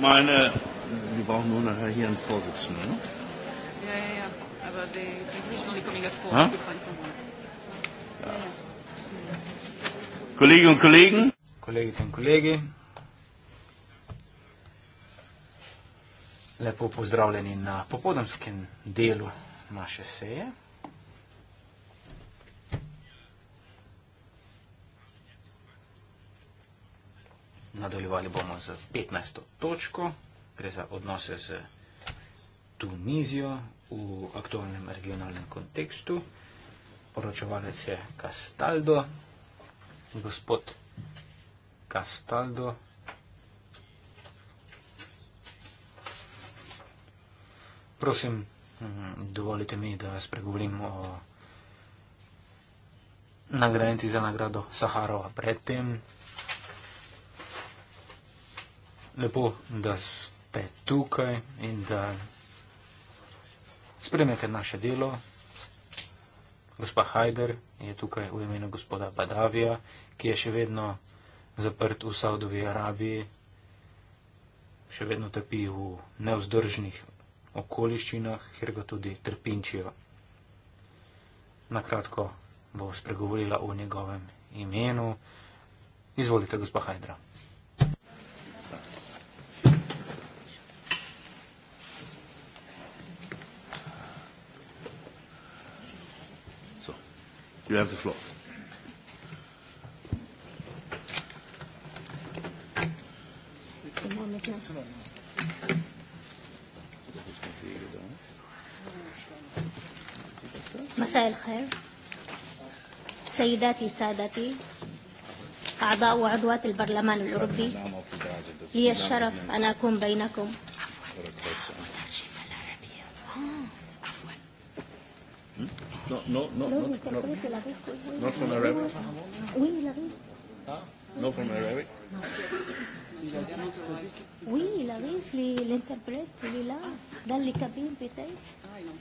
meine, wir brauchen nur nachher hier einen Vorsitzenden. Ne? Ja, ja, ja. Aber die, die British only coming at four. Ja. Ja. Kolleginnen und Kollegen. Kolleginnen und Kollegen. Lepo pozdravljeni na popodanskem delu naše seje. nadaljevali bomo z 15. točko, gre za odnose z Tunizijo v aktualnem regionalnem kontekstu. Poročevalec je Castaldo, gospod Castaldo. Prosim, mhm, dovolite mi, da spregovorim o nagrajenci za nagrado Saharova predtem lepo, da ste tukaj in da spremete naše delo. Gospa Hajder je tukaj v imenu gospoda Badavija, ki je še vedno zaprt v Saudovi Arabiji, še vedno trpi v neuzdržnih okoliščinah, kjer ga tudi trpinčijo. Nakratko bo spregovorila o njegovem imenu. Izvolite, gospa Hajdra. You have the floor. مساء الخير سيداتي سادتي أعضاء وعضوات البرلمان الأوروبي لي الشرف أن أكون بينكم No, no, no, no, no, no, no, not no, from Arabic. Oui, il arrive. Not from Arabic. Oui, il no arrive, l'interprète, il est là, dans les cabines peut-être. Ah, il en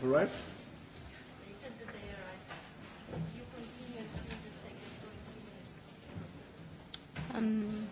They've arrived? Um,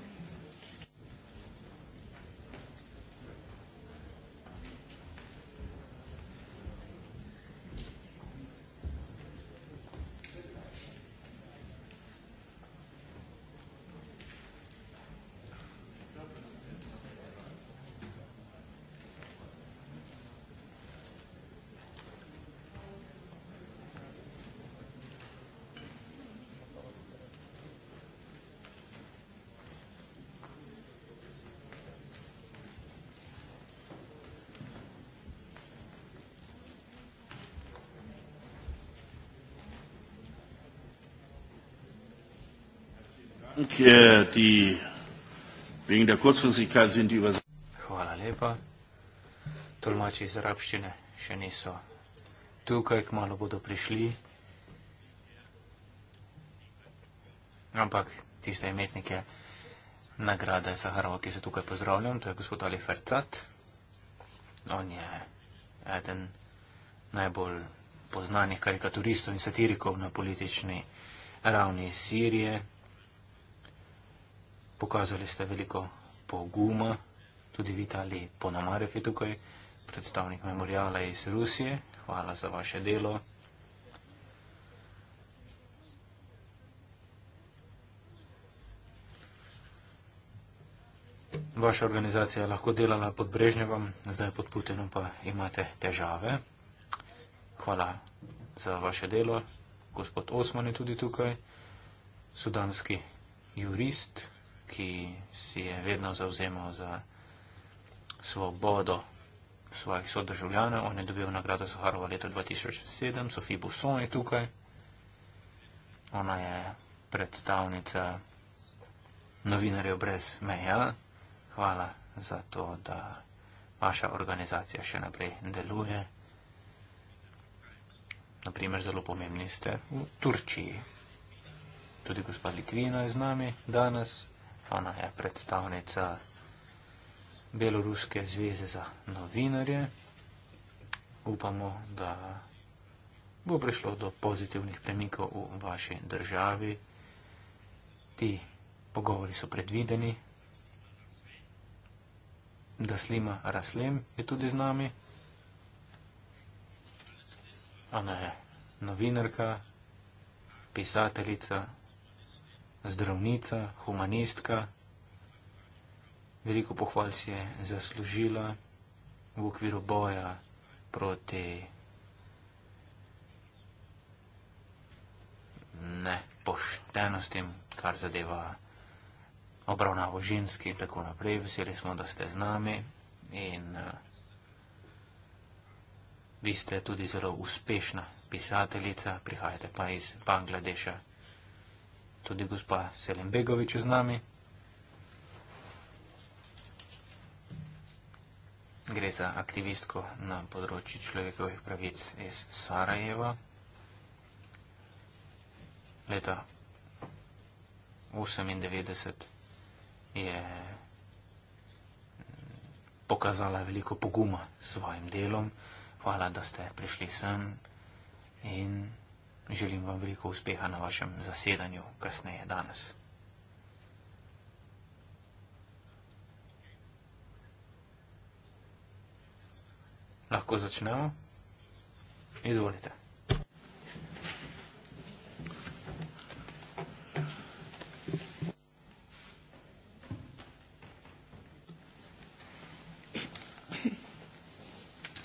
Dank, äh, die wegen der Kurzfristigkeit sind die Hvala lepa. Tolmači iz Rabščine še niso tukaj, kmalo bodo prišli. Ampak tiste imetnike nagrade Saharova, ki se tukaj pozdravljam, to je gospod Ali Fercat. On je eden najbolj poznanih karikaturistov in satirikov na politični ravni Sirije, pokazali ste veliko poguma, tudi Vitali Ponomarev je tukaj, predstavnik memoriala iz Rusije. Hvala za vaše delo. Vaša organizacija je lahko delala pod Brežnevom, zdaj pod Putinom pa imate težave. Hvala za vaše delo. Gospod Osman je tudi tukaj, sudanski jurist ki si je vedno zauzemal za svobodo svojih sodržavljanov. On je dobil nagrado Zaharova leta 2007, Sofie Busson je tukaj. Ona je predstavnica novinarjev brez meja. Hvala za to, da vaša organizacija še naprej deluje. Naprimer, zelo pomembni ste v Turčiji. Tudi gospod Litvino je z nami danes. Ona je predstavnica Beloruske zveze za novinarje. Upamo, da bo prišlo do pozitivnih premikov v vaši državi. Ti pogovori so predvideni. Da slima raslem je tudi z nami. Ona je novinarka, pisateljica, zdravnica, humanistka. Veliko pohval si je zaslužila v okviru boja proti. Ne pošteno s tem, kar zadeva obravnavo ženski in tako naprej. Veseli smo, da ste z nami in uh, vi ste tudi zelo uspešna pisateljica, prihajate pa iz Bangladeša tudi gospa Selimbegovič je z nami. Gre za aktivistko na področju človekovih pravic iz Sarajeva. Leta 98 je pokazala veliko poguma svojim delom. Hvala, da ste prišli sem in Želim vam veliko uspeha na vašem zasedanju kasneje danes. Lahko začnemo? Izvolite.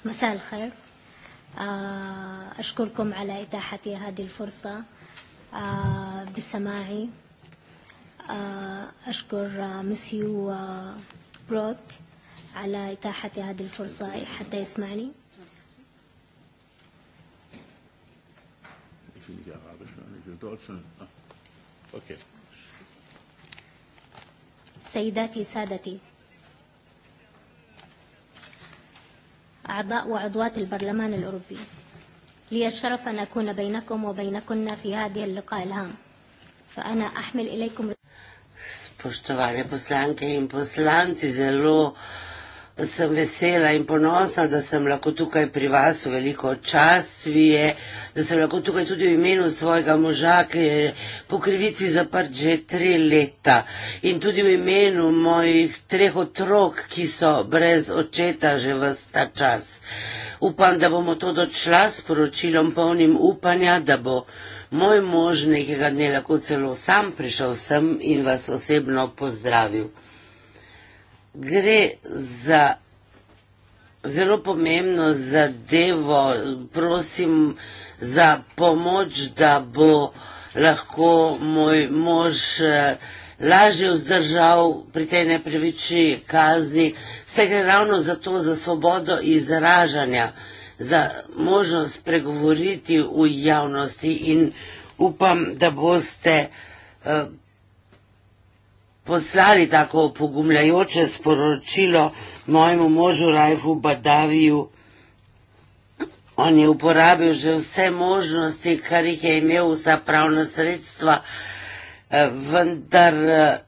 مساء الخير أشكركم على إتاحتي هذه الفرصة بسماعي أشكر مسيو بروك على إتاحتي هذه الفرصة حتى يسمعني ah, سيداتي سادتي أعضاء وعضوات البرلمان الأوروبي لي الشرف أن أكون بينكم وبينكن في هذه اللقاء الهام فأنا أحمل إليكم Spoštovane poslanke in poslanci, zelo uh, sem vesela in ponosna, da sem lahko tukaj pri vas v veliko častvije, da sem lahko tukaj tudi v imenu svojega moža, ki je po krivici zaprt že tri leta in tudi v imenu mojih treh otrok, ki so brez očeta že vsta čas. Upam, da bomo to dočla s poročilom polnim upanja, da bo moj mož nekega dne lahko celo sam prišel sem in vas osebno pozdravil gre za zelo pomembno zadevo, prosim za pomoč, da bo lahko moj mož eh, lažje vzdržal pri tej nepreviči kazni. Vse gre ravno za to, za svobodo izražanja, za možnost pregovoriti v javnosti in upam, da boste eh, poslali tako pogumljajoče sporočilo mojemu možu Rajhu Badaviju. On je uporabil že vse možnosti, kar jih je imel vsa pravna sredstva, eh, vendar eh,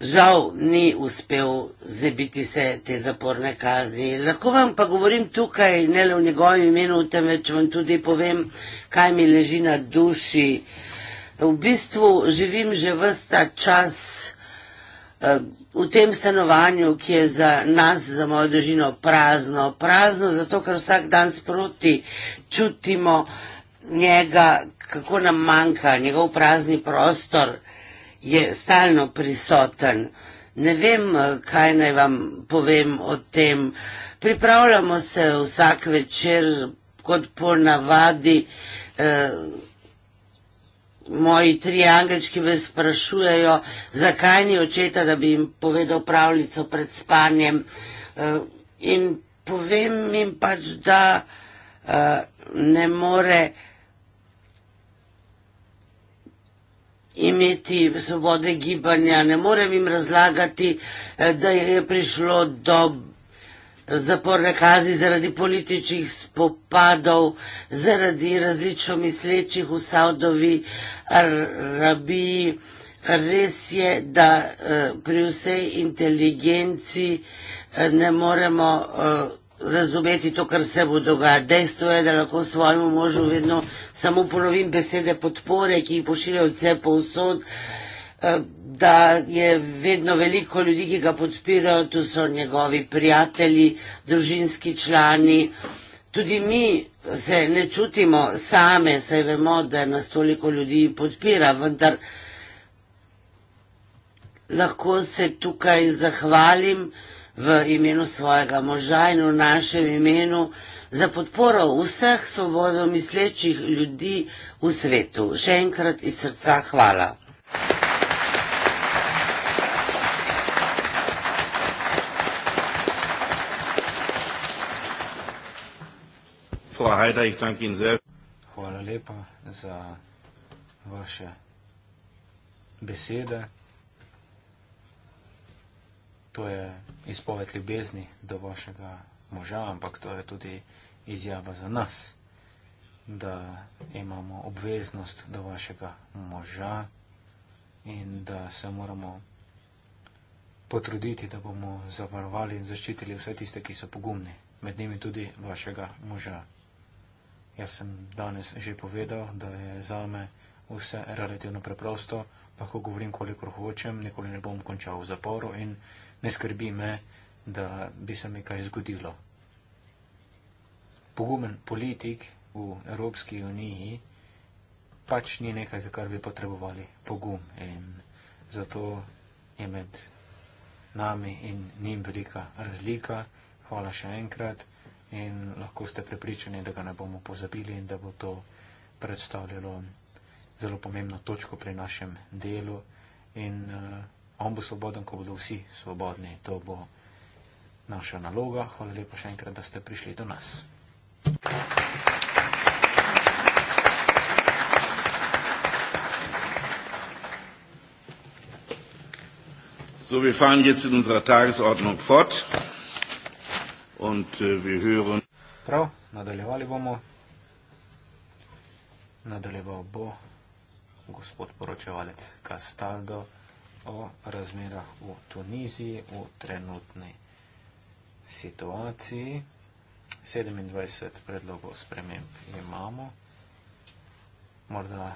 žal ni uspel zabiti se te zaporne kazni. Lahko vam pa govorim tukaj, ne le v njegovem imenu, temveč vam tudi povem, kaj mi leži na duši. Uh, v bistvu živim že vsta čas eh, v tem stanovanju, ki je za nas, za mojo družino prazno. Prazno zato, ker vsak dan sproti čutimo njega, kako nam manjka, njegov prazni prostor je stalno prisoten. Ne vem, eh, kaj naj vam povem o tem. Pripravljamo se vsak večer kot po navadi. Eh, moji tri angelčki me sprašujejo, zakaj ni očeta, da bi jim povedal pravljico pred spanjem. Eh, in povem jim pač, da eh, ne more imeti svobode gibanja, ne morem jim razlagati, eh, da je prišlo do zaporne kazi zaradi političnih spopadov, zaradi različno mislečih v Saudovi Arabiji. Res je, da eh, pri vsej inteligenci eh, ne moremo eh, razumeti to, kar se bo dogaja. Dejstvo je, da lahko svojemu možu vedno samo polovim besede podpore, ki jih pošiljajo vse povsod da je vedno veliko ljudi, ki ga podpirajo, tu so njegovi prijatelji, družinski člani. Tudi mi se ne čutimo same, saj vemo, da nas toliko ljudi podpira, vendar lahko se tukaj zahvalim v imenu svojega moža in v našem imenu za podporo vseh svobodomislečih ljudi v svetu. Še enkrat iz srca hvala. Hvala lepa za vaše besede. To je izpoved ljubezni do vašega moža, ampak to je tudi izjava za nas, da imamo obveznost do vašega moža in da se moramo potruditi, da bomo zavarovali in zaščitili vse tiste, ki so pogumni, med njimi tudi vašega moža. Jaz sem danes že povedal, da je za me vse relativno preprosto, lahko govorim, kolikor hočem, nikoli ne bom končal v zaporu in ne skrbi me, da bi se mi kaj zgodilo. Pogumen politik v Evropski uniji pač ni nekaj, za kar bi potrebovali pogum in zato je med nami in njim velika razlika. Hvala še enkrat in lahko ste prepričani, da ga ne bomo pozabili in da bo to predstavljalo zelo pomembno točko pri našem delu. In uh, on bo svoboden, ko bodo vsi svobodni. To bo naša naloga. Hvala lepa še enkrat, da ste prišli do nas. So, wir fahren jetzt in unserer Tagesordnung fort. Äh, Prav, nadaljevali bomo. Nadaljeval bo gospod poročevalec Castaldo o razmerah v Tuniziji, v trenutni situaciji. 27 predlogov sprememb imamo. Morda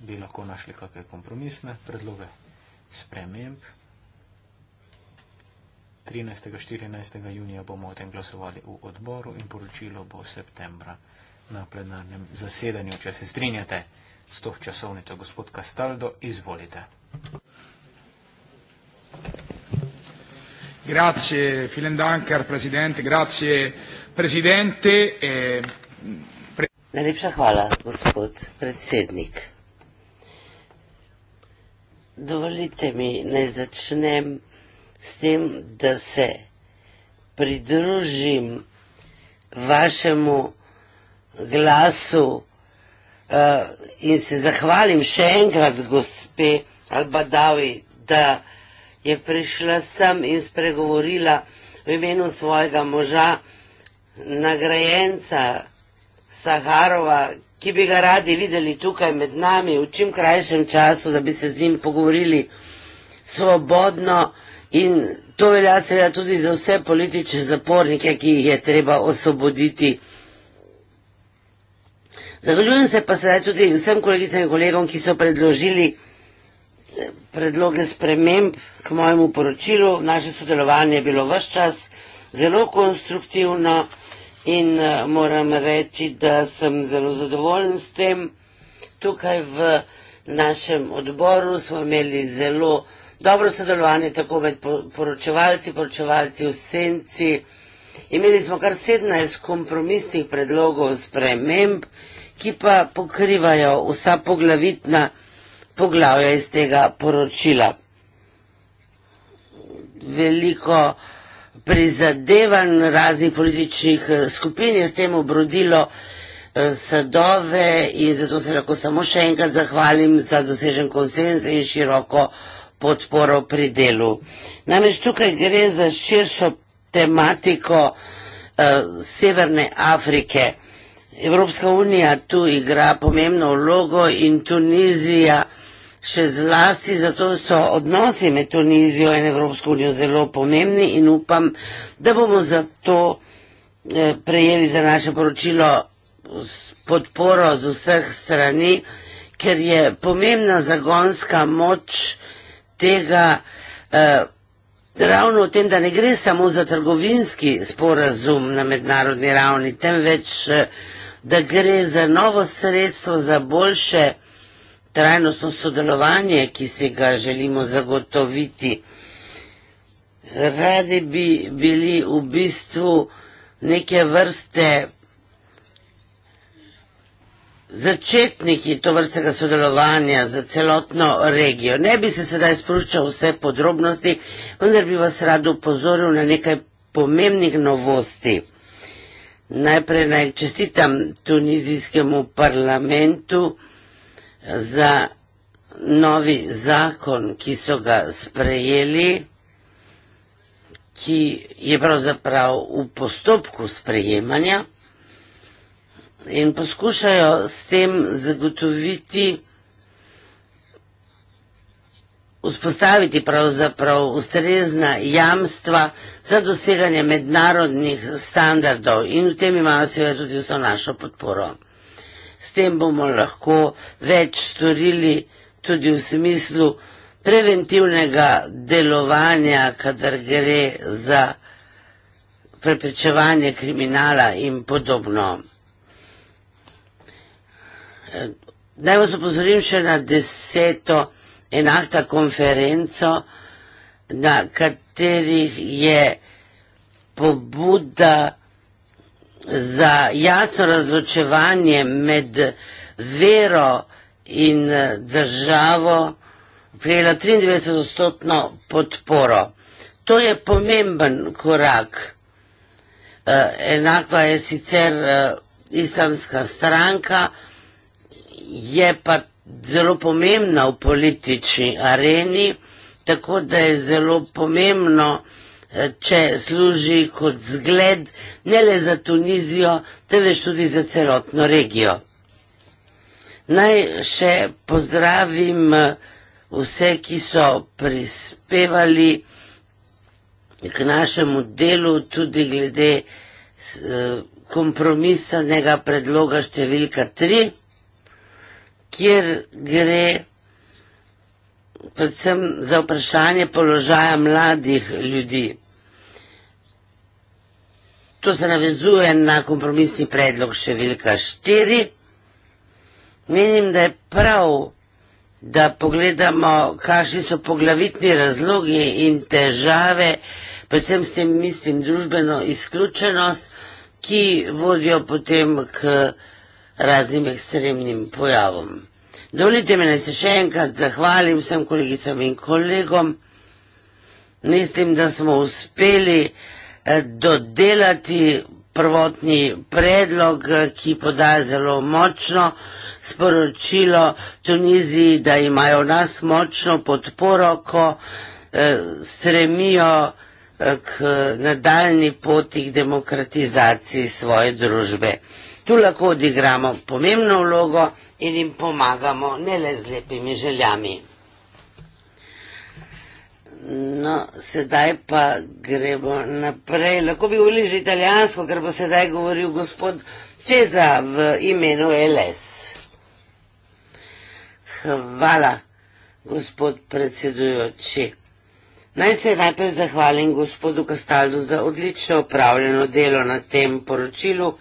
bi lahko našli kakšne kompromisne predloge sprememb. 13. in 14. junija bomo o tem glasovali v odboru in poročilo bo septembra na plenarnem zasedanju. Če se strinjate s to časovnico, gospod Castaldo, izvolite. Grazie, vielen Dank, Herr Präsident. Grazie, Präsident. Eh, Najlepša hvala, gospod predsednik. Dovolite mi, naj začnem s tem, da se pridružim vašemu glasu uh, in se zahvalim še enkrat, gospe Albadavi, da je prišla sem in spregovorila v imenu svojega moža, nagrajenca Saharova, ki bi ga radi videli tukaj med nami v čim krajšem času, da bi se z njim pogovorili svobodno. In to velja seveda tudi za vse politične zapornike, ki jih je treba osvoboditi. Zahvaljujem se pa sedaj tudi vsem kolegicam in kolegom, ki so predložili eh, predloge sprememb k mojemu poročilu. Naše sodelovanje je bilo vse čas zelo konstruktivno in eh, moram reči, da sem zelo zadovoljen s tem. Tukaj v našem odboru smo imeli zelo dobro sodelovanje tako med poročevalci, poročevalci v senci. Imeli smo kar 17 kompromisnih predlogov sprememb, ki pa pokrivajo vsa poglavitna poglavja iz tega poročila. Veliko prizadevanj raznih političnih eh, skupin je s tem obrodilo eh, sadove in zato se lahko samo še enkrat zahvalim za dosežen konsens in široko podporo pri delu. Namreč tukaj gre za širšo tematiko eh, Severne Afrike. Evropska unija tu igra pomembno vlogo in Tunizija še zlasti, zato so odnosi med Tunizijo in Evropsko unijo zelo pomembni in upam, da bomo zato eh, prejeli za naše poročilo podporo z vseh strani, ker je pomembna zagonska moč eh, tega, eh, ravno v tem, da ne gre samo za trgovinski sporazum na mednarodni ravni, temveč eh, da gre za novo sredstvo za boljše trajnostno sodelovanje, ki si ga želimo zagotoviti. Radi bi bili v bistvu neke vrste začetniki to vrstega sodelovanja za celotno regijo. Ne bi se sedaj spuščal vse podrobnosti, vendar bi vas rad upozoril na nekaj pomembnih novosti. Najprej naj čestitam tunizijskemu parlamentu za novi zakon, ki so ga sprejeli, ki je pravzaprav v postopku sprejemanja in poskušajo s tem zagotoviti, vzpostaviti pravzaprav ustrezna jamstva za doseganje mednarodnih standardov in v tem imajo seveda tudi vso našo podporo. S tem bomo lahko več storili tudi v smislu preventivnega delovanja, kadar gre za preprečevanje kriminala in podobno. Naj vas opozorim še na deseto enakta konferenco, na katerih je pobuda za jasno razločevanje med vero in državo prijela 93-odstotno podporo. To je pomemben korak. Eh, Enakva je sicer eh, islamska stranka, je pa zelo pomembna v politični areni, tako da je zelo pomembno, eh, če služi kot zgled ne le za Tunizijo, temveč tudi za celotno regijo. Naj še pozdravim eh, vse, ki so prispevali k našemu delu tudi glede eh, kompromisanega predloga številka 3 kjer gre predvsem za vprašanje položaja mladih ljudi. To se navezuje na kompromisni predlog številka 4. Menim, da je prav, da pogledamo, kakšni so poglavitni razlogi in težave, predvsem s tem mislim družbeno izključenost, ki vodijo potem k raznim ekstremnim pojavom. Dovolite mi, da se še enkrat zahvalim vsem kolegicam in kolegom. Mislim, da smo uspeli eh, dodelati prvotni predlog, eh, ki podaja zelo močno sporočilo Tuniziji, da imajo v nas močno podporo, ko eh, stremijo k nadaljni poti k demokratizaciji svoje družbe tu lahko odigramo pomembno vlogo in jim pomagamo, ne le z lepimi željami. No, sedaj pa gremo naprej. Lahko bi volili že italijansko, ker bo sedaj govoril gospod Čeza v imenu LS. Hvala, gospod predsedujoči. Naj se najprej zahvalim gospodu Kastaldu za odlično opravljeno delo na tem poročilu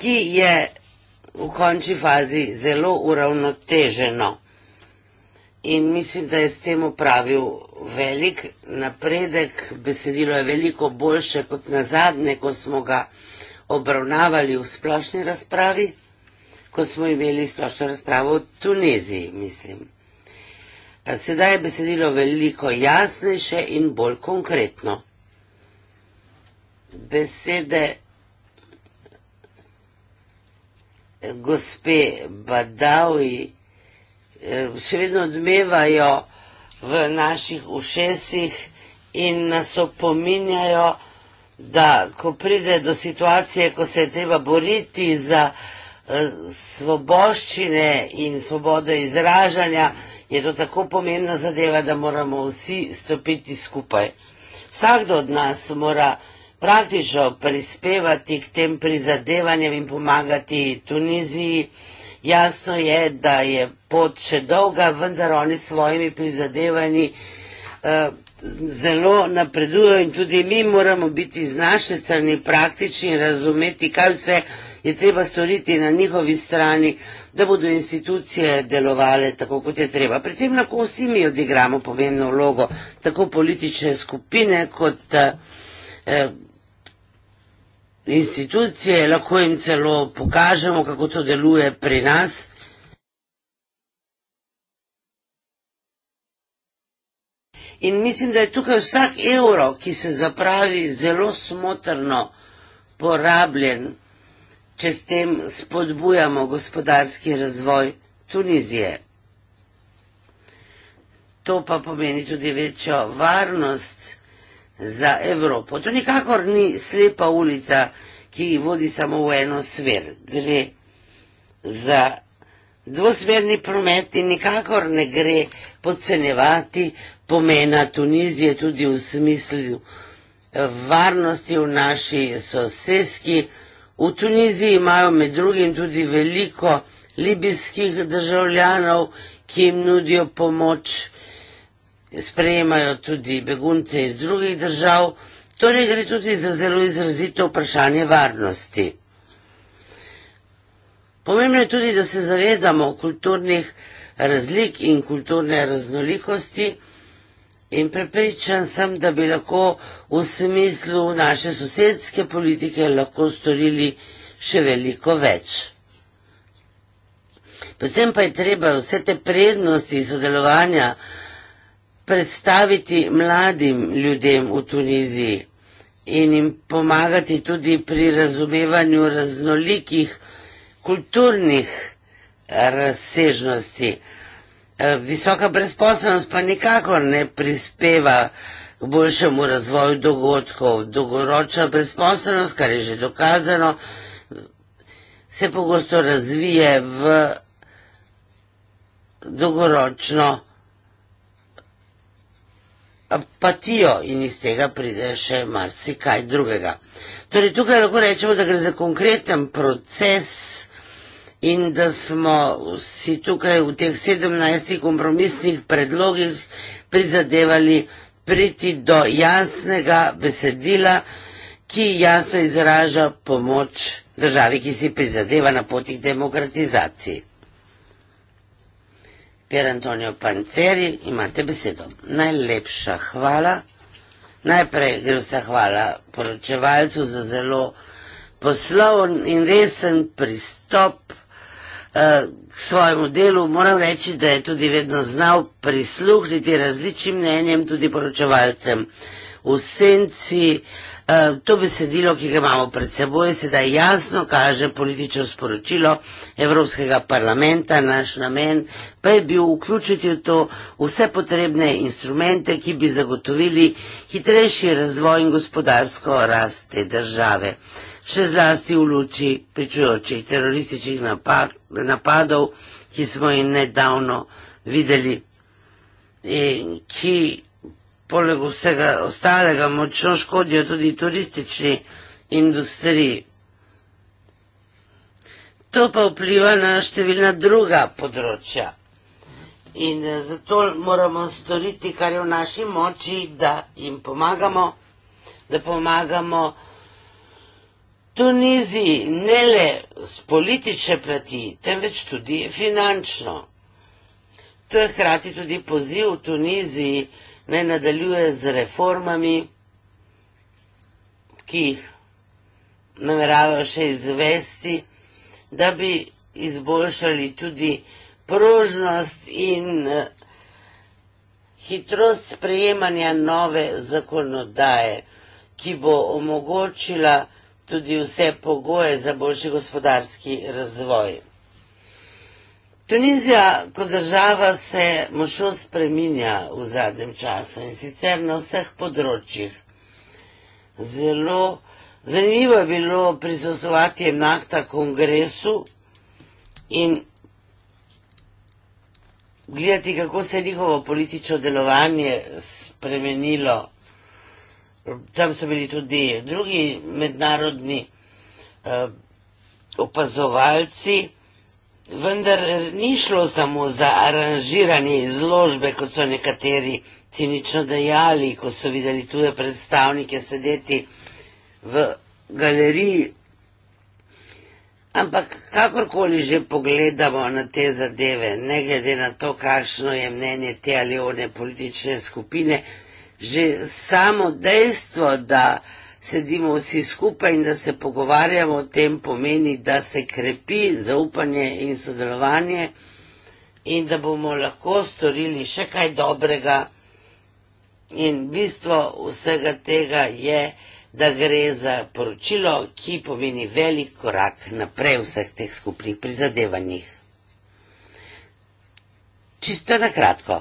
ki je v končni fazi zelo uravnoteženo. In mislim, da je s tem upravil velik napredek, besedilo je veliko boljše kot na zadnje, ko smo ga obravnavali v splošni razpravi, ko smo imeli splošno razpravo v Tuniziji, mislim. Sedaj je besedilo veliko jasnejše in bolj konkretno. Besede gospe Badavi, eh, še vedno odmevajo v naših ušesih in nas opominjajo, da ko pride do situacije, ko se je treba boriti za eh, svoboščine in svobodo izražanja, je to tako pomembna zadeva, da moramo vsi stopiti skupaj. Vsakdo od nas mora vsega, praktično prispevati k tem prizadevanjem in pomagati Tuniziji. Jasno je, da je pot še dolga, vendar oni s svojimi prizadevanji eh, zelo napredujejo in tudi mi moramo biti z naše strani praktični in razumeti, kaj vse je treba storiti na njihovi strani, da bodo institucije delovale tako, kot je treba. Pri tem lahko vsi mi odigramo pomembno vlogo, tako politične skupine kot eh, institucije, lahko jim celo pokažemo, kako to deluje pri nas. In mislim, da je tukaj vsak evro, ki se zapravi, zelo smotrno porabljen, če s tem spodbujamo gospodarski razvoj Tunizije. To pa pomeni tudi večjo varnost za Evropo. To nikakor ni slepa ulica, ki vodi samo v eno smer. Gre za dvosmerni promet in nikakor ne gre podcenevati pomena Tunizije tudi v smislu eh, varnosti v naši soseski. V Tuniziji imajo med drugim tudi veliko libijskih državljanov, ki jim nudijo pomoč sprejemajo tudi begunce iz drugih držav, torej gre tudi za zelo izrazito vprašanje varnosti. Pomembno je tudi, da se zavedamo kulturnih razlik in kulturne raznolikosti in prepričan sem, da bi lahko v smislu naše sosedske politike lahko storili še veliko več. Predvsem pa je treba vse te prednosti sodelovanja, predstaviti mladim ljudem v Tuniziji in jim pomagati tudi pri razumevanju raznolikih kulturnih eh, razsežnosti. Eh, visoka brezposobnost pa nikakor ne prispeva k boljšemu razvoju dogodkov. Dolgoročna brezposobnost, kar je že dokazano, se pogosto razvije v dolgoročno brezposobnost apatijo in iz tega pride še marsikaj drugega. Torej, tukaj lahko rečemo, da gre za konkreten proces in da smo si tukaj v teh sedemnajstih kompromisnih predlogih prizadevali priti do jasnega besedila, ki jasno izraža pomoč državi, ki si prizadeva na poti demokratizacije. Pier Antonio Panceri, imate besedo. Najlepša hvala. Najprej gre vsa hvala poročevalcu za zelo poslovn in resen pristop eh, k svojemu delu. Moram reči, da je tudi vedno znal prisluhniti različnim mnenjem, tudi poročevalcem v senci, Eh, to besedilo, ki ga imamo pred seboj, sedaj jasno kaže politično sporočilo Evropskega parlamenta. Naš namen pa je bil vključiti v to vse potrebne instrumente, ki bi zagotovili hitrejši razvoj in gospodarsko rast te države. Še zlasti v luči pričujočih terorističnih napad, napadov, ki smo jih nedavno videli. In ki poleg vsega ostalega, močno škodijo tudi turistični industriji. To pa vpliva na številna druga področja. In eh, zato moramo storiti, kar je v naši moči, da jim pomagamo, da pomagamo Tuniziji ne le z politične plati, temveč tudi finančno. To je hkrati tudi poziv Tuniziji, naj nadaljuje z reformami, ki jih nameravajo še izvesti, da bi izboljšali tudi prožnost in eh, hitrost sprejemanja nove zakonodaje, ki bo omogočila tudi vse pogoje za boljši gospodarski razvoj. Tunizija kot država se močno spreminja v zadnjem času in sicer na vseh področjih. Zelo zanimivo je bilo prisostovati enakta kongresu in gledati, kako se je njihovo politično delovanje spremenilo. Tam so bili tudi drugi mednarodni uh, opazovalci. Vendar eh, ni šlo samo za aranžiranje izložbe, kot so nekateri cinično dejali, ko so videli tuje predstavnike sedeti v galeriji. Ampak kakorkoli že pogledamo na te zadeve, ne glede na to, kakšno je mnenje te ali one politične skupine, že samo dejstvo, da sedimo vsi skupaj in da se pogovarjamo o tem, pomeni, da se krepi zaupanje in sodelovanje in da bomo lahko storili še kaj dobrega. In bistvo vsega tega je, da gre za poročilo, ki pomeni velik korak naprej v vseh teh skupnih prizadevanjih. Čisto na kratko.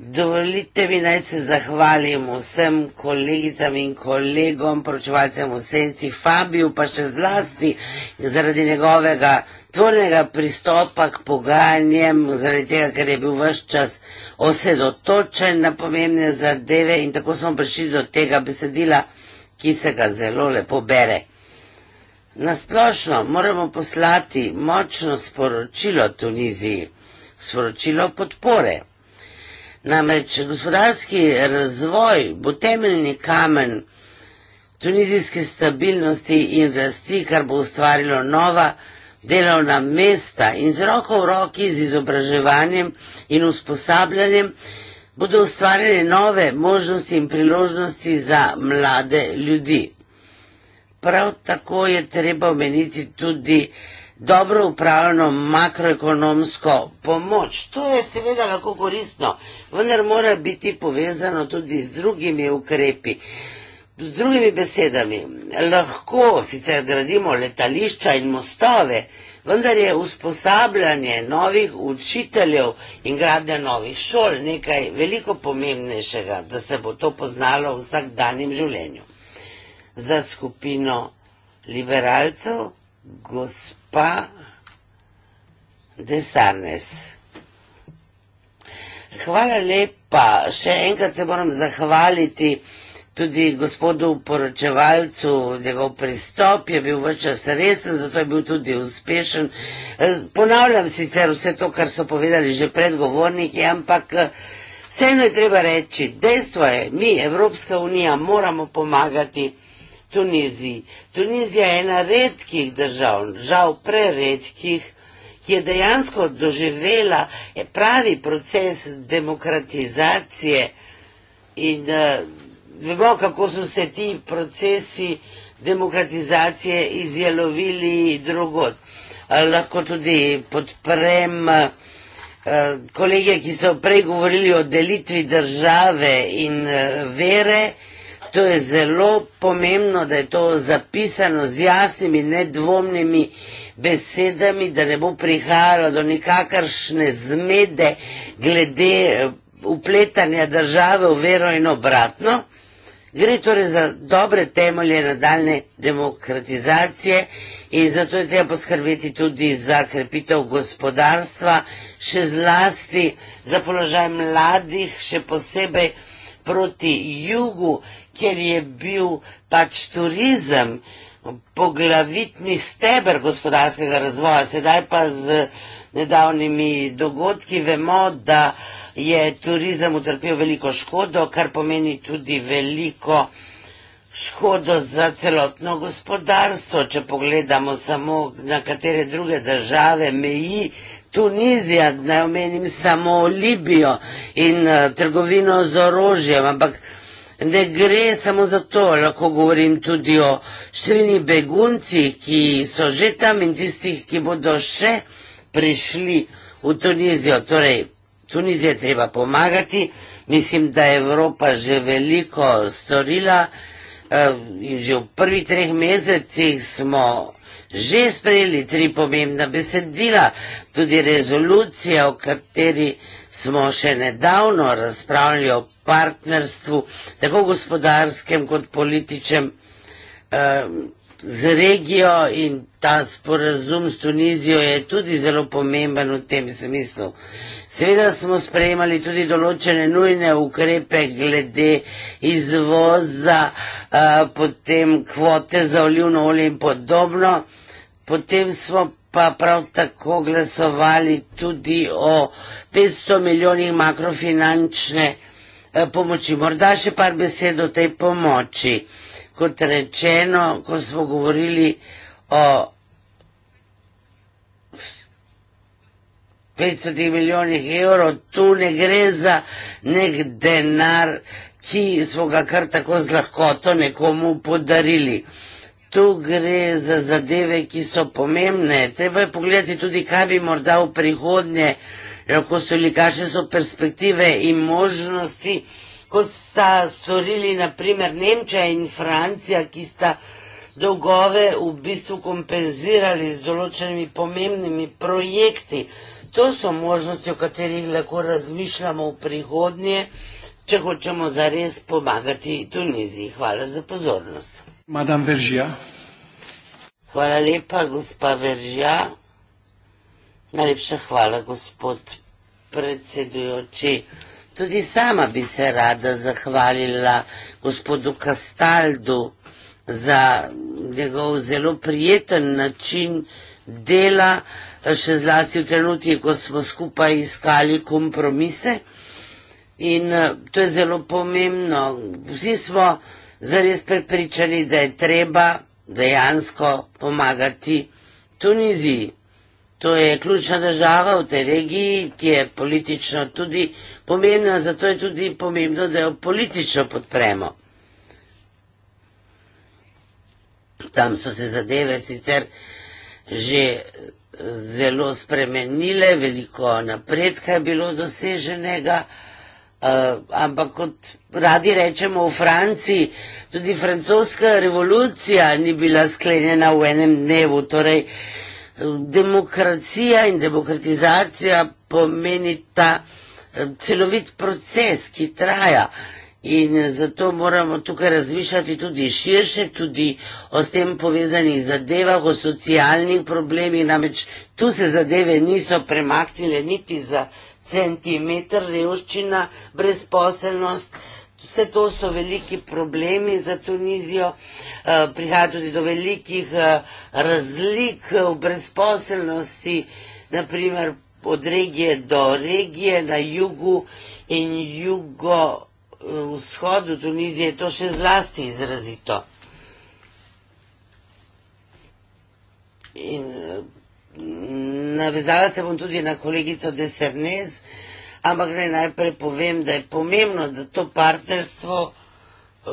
Dovolite mi naj se zahvalim vsem kolegicam in kolegom, pročevalcem v senci Fabiju, pa še zlasti zaradi njegovega tvornega pristopa k pogajanjem, zaradi tega, ker je bil vse čas osedotočen na pomembne zadeve in tako smo prišli do tega besedila, ki se ga zelo lepo bere. Nasplošno moramo poslati močno sporočilo Tuniziji, sporočilo podpore. Namreč gospodarski razvoj bo temeljni kamen tunizijske stabilnosti in rasti, kar bo ustvarilo nova delovna mesta in z roko v roki z izobraževanjem in usposabljanjem bodo ustvarjene nove možnosti in priložnosti za mlade ljudi. Prav tako je treba omeniti tudi dobro upravljeno makroekonomsko pomoč. To je seveda lahko koristno, vendar mora biti povezano tudi z drugimi ukrepi. Z drugimi besedami, lahko sicer gradimo letališča in mostove, vendar je usposabljanje novih učiteljev in gradnja novih šol nekaj veliko pomembnejšega, da se bo to poznalo v vsakdanjem življenju. Za skupino liberalcev, gospod pa desarnes. Hvala lepa. Še enkrat se moram zahvaliti tudi gospodu poročevalcu, njegov pristop je bil vse čas resen, zato je bil tudi uspešen. Ponavljam sicer vse to, kar so povedali že predgovorniki, ampak eh, vseeno je treba reči, dejstvo je, mi, Evropska unija, moramo pomagati. Tuniziji. Tunizija je ena redkih držav, žal preredkih, ki je dejansko doživela pravi proces demokratizacije in uh, vemo, kako so se ti procesi demokratizacije izjelovili drugod. Uh, lahko tudi podprem uh, kolege, ki so prej govorili o delitvi države in uh, vere, uh, To je zelo pomembno, da je to zapisano z jasnimi, nedvomnimi besedami, da ne bo prihajalo do nikakršne zmede glede upletanja eh, države v vero in obratno. Gre torej za dobre temelje nadaljne demokratizacije in zato je treba poskrbeti tudi za krepitev gospodarstva, še zlasti za položaj mladih, še posebej proti jugu, ker je bil pač turizem poglavitni steber gospodarskega razvoja, sedaj pa z nedavnimi dogodki vemo, da je turizem utrpel veliko škodo, kar pomeni tudi veliko škodo za celotno gospodarstvo, če pogledamo samo na katere druge države meji, Tunizija, naj omenim samo Libijo in uh, trgovino z orožjem, ampak ne gre samo za to, lahko govorim tudi o številnih beguncih, ki so že tam in tistih, ki bodo še prišli v Tunizijo. Torej, Tunizije treba pomagati, mislim, da je Evropa že veliko storila eh, in že v prvih treh mesecih smo že sprejeli tri pomembna besedila, tudi rezolucija, o kateri smo še nedavno razpravljali o partnerstvu, tako gospodarskem kot političnem, eh, z regijo in ta sporazum s Tunizijo je tudi zelo pomemben v tem smislu. Seveda smo sprejemali tudi določene nujne ukrepe glede izvoza, eh, potem kvote za olivno olje in podobno. Potem smo pa prav tako glasovali tudi o 500 milijonih makrofinančne vsega, Eh, pomoči. Morda še par besed o tej pomoči. Kot rečeno, ko smo govorili o 500 milijonih evrov, tu ne gre za nek denar, ki smo ga kar tako z lahkoto nekomu podarili. Tu gre za zadeve, ki so pomembne. Treba je pogledati tudi, kaj bi morda v prihodnje. Rokosto ali kakšne so perspektive in možnosti, kot sta storili naprimer Nemčija in Francija, ki sta dolgove v bistvu kompenzirali z določenimi pomembnimi projekti. To so možnosti, o katerih lahko razmišljamo v prihodnje, če hočemo zares pomagati Tuniziji. Hvala za pozornost. Madame Veržija. Hvala lepa, gospa Veržija. Najlepša hvala, gospod predsedujoči. Tudi sama bi se rada zahvalila gospodu Kastaldu za njegov zelo prijeten način dela, še zlasti v trenutki, ko smo skupaj iskali kompromise. In eh, to je zelo pomembno. Vsi smo zares prepričani, da je treba dejansko pomagati Tuniziji. To je ključna država v tej regiji, ki je politično tudi pomembna, zato je tudi pomembno, da jo politično podpremo. Tam so se zadeve sicer že zelo spremenile, veliko napredka je bilo doseženega, eh, ampak kot radi rečemo v Franciji, tudi francoska revolucija ni bila sklenjena v enem dnevu, torej vsega demokracija in demokratizacija pomenita eh, celovit proces, ki traja. In eh, zato moramo tukaj razmišljati tudi širše, tudi o s tem povezanih zadevah, o socialnih problemih. Namreč tu se zadeve niso premaknile niti za centimeter, revščina, brezposelnost, Vse to so veliki problemi za Tunizijo, eh, prihaja tudi do velikih eh, razlik v brezposelnosti, naprimer od regije do regije na jugu in jugo vzhodu Tunizije, to še zlasti izrazito. In eh, navezala se bom tudi na kolegico Desternez, ki je, ampak naj najprej povem, da je pomembno, da to partnerstvo eh,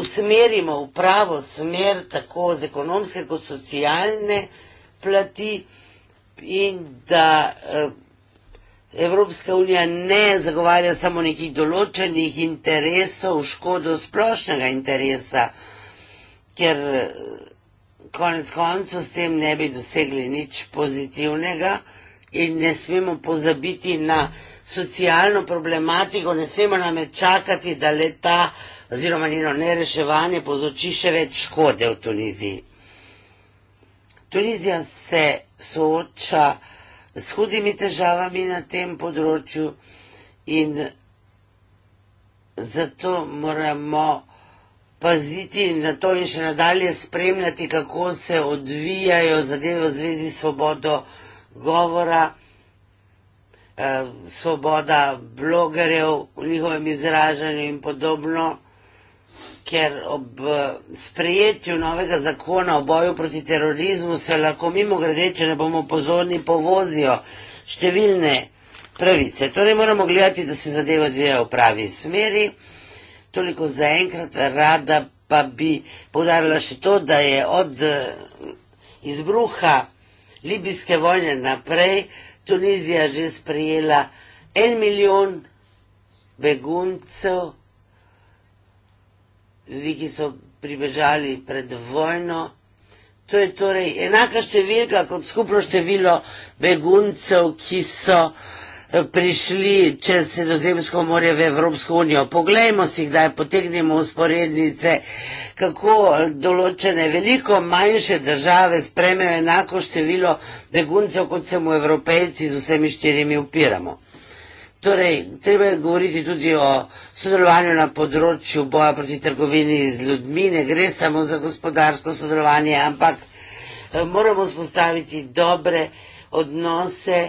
usmerimo v pravo smer, tako z ekonomske kot socialne plati in da eh, Evropska unija ne zagovarja samo nekih določenih interesov v škodo splošnega interesa, ker eh, konec koncu s tem ne bi dosegli nič pozitivnega, in ne smemo pozabiti na socialno problematiko, ne smemo name čakati, da le ta oziroma njeno nereševanje povzroči še več škode v Tuniziji. Tunizija se sooča s hudimi težavami na tem področju in zato moramo paziti na to in še nadalje spremljati, kako se odvijajo zadeve v zvezi s svobodo, govora, eh, svoboda blogerjev v njihovem izražanju in podobno, ker ob eh, sprejetju novega zakona o boju proti terorizmu se lahko mimo grede, če ne bomo pozorni, povozijo številne pravice. Torej moramo gledati, da se zadeva dvije v pravi smeri. Toliko zaenkrat rada pa bi povdarila še to, da je od eh, izbruha libijske vojne naprej, Tunizija že sprejela en milijon beguncev, ljudi, ki so pribežali pred vojno. To je torej enaka številka kot skupno število beguncev, ki so uh, Eh, prišli čez sredozemsko morje v Evropsko unijo. Poglejmo si, da je potegnemo usporednice, kako določene veliko manjše države spremejo enako število beguncev, kot se mu evropejci z vsemi štirimi upiramo. Torej, treba je govoriti tudi o sodelovanju na področju boja proti trgovini z ljudmi, ne gre samo za gospodarsko sodelovanje, ampak eh, moramo spostaviti dobre odnose,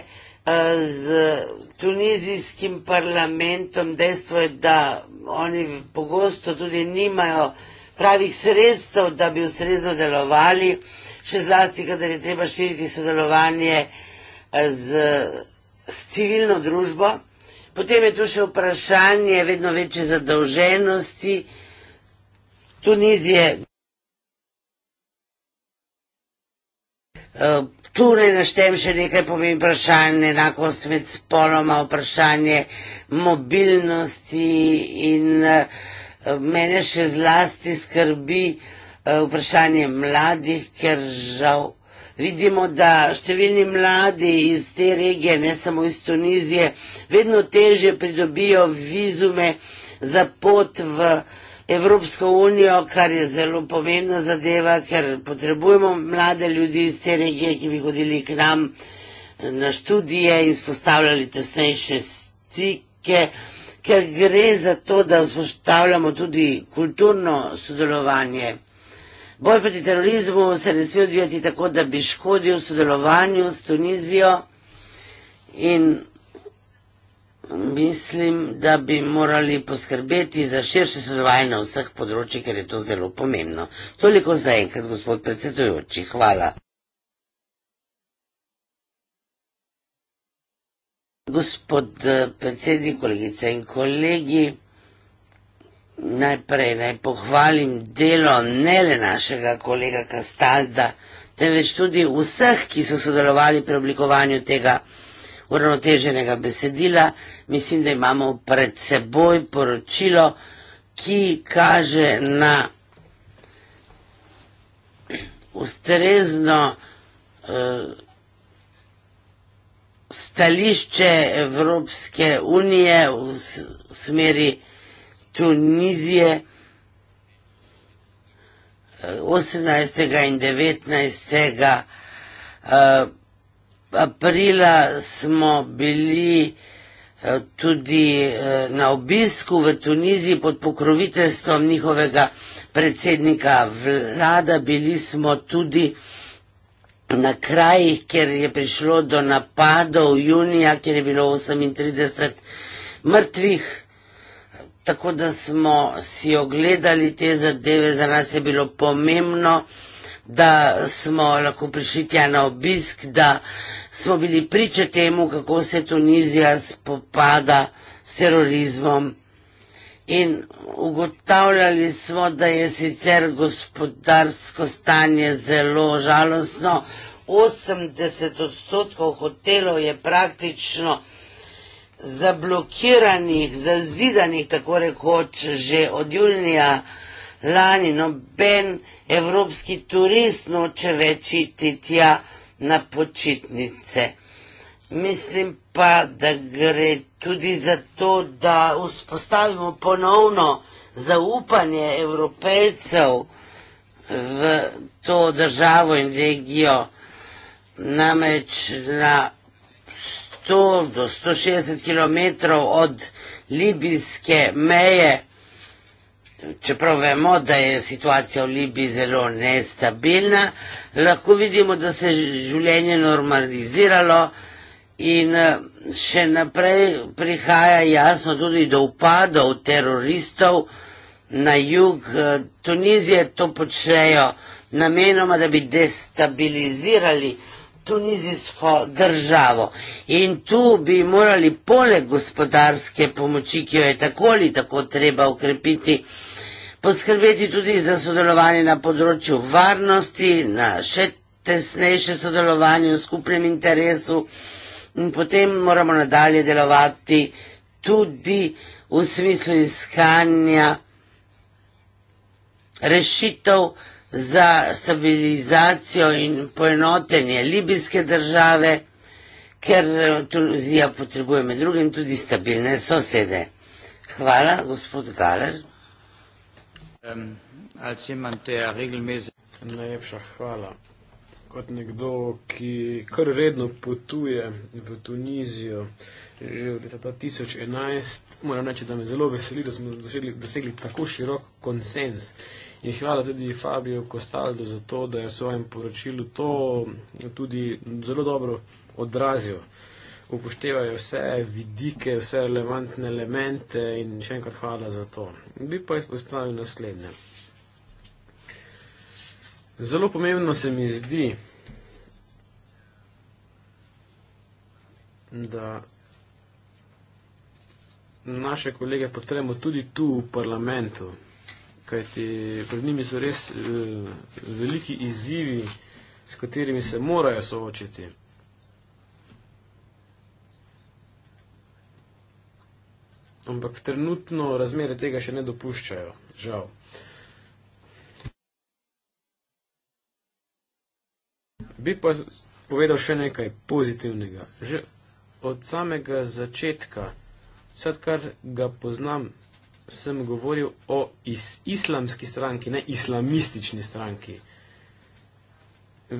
z tunizijskim parlamentom. Dejstvo je, da oni pogosto tudi nimajo pravih sredstev, da bi ustrezno delovali, še zlasti, kadar je treba širiti sodelovanje z, z civilno družbo. Potem je tu še vprašanje vedno večje zadolženosti Tunizije. Tukaj naštem še nekaj pomembnih vprašanj, enakost med spoloma, vprašanje mobilnosti in eh, mene še zlasti skrbi eh, vprašanje mladih, ker žal vidimo, da številni mladi iz te regije, ne samo iz Tunizije, vedno teže pridobijo vizume za pot v Tunizijo. Evropsko unijo, kar je zelo pomembna zadeva, ker potrebujemo mlade ljudi iz te regije, ki bi hodili k nam na študije in spostavljali tesnejše stike, ker gre za to, da spostavljamo tudi kulturno sodelovanje. Boj proti terorizmu se ne sme odvijati tako, da bi škodil sodelovanju s Tunizijo in mislim, da bi morali poskrbeti za širše sodelovanje na vseh področjih, ker je to zelo pomembno. Toliko za enkrat, gospod predsedujoči. Hvala. Gospod eh, predsednik, kolegice in kolegi, najprej naj pohvalim delo ne le našega kolega Kastalda, temveč tudi vseh, ki so sodelovali pri oblikovanju tega uravnoteženega besedila, mislim, da imamo pred seboj poročilo, ki kaže na ustrezno uh, stališče Evropske unije v, v smeri Tunizije 18. Eh, in 19. Uh, eh, aprila smo bili uh, Eh, tudi eh, na obisku v Tuniziji pod pokroviteljstvom njihovega predsednika vlada. Bili smo tudi na krajih, kjer je prišlo do napadov junija, kjer je bilo 38 mrtvih. Tako da smo si ogledali te zadeve, za nas je bilo pomembno, da smo lahko prišli tja na obisk, da smo bili priče temu, kako se Tunizija spopada s terorizmom. In ugotavljali smo, da je sicer gospodarsko stanje zelo žalostno. 80 odstotkov hotelov je praktično zablokiranih, zazidanih, tako rekoč, že od junija lani noben evropski turist noče več iti tja na počitnice. Mislim pa, da gre tudi za to, da vzpostavimo ponovno zaupanje evropejcev v to državo in regijo. Namreč na 100 do 160 km od libijske meje Čeprav vemo, da je situacija v Libiji zelo nestabilna, lahko vidimo, da se je življenje normaliziralo in eh, še naprej prihaja jasno tudi do upadov teroristov na jug eh, Tunizije. To počnejo namenoma, da bi destabilizirali tunizijsko državo. In tu bi morali poleg gospodarske pomoči, ki jo je tako ali tako treba ukrepiti, poskrbeti tudi za sodelovanje na področju varnosti, na še tesnejše sodelovanje v skupnem interesu in potem moramo nadalje delovati tudi v smislu iskanja rešitev za stabilizacijo in poenotenje libijske države, ker Tunizija potrebuje med drugim tudi stabilne sosede. Hvala, gospod Galer. Um, als jemand, der regelmäßig. Najlepša hvala. Kot nekdo, ki kar redno potuje v Tunizijo, že od leta 2011, moram reči, da me zelo veseli, da smo dosegli, dosegli tako širok konsens. In hvala tudi Fabiju Kostaldu za to, da je v svojem poročilu to tudi zelo dobro odrazil. Upoštevajo vse vidike, vse relevantne elemente in še enkrat hvala za to bi pa izpostavil naslednje. Zelo pomembno se mi zdi, da naše kolege potrebujemo tudi tu v parlamentu, kajti pred njimi so res uh, veliki izzivi, s katerimi se morajo soočiti. Ampak trenutno razmere tega še ne dopuščajo, žal. Bi pa povedal še nekaj pozitivnega. Že od samega začetka, vsak, kar ga poznam, sem govoril o is islamski stranki, ne islamistični stranki.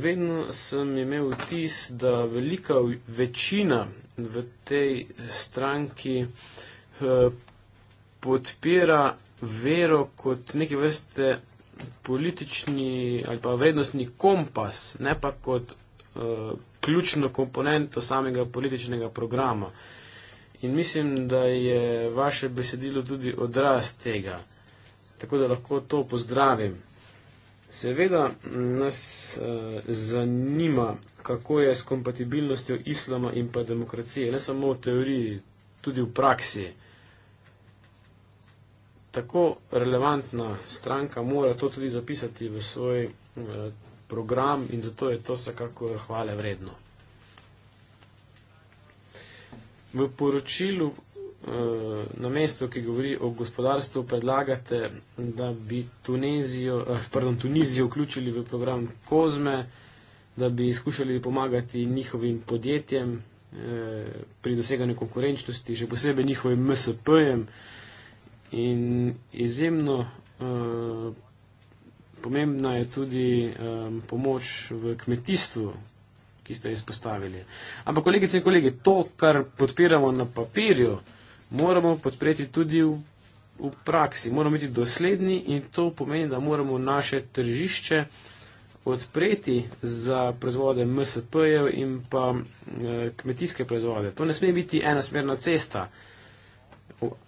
Vedno sem imel vtis, da velika večina v tej stranki uh, Eh, podpira vero kot neke vrste politični ali pa vrednostni kompas, ne pa kot eh, ključno komponento samega političnega programa. In mislim, da je vaše besedilo tudi odraz tega. Tako da lahko to pozdravim. Seveda nas uh, zanima, kako je s kompatibilnostjo islama in pa demokracije, ne samo v teoriji, tudi v praksi. Uh, tako relevantna stranka mora to tudi zapisati v svoj eh, program in zato je to vsekakor hvale vredno. V poročilu eh, na mestu, ki govori o gospodarstvu, predlagate, da bi Tunezijo, eh, pardon, Tunizijo vključili v program Kozme, da bi skušali pomagati njihovim podjetjem pri doseganju konkurenčnosti, že posebej njihovim MSP-jem, In izjemno eh, pomembna je tudi eh, pomoč v kmetijstvu, ki ste izpostavili. Ampak, kolegice in kolege, to, kar podpiramo na papirju, moramo podpreti tudi v, v praksi. Moramo biti dosledni in to pomeni, da moramo naše tržišče odpreti za proizvode MSP-jev in pa eh, kmetijske proizvode. To ne sme biti enosmerna cesta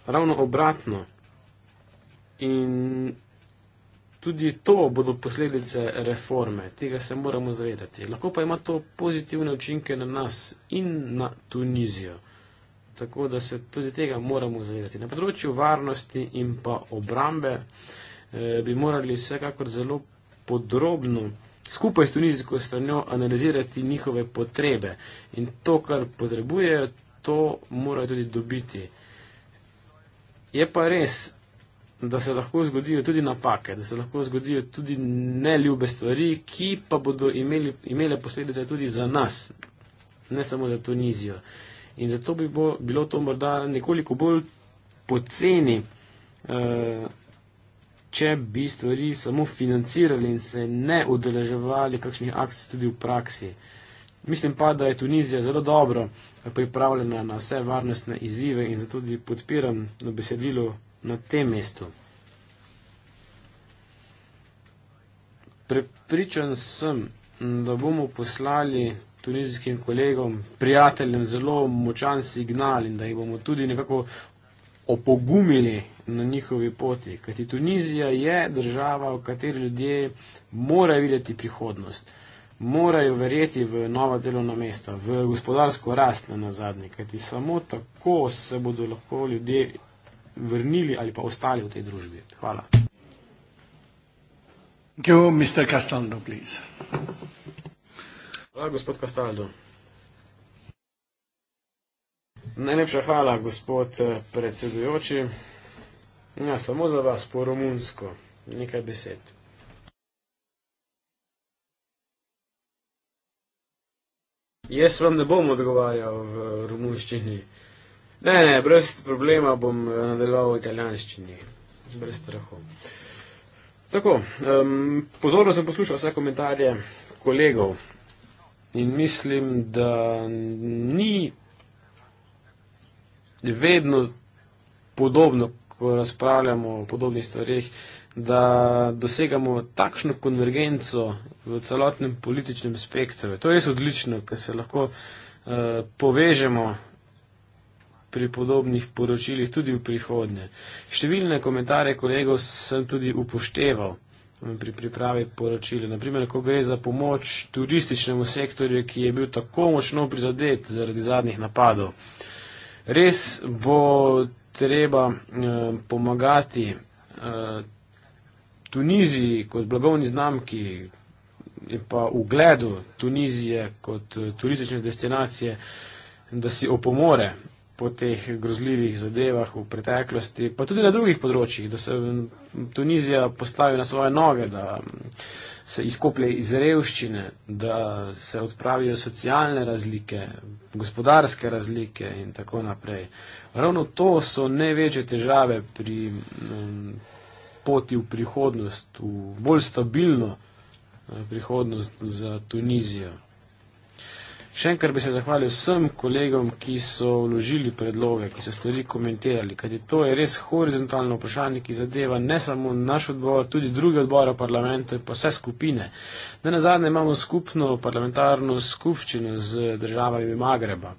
ravno obratno. In tudi to bodo posledice reforme, tega se moramo zavedati. Lahko pa ima to pozitivne učinke na nas in na Tunizijo. Tako da se tudi tega moramo zavedati. Na področju varnosti in pa obrambe eh, bi morali vsekakor zelo podrobno skupaj s tunizijsko stranjo analizirati njihove potrebe. In to, kar potrebujejo, to morajo tudi dobiti. Je pa res, da se lahko zgodijo tudi napake, da se lahko zgodijo tudi neljube stvari, ki pa bodo imeli, imele posledice tudi za nas, ne samo za Tunizijo. In zato bi bo, bilo to morda nekoliko bolj poceni, eh, če bi stvari samo financirali in se ne odeleževali kakšnih akcij tudi v praksi. Eh, Mislim pa, da je Tunizija zelo dobro pripravljena na vse varnostne izzive in zato tudi podpiram na besedilo na tem mestu. Prepričan sem, da bomo poslali tunizijskim kolegom, prijateljem zelo močan signal in da jih bomo tudi nekako opogumili na njihovi poti. Kajti Tunizija je država, v kateri ljudje morajo videti prihodnost. Uh, morajo verjeti v nova delovna mesta, v gospodarsko rast na zadnje, kajti samo tako se bodo lahko ljudje vrnili ali pa ostali v tej družbi. Hvala. Hvala, gospod Kastaldo. Najlepša hvala, gospod eh, predsedujoči. Ja, samo za vas po romunsko. Nekaj besed. Jaz vam ne bom odgovarjal v romunščini. Ne, ne, brez problema bom eh, nadaljeval v italijanščini, brez strahu. Tako, um, pozorno sem poslušal vse komentarje kolegov in mislim, da ni vedno podobno, ko razpravljamo o podobnih stvarih, uh, da dosegamo takšno konvergenco v celotnem političnem spektru. To je res odlično, ker se lahko eh, povežemo pri podobnih poročilih tudi v prihodnje. Številne komentarje kolegov sem tudi upošteval eh, pri pripravi poročila. Naprimer, ko gre za pomoč turističnemu sektorju, ki je bil tako močno prizadet zaradi zadnjih napadov. Res bo treba eh, pomagati eh, Tuniziji kot blagovni znamki in pa ugledu Tunizije kot eh, turistične destinacije, da si opomore po teh grozljivih zadevah v preteklosti, pa tudi na drugih področjih, da se Tunizija postavi na svoje noge, da se izkoplje iz revščine, da se odpravijo socialne razlike, gospodarske razlike in tako naprej. Ravno to so največje težave pri poti v prihodnost, v bolj stabilno eh, prihodnost za Tunizijo. Še enkrat bi se zahvalil vsem kolegom, ki so vložili predloge, ki so stvari komentirali, kajti to je res horizontalno vprašanje, ki zadeva ne samo naš odbor, tudi druge odbore parlamenta, pa vse skupine. Ne na zadnje imamo skupno parlamentarno skupščino z državami Magreba.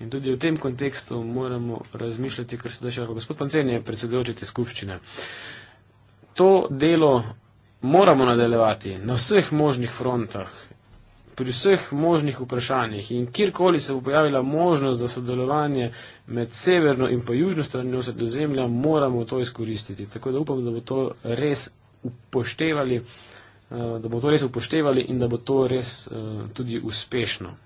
In tudi v tem kontekstu moramo razmišljati, ker se da še lahko gospod Pancen je predsedujoči te skupščine. Uh, to delo moramo nadaljevati na vseh možnih frontah, pri vseh možnih vprašanjih in kjerkoli se bo pojavila možnost za sodelovanje med severno in pa južno stranjo sredozemlja, moramo to izkoristiti. Tako da upam, da bo to res upoštevali, eh, da bo to res upoštevali in da bo to res eh, tudi uspešno.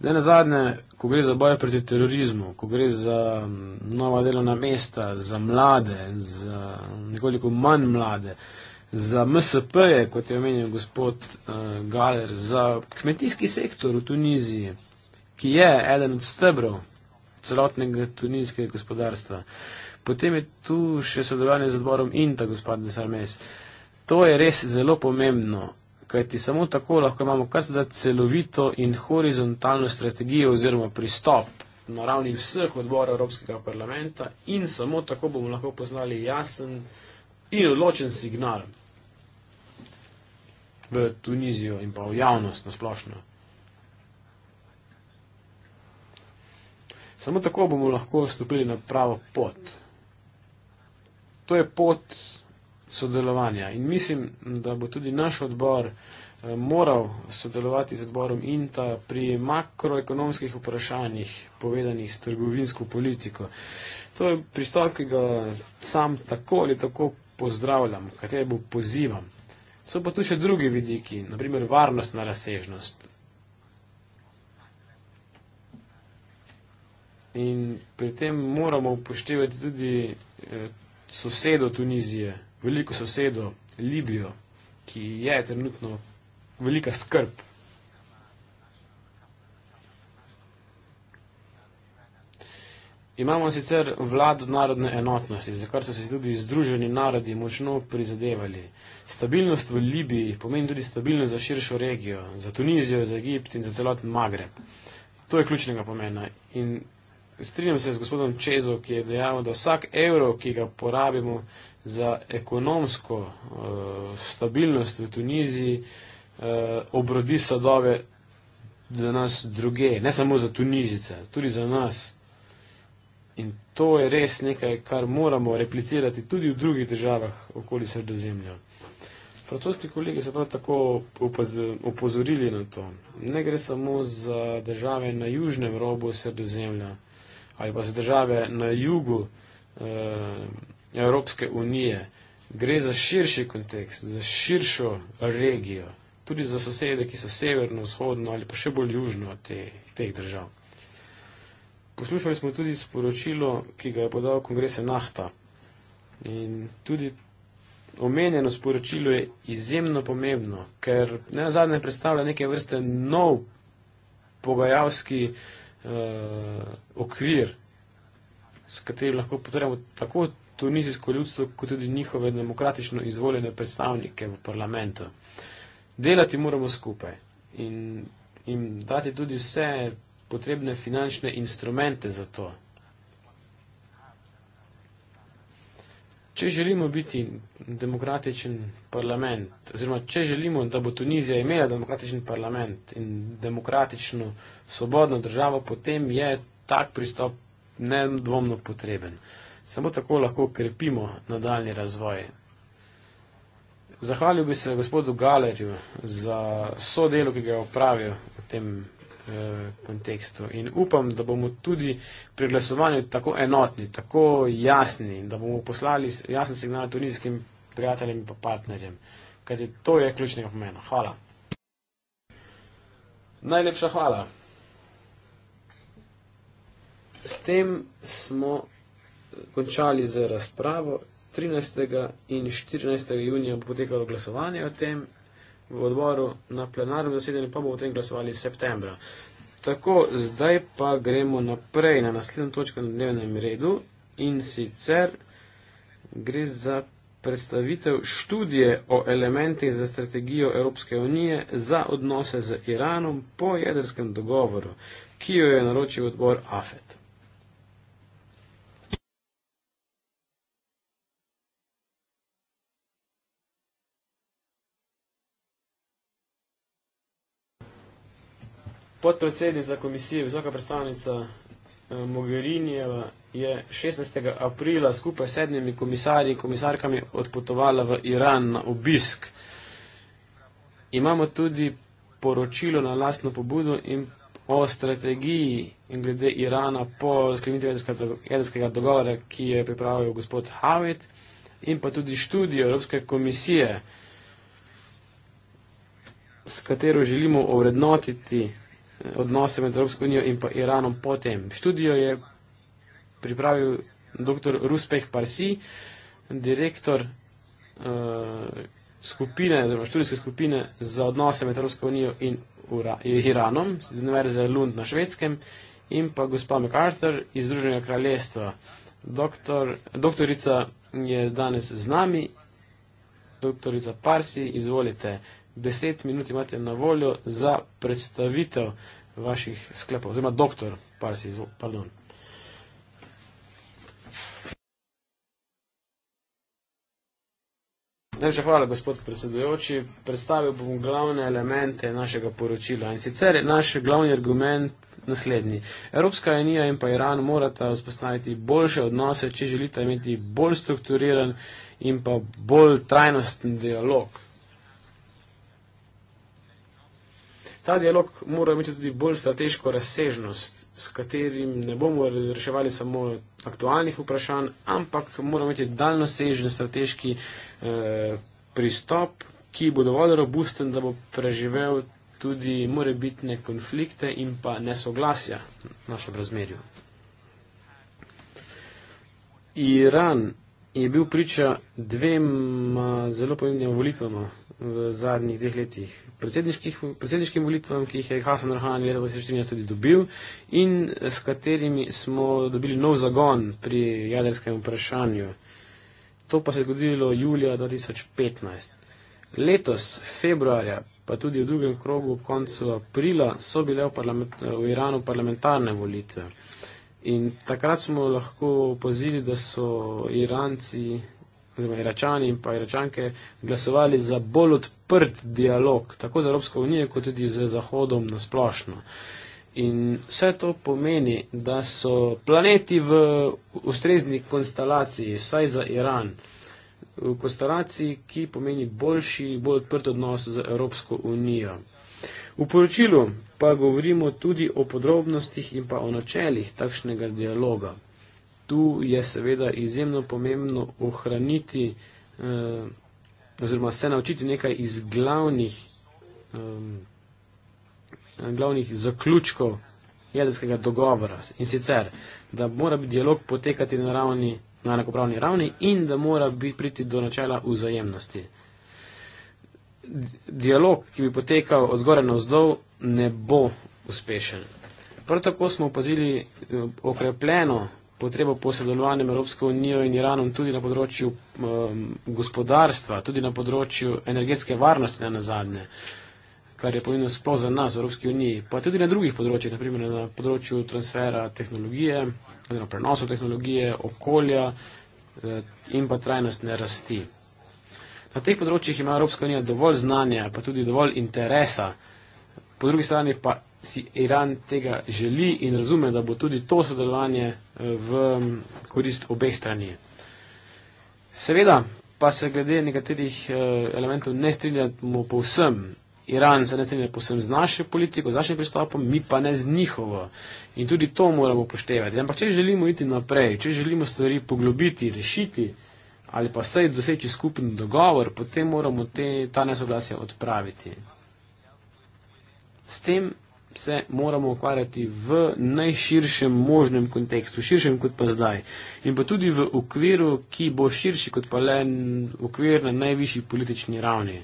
Da na zadnje, ko gre za boj proti terorizmu, ko gre za mm, nova delovna mesta, za mlade, za nekoliko manj mlade, za MSP, -je, kot je omenil gospod uh, Galer, za kmetijski sektor v Tuniziji, ki je eden od stebrov celotnega tunizijskega gospodarstva. Potem je tu še sodelovanje z odborom INTA, gospod Desarmes. To je res zelo pomembno kajti samo tako lahko imamo kar se da celovito in horizontalno strategijo oziroma pristop na ravni vseh odborov Evropskega parlamenta in samo tako bomo lahko poznali jasen in odločen signal v Tunizijo in pa v javnost na splošno. Samo tako bomo lahko stopili na pravo pot. To je pot, sodelovanja. In mislim, da bo tudi naš odbor eh, moral sodelovati z odborom INTA pri makroekonomskih vprašanjih povezanih s trgovinsko politiko. To je pristop, ki ga sam tako ali tako pozdravljam, katere bo pozivam. So pa tu še drugi vidiki, naprimer varnostna razsežnost. In pri tem moramo upoštevati tudi eh, sosedo Tunizije veliko sosedo Libijo, ki je trenutno velika skrb. Imamo sicer vlado narodne enotnosti, za kar so se tudi združeni narodi močno prizadevali. Stabilnost v Libiji pomeni tudi stabilnost za širšo regijo, za Tunizijo, za Egipt in za celoten Magreb. To je ključnega pomena. In strinjam se z gospodom Čezo, ki je dejal, da vsak evro, ki ga porabimo, za ekonomsko uh, stabilnost v Tuniziji uh, obrodi sadove za nas druge, ne samo za Tunizice, tudi za nas. In to je res nekaj, kar moramo replicirati tudi v drugih državah okoli sredozemlja. Francoski kolegi so prav tako opozorili na to. Ne gre samo za države na južnem robu sredozemlja ali pa za države na jugu. Uh, Evropske unije, gre za širši kontekst, za širšo regijo, tudi za sosede, ki so severno, vzhodno ali pa še bolj južno od te, teh držav. Poslušali smo tudi sporočilo, ki ga je podal kongres Nahta. In tudi omenjeno sporočilo je izjemno pomembno, ker ne na zadnje predstavlja neke vrste nov pogajalski uh, okvir, s katerim lahko potrebujemo tako tunizijsko ljudstvo, kot tudi njihove demokratično izvoljene predstavnike v parlamentu. Delati moramo skupaj in jim dati tudi vse potrebne finančne instrumente za to. Če želimo biti demokratičen parlament, oziroma če želimo, da bo Tunizija imela demokratičen parlament in demokratično, svobodno državo, potem je tak pristop nedvomno potreben. Samo tako lahko krepimo nadaljni razvoj. Zahvalil bi se gospodu Galerju za sodelo, ki ga je opravil v tem eh, kontekstu in upam, da bomo tudi pri glasovanju tako enotni, tako jasni, da bomo poslali jasen signal tunizijskim prijateljem in pa partnerjem, kajti to je ključnega pomena. Hvala. Najlepša hvala. S tem smo končali z razpravo. 13. in 14. junija bo potekalo glasovanje o tem v odboru na plenarnem zasedanju, pa bo o tem glasovali septembra. Tako, zdaj pa gremo naprej na naslednjo točko na dnevnem redu in sicer gre za predstavitev študije o elementih za strategijo Evropske unije za odnose z Iranom po jedrskem dogovoru, ki jo je naročil odbor AFET. Podpredsednica komisije, visoka predstavnica eh, Mogherinijeva je 16. aprila skupaj s sedmimi komisarji in komisarkami odpotovala v Iran na obisk. Imamo tudi poročilo na lastno pobudo in o strategiji in glede Irana po sklenitvi jedrskega dogovora, ki je pripravil gospod Havit in pa tudi študijo Evropske komisije, s katero želimo ovrednotiti odnose med Evropsko unijo in pa Iranom potem. Študijo je pripravil dr. Ruspeh Parsi, direktor uh, skupine, oziroma študijske skupine za odnose med Evropsko unijo in Ura, Iranom, z Univerze Lund na švedskem, in pa gospa MacArthur iz Združenega kraljestva. Doktor, doktorica je danes z nami. Doktorica Parsi, izvolite deset minut imate na voljo za predstavitev vaših sklepov, oziroma doktor Parsi, pardon. Najlepša hvala, gospod predsedujoči. Predstavil bom glavne elemente našega poročila. In sicer je naš glavni argument naslednji. Evropska unija in pa Iran morata vzpostaviti boljše odnose, če želite imeti bolj strukturiran in pa bolj trajnostni dialog. ta dialog mora imeti tudi bolj strateško razsežnost, s katerim ne bomo reševali samo aktualnih vprašanj, ampak mora imeti daljnosežen strateški eh, pristop, ki bo dovolj robusten, da bo preživel tudi more bitne konflikte in pa nesoglasja v našem razmerju. Iran je bil priča dvema zelo pomembnima volitvama v zadnjih dveh letih predsedniškim volitvam, ki jih je Hafen Rohan leta 2014 tudi dobil in eh, s katerimi smo dobili nov zagon pri jadrskem vprašanju. To pa se je zgodilo julija 2015. Letos, februarja, pa tudi v drugem krogu ob koncu aprila, so bile v, parlament, v Iranu parlamentarne volitve. In takrat smo lahko opazili, da so Iranci oziroma Iračani in pa Iračanke glasovali za bolj odprt dialog, tako z Evropsko unijo, kot tudi z Zahodom na splošno. In vse to pomeni, da so planeti v ustrezni konstelaciji, vsaj za Iran, v konstelaciji, ki pomeni boljši, bolj odprt odnos z Evropsko unijo. V poročilu pa govorimo tudi o podrobnostih in pa o načelih takšnega dialoga tu je seveda izjemno pomembno ohraniti eh, oziroma se naučiti nekaj iz glavnih, eh, glavnih zaključkov jedrskega dogovora in sicer, da mora biti dialog potekati na ravni, na enakopravni ravni in da mora biti priti do načela vzajemnosti. Dialog, ki bi potekal od zgore na vzdolj, ne bo uspešen. Prav tako smo opazili eh, okrepljeno potrebo po sodelovanju Evropske unije in Iranom tudi na področju um, gospodarstva, tudi na področju energetske varnosti na nazadnje, kar je pomembno sploh za nas v Evropski uniji, pa tudi na drugih področjih, naprimer na področju transfera tehnologije, prenosa tehnologije, okolja eh, in pa trajnostne rasti. Na teh področjih ima Evropska unija dovolj znanja, pa tudi dovolj interesa, po drugi strani pa si Iran tega želi in razume, da bo tudi to sodelovanje eh, v mm, korist obeh strani. Seveda pa se glede nekaterih eh, elementov ne strinjamo povsem. Iran se ne strinja posebno z našo politiko, z našim pristopom, mi pa ne z njihovo. In tudi to moramo poštevati. Ampak če želimo iti naprej, če želimo stvari poglobiti, rešiti ali pa vsej doseči skupen dogovor, potem moramo te, ta nesoglasja odpraviti. S tem se moramo ukvarjati v najširšem možnem kontekstu, širšem kot pa zdaj. In pa tudi v okviru, ki bo širši kot pa le okvir na najvišji politični ravni.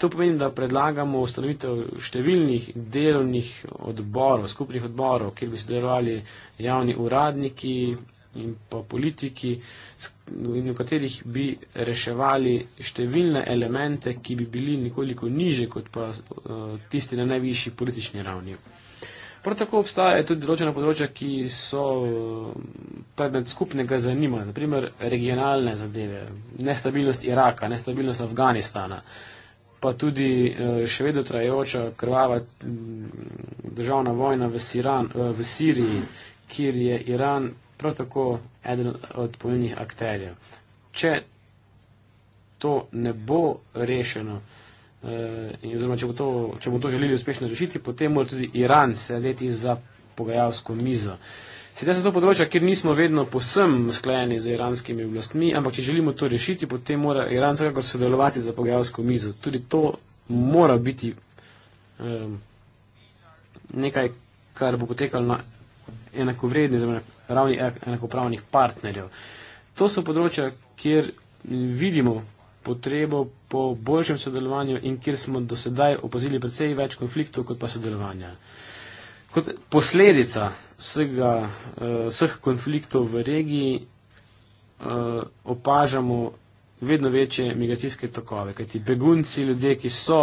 To pomeni, da predlagamo ustanovitev številnih delovnih odborov, skupnih odborov, kjer bi sodelovali javni uradniki, in pa politiki, in v katerih bi reševali številne elemente, ki bi bili nekoliko niže kot pa eh, tisti na najvišji politični ravni. Prav tako obstajajo tudi določena področja, ki so eh, predmet skupnega zanimanja, naprimer regionalne zadeve, nestabilnost Iraka, nestabilnost Afganistana, pa tudi eh, še vedno trajajoča krvava mm, državna vojna v, Siran, v Siriji, kjer je Iran prav tako eden od pomenih akterjev. Če to ne bo rešeno, eh, oziroma če bo, to, če bo to želeli uspešno rešiti, potem mora tudi Iran sedeti za pogajalsko mizo. Sicer se to področja, kjer nismo vedno posem sklajeni z iranskimi oblastmi, ampak če želimo to rešiti, potem mora Iran vsekakor sodelovati za pogajalsko mizo. Tudi to mora biti eh, nekaj, kar bo potekalo na enakovredni, zelo ravni enakopravnih partnerjev. To so področja, kjer vidimo potrebo po boljšem sodelovanju in kjer smo do sedaj opazili precej več konfliktov kot pa sodelovanja. Kot posledica vsega, eh, vseh konfliktov v regiji eh, opažamo vedno večje migracijske tokove, kajti begunci, ljudje, ki so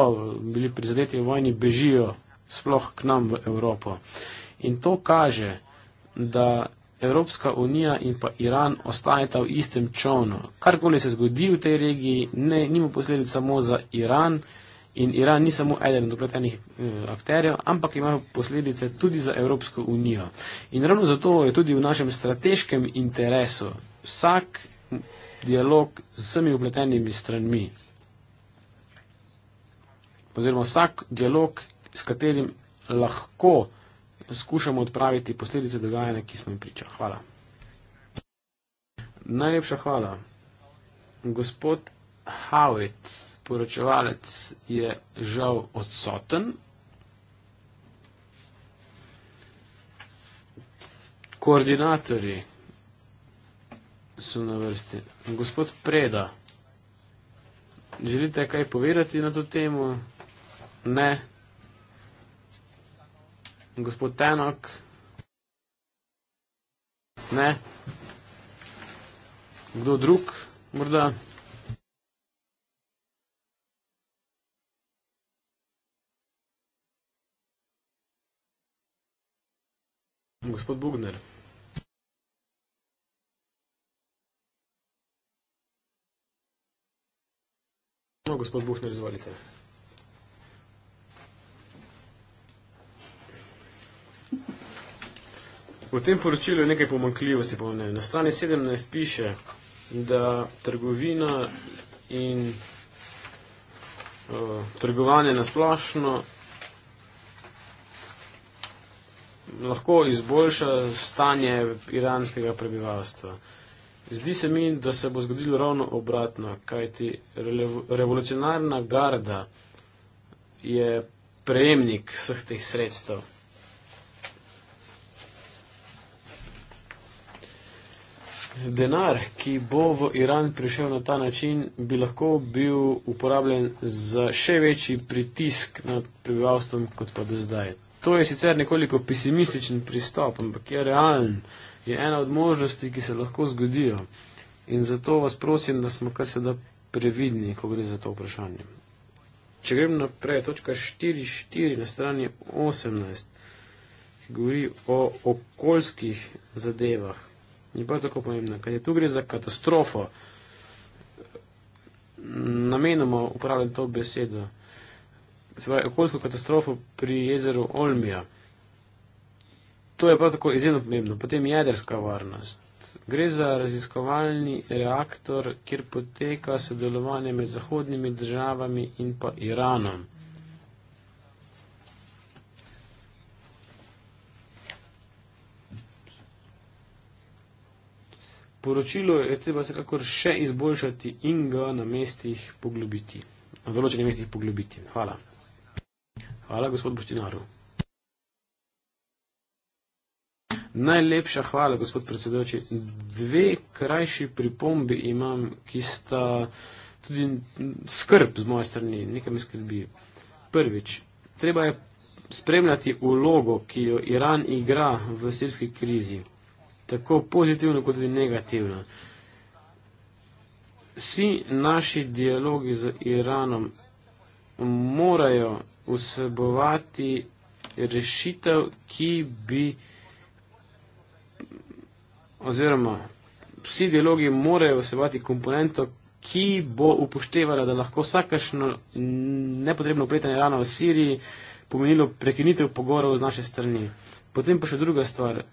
bili prizadeti v vojni, bežijo sploh k nam v Evropo. In to kaže, da Evropska unija in pa Iran ostajata v istem čovnu. Karkoli se zgodi v tej regiji, ne, nima posledic samo za Iran in Iran ni samo eden od upletenih eh, akterjev, ampak ima posledice tudi za Evropsko unijo. In ravno zato je tudi v našem strateškem interesu vsak dialog z vsemi upletenimi stranmi. Oziroma vsak dialog, s katerim lahko skušamo odpraviti posledice dogajanja, ki smo jim priča. Hvala. Najlepša hvala. Gospod Howitt, poročevalec, je žal odsoten. Koordinatorji so na vrsti. Gospod Preda, želite kaj povedati na to temo? Ne. Gospod Tenok? Ne? Kdo drug? Morda? Gospod Bugner? No, gospod Buhner, izvolite. V tem poročilu je nekaj pomankljivosti. Na strani 17 piše, da trgovina in o, eh, trgovanje nasplošno lahko izboljša stanje iranskega prebivalstva. Zdi se mi, da se bo zgodilo ravno obratno, kajti revolucionarna garda je prejemnik vseh teh sredstev. denar, ki bo v Iran prišel na ta način, bi lahko bil uporabljen za še večji pritisk nad prebivalstvom, kot pa do zdaj. To je sicer nekoliko pesimističen pristop, ampak je realen, je ena od možnosti, ki se lahko zgodijo. In zato vas prosim, da smo kar se da previdni, ko gre za to vprašanje. Če grem naprej, točka 4.4 na strani 18, ki govori o okoljskih zadevah ni pa tako pomembna, ker je tu gre za katastrofo. Namenoma uporabljam to besedo. Se pravi, okoljsko katastrofo pri jezeru Olmija. To je prav tako izjemno pomembno. Potem jedrska varnost. Gre za raziskovalni reaktor, kjer poteka sodelovanje med zahodnimi državami in pa Iranom. poročilo je treba vsekakor še izboljšati in ga na mestih poglobiti. Na določenih mestih poglobiti. Hvala. Hvala, gospod Boštinaru. Najlepša hvala, gospod predsedoči. Dve krajši pripombi imam, ki sta tudi skrb z moje strani, nekaj mi skrbi. Prvič, treba je spremljati ulogo, ki jo Iran igra v sirski krizi tako pozitivno kot tudi negativno. Vsi naši dialogi z Iranom morajo vsebovati rešitev, ki bi oziroma vsi dialogi morajo vsebovati komponento, ki bo upoštevala, da lahko vsakašno nepotrebno upletanje Irana v Siriji pomenilo prekinitev pogovorov z naše strani. Potem pa še druga stvar.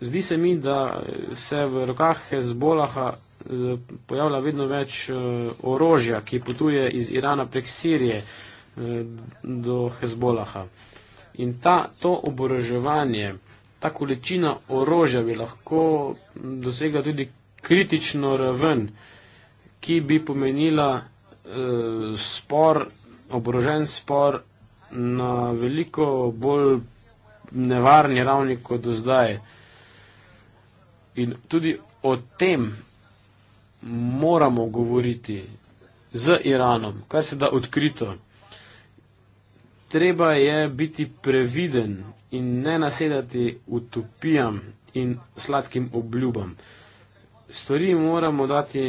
Zdi se mi, da se v rokah Hezbolaha eh, pojavlja vedno več eh, orožja, ki potuje iz Irana prek Sirije eh, do Hezbolaha. In ta, to oboroževanje, ta količina orožja bi lahko dosegla tudi kritično raven, ki bi pomenila spor, oborožen spor na veliko bolj nevarni ravni kot do zdaj. In tudi o tem moramo govoriti z Iranom, kaj se da odkrito. Treba je biti previden in ne nasedati utopijam in sladkim obljubam. Stvari moramo dati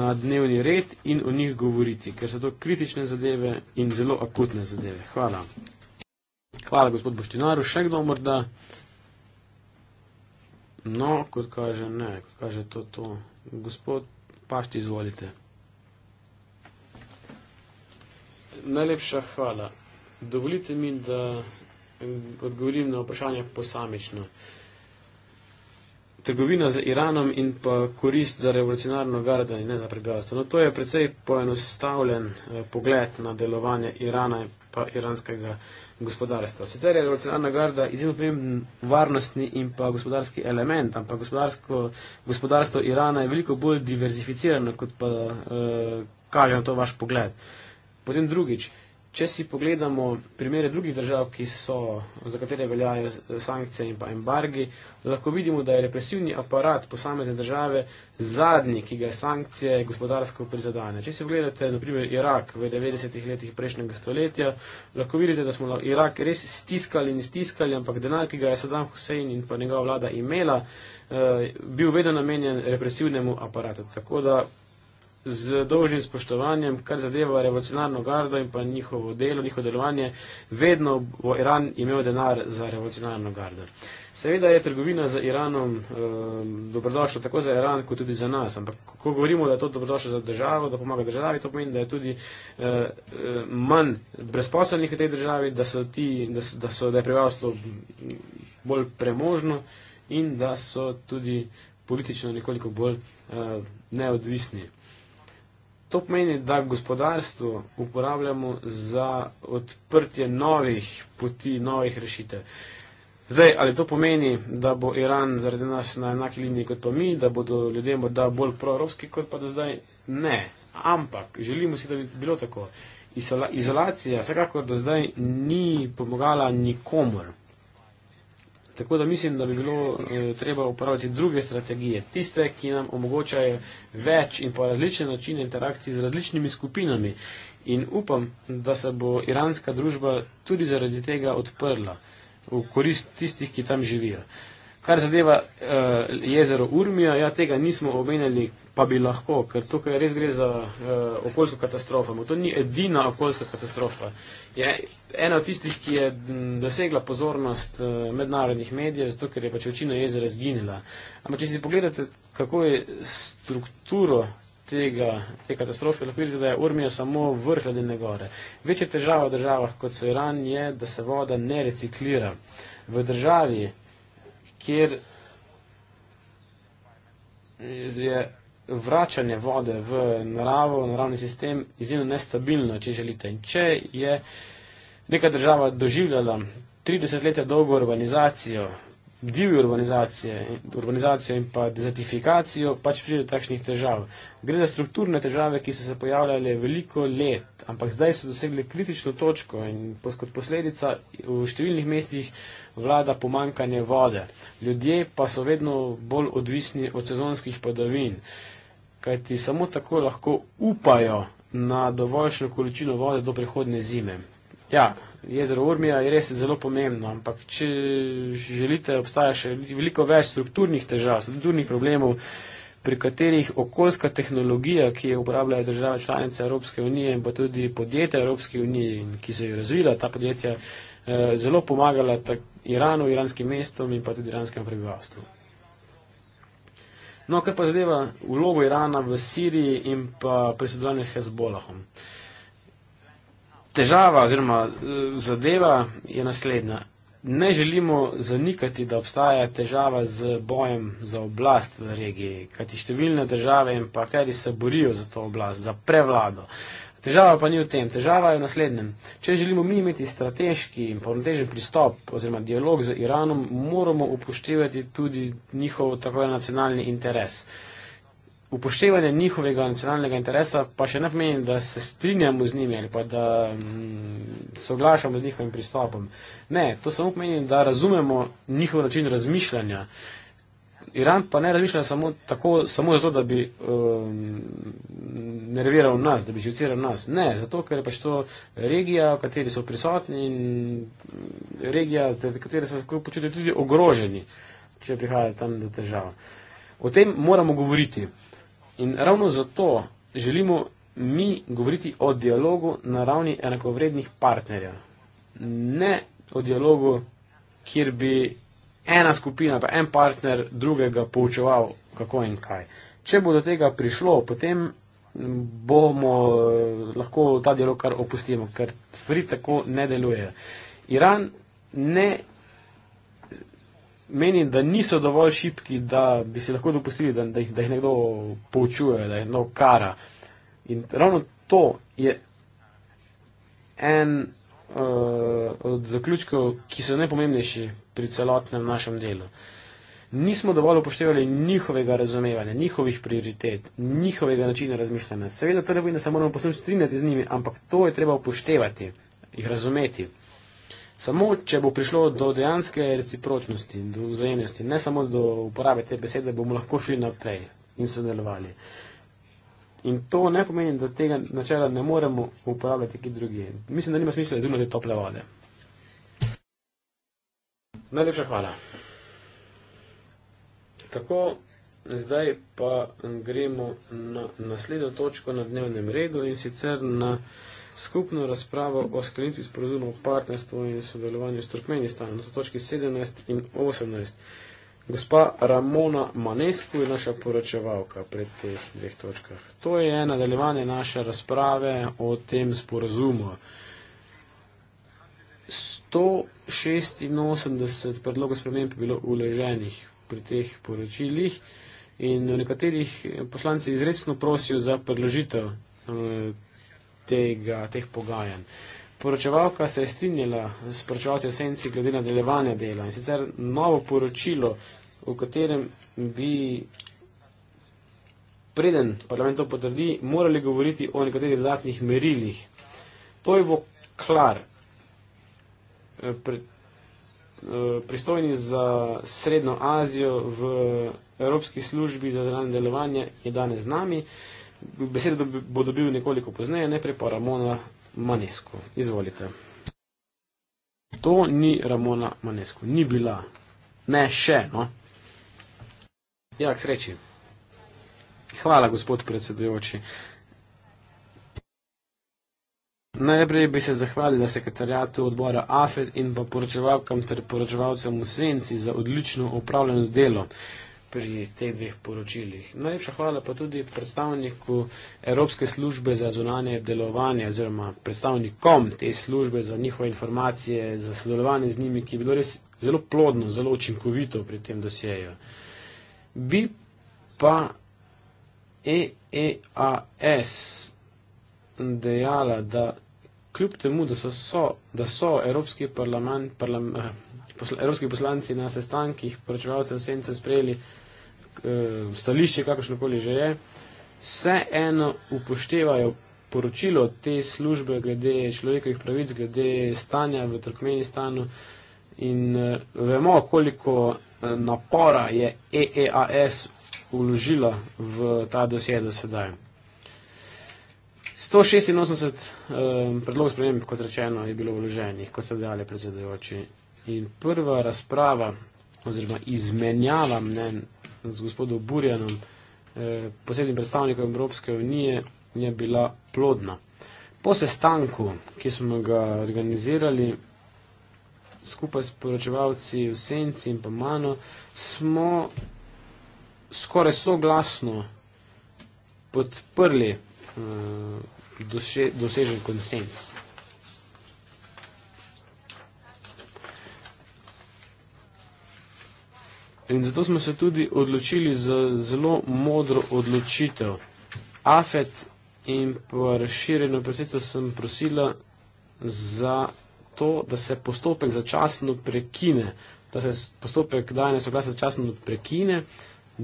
na dnevni red in o njih govoriti, ker so to kritične zadeve in zelo akutne zadeve. Hvala. Hvala, gospod Boštinaru. Še kdo morda? No, kot kaže, ne, kot kaže to, to. Gospod Pašti, izvolite. Najlepša hvala. Dovolite mi, da odgovorim na vprašanje posamično. Trgovina z Iranom in pa korist za revolucionarno gardo in ne za prebivalstvo. No, to je precej poenostavljen eh, pogled na delovanje Irana pa iranskega gospodarstva. Sicer je revolucionarna garda izjemno pomemben varnostni in pa gospodarski element, ampak gospodarstvo Irana je veliko bolj diverzificirano, kot pa eh, kaže na to vaš pogled. Potem drugič. Eh, Če si pogledamo primere drugih držav, so, za katere veljajo sankcije in pa embargi, lahko vidimo, da je represivni aparat posamezne države zadnji, ki ga sankcije gospodarsko prizadane. Če si pogledate, naprimer, Irak v 90-ih letih prejšnjega stoletja, lahko vidite, da smo Irak res stiskali in stiskali, ampak denar, ki ga je Saddam Hussein in pa njegova vlada imela, eh, bil vedno namenjen represivnemu aparatu z dolžnim spoštovanjem, kar zadeva revolucionarno gardo in pa njihovo delo, njihovo delovanje, vedno bo Iran imel denar za revolucionarno gardo. Seveda je trgovina z Iranom eh, dobrodošla tako za Iran, kot tudi za nas, ampak ko govorimo, da je to dobrodošlo za državo, da pomaga državi, to pomeni, da je tudi eh, eh manj brezposobnih v tej državi, da, so ti, da, so, da, so, da je prebivalstvo bolj premožno in da so tudi politično nekoliko bolj eh, neodvisni. To pomeni, da gospodarstvo uporabljamo za odprtje novih poti, novih rešitev. Zdaj, ali to pomeni, da bo Iran zaradi nas na enaki liniji kot pa mi, da bodo ljudje morda bolj proevropski kot pa do zdaj? Ne. Ampak želimo si, da bi bilo tako. Izola izolacija vsekakor do zdaj ni pomagala nikomor. Tako da mislim, da bi bilo e, treba uporabljati druge strategije, tiste, ki nam omogočajo več in pa različne načine interakcij z različnimi skupinami. In upam, da se bo iranska družba tudi zaradi tega odprla v korist tistih, ki tam živijo. E, Kar zadeva uh, jezero Urmija, ja, tega nismo omenjali, pa bi lahko, ker tukaj res gre za uh, okoljsko katastrofo. To ni edina okoljska katastrofa. Je ena od tistih, ki je dosegla pozornost uh, mednarodnih medijev, zato ker je pač večina jezera zginila. Ampak, če si pogledate, kako je strukturo tega, te katastrofe, lahko vidite, da je Urmija samo vrh ledene gore. Večja težava v državah kot so Iran je, da se voda ne reciklira. V državi kjer je vračanje vode v naravo, naravni sistem izjemno nestabilno, če želite. In če je neka država doživljala 30 let dolgo urbanizacijo, divjo urbanizacijo, urbanizacijo in pa dezertifikacijo, pač pride do takšnih težav. Gre za strukturne težave, ki so se pojavljale veliko let, ampak zdaj so dosegli kritično točko in kot posledica v številnih mestih vlada pomankanje vode. Ljudje pa so vedno bolj odvisni od sezonskih padavin, kajti samo tako lahko upajo na dovoljšno količino vode do prihodne zime. Ja, jezero Urmija je res zelo pomembno, ampak če želite, obstaja še veliko več strukturnih težav, strukturnih problemov, pri katerih okoljska tehnologija, ki jo uporabljajo države članice Evropske unije in pa tudi podjetja Evropske unije, ki so jo razvila, ta podjetja Eh, zelo pomagala tak, Iranu, iranskim mestom in pa tudi iranskem prebivalstvu. No, kar pa zadeva vlogo Irana v Siriji in pa pri sodelovanju Hezbolahom. Težava oziroma eh, zadeva je naslednja. Ne želimo zanikati, da obstaja težava z bojem za oblast v regiji, kajti številne države in partnerji se borijo za to oblast, za prevlado. Težava pa ni v tem, težava je v naslednjem. Če želimo mi imeti strateški in poravnotežen pristop oziroma dialog z Iranom, moramo upoštevati tudi njihov tako je nacionalni interes. Upoštevanje njihovega nacionalnega interesa pa še ne pomeni, da se strinjamo z njimi ali pa da mm, soglašamo z njihovim pristopom. Ne, to samo pomeni, da razumemo njihov način razmišljanja. Uh, Iran pa ne razmišlja samo tako, samo zato, da bi um, nerviral nas, da bi živciral nas. Ne, zato, ker je pač to regija, v kateri so prisotni in mm, regija, z katero se lahko počutijo tudi ogroženi, če prihaja tam do težav. O tem moramo govoriti. In ravno zato želimo mi govoriti o dialogu na ravni enakovrednih partnerjev. Ne o dialogu, kjer bi ena skupina, pa en partner drugega poučeval, kako in kaj. Če bo do tega prišlo, potem bomo eh, lahko ta dialog kar opustili, ker stvari tako ne delujejo. Iran ne meni, da niso dovolj šipki, da bi si lahko dopustili, da, da, jih, da jih nekdo poučuje, da jih nekdo kara. In ravno to je en uh, od zaključkov, ki so najpomembnejši pri celotnem našem delu. Nismo dovolj upoštevali njihovega razumevanja, njihovih prioritet, njihovega načina razmišljanja. Seveda, to ne pomeni, da se moramo posebej strinjati z njimi, ampak to je treba upoštevati, jih razumeti. Samo, če bo prišlo do dejanske recipročnosti, do vzajemnosti, ne samo do uporabe te besede, bomo lahko šli naprej in sodelovali. Uh, In to ne pomeni, da tega načela ne moremo uporabljati kje drugje. Mislim, da nima smisla izumljati tople vode. Najlepša hvala. Tako, zdaj pa gremo na naslednjo točko na dnevnem redu in sicer na skupno razpravo o sklenitvi sporozumov o partnerstvu in sodelovanju s Turkmenistanom. To so točki 17 in 18. Gospa Ramona Manesku je naša poročevalka pri teh dveh točkah. To je nadaljevanje naše razprave o tem sporazumu. 186 predlogov sprememb je bilo uleženih pri teh poročilih in v nekaterih poslanci izredno prosijo za predložitev eh, tega, teh pogajanj. Poročevalka se je strinjala s poročevalcem senci glede nadaljevanja dela in sicer novo poročilo v katerem bi, preden parlament to potrdi, morali govoriti o nekaterih dodatnih merilih. To je voklar, eh, eh, pristojni za Srednjo Azijo v Evropski službi za zelanje delovanje, je danes z nami. Besedo bo dobil nekoliko pozneje, najprej pa Ramona Manesko. Izvolite. To ni Ramona Manesko, ni bila. Ne še, no. Ja, k sreči. Hvala, gospod predsedujoči. Najprej bi se zahvalila sekretarjatu odbora AFED in pa poročevalkam ter poročevalcem v senci za odlično upravljeno delo pri teh dveh poročilih. Najlepša hvala pa tudi predstavniku Evropske službe za zunanje delovanje oziroma predstavnikom te službe za njihove informacije, za sodelovanje z njimi, ki je bilo res zelo plodno, zelo učinkovito pri tem dosjeju bi pa EEAS dejala, da kljub temu, da so, so, da so Evropski, parlamen, parlam, eh, posla, Evropski poslanci na sestankih poročevalcev sence sprejeli eh, stališče, kakršnokoli že je, vse eno upoštevajo poročilo te službe glede človekovih pravic, glede stanja v Turkmenistanu in eh, vemo, koliko napora je EEAS uložila v ta dosje do sedaj. 186 um, eh, predlogov sprememb, kot rečeno, je bilo vloženih, kot ste dejali predsedujoči. In prva razprava oziroma izmenjava mnen z gospodom Burjanom, eh, posebnim predstavnikom Evropske unije, je bila plodna. Po sestanku, ki smo ga organizirali, skupaj s poročevalci v Senci in pa mano, smo skoraj soglasno podprli uh, doše, dosežen konsens. In zato smo se tudi odločili za zelo modro odločitev. Afet in pa razširjeno predsedstvo sem prosila za to, da se postopek začasno prekine, da se postopek dajanja soglasja začasno prekine,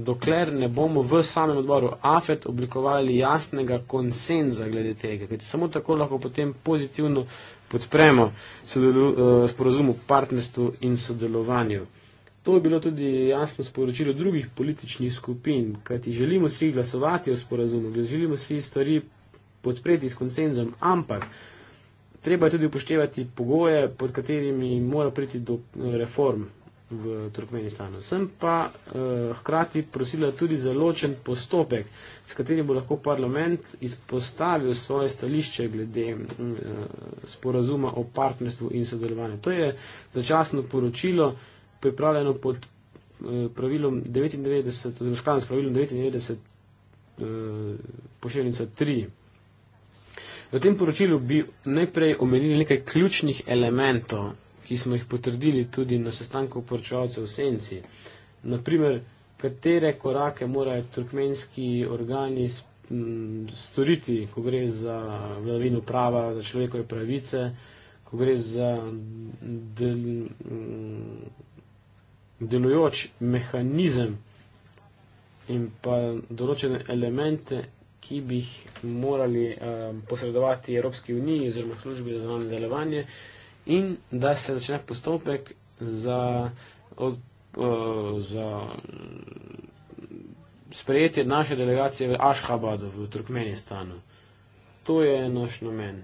dokler ne bomo v samem odboru AFET oblikovali jasnega konsenza glede tega. Kajte, samo tako lahko potem pozitivno podpremo sodelu, eh, sporozum o partnerstvu in sodelovanju. To je bilo tudi jasno sporočilo drugih političnih skupin, kajti želimo si glasovati o sporazumu, želimo si stvari podpreti s konsenzom, ampak treba je tudi upoštevati pogoje, pod katerimi mora priti do eh, reform v Turkmenistanu. Sem pa eh, hkrati prosila tudi za ločen postopek, s katerim bo lahko parlament izpostavil svoje stališče glede mm, eh, sporazuma o partnerstvu in sodelovanju. To je začasno poročilo, pripravljeno pod eh, pravilom 99, oziroma skladno s pravilom 99 eh, pošeljnica 3 V tem poročilu bi najprej omenili nekaj ključnih elementov, ki smo jih potrdili tudi na sestanku poročevalcev v Senci. Naprimer, katere korake morajo turkmenski organi storiti, ko gre za vladavino prava, za človekove pravice, ko gre za del, delujoč mehanizem in pa določene elemente ki bi jih morali um, posredovati Evropski uniji oziroma službi za zvanje delovanje in da se začne postopek za, od, uh, za sprejetje naše delegacije v Ashhabadu v Turkmenistanu. To je naš namen.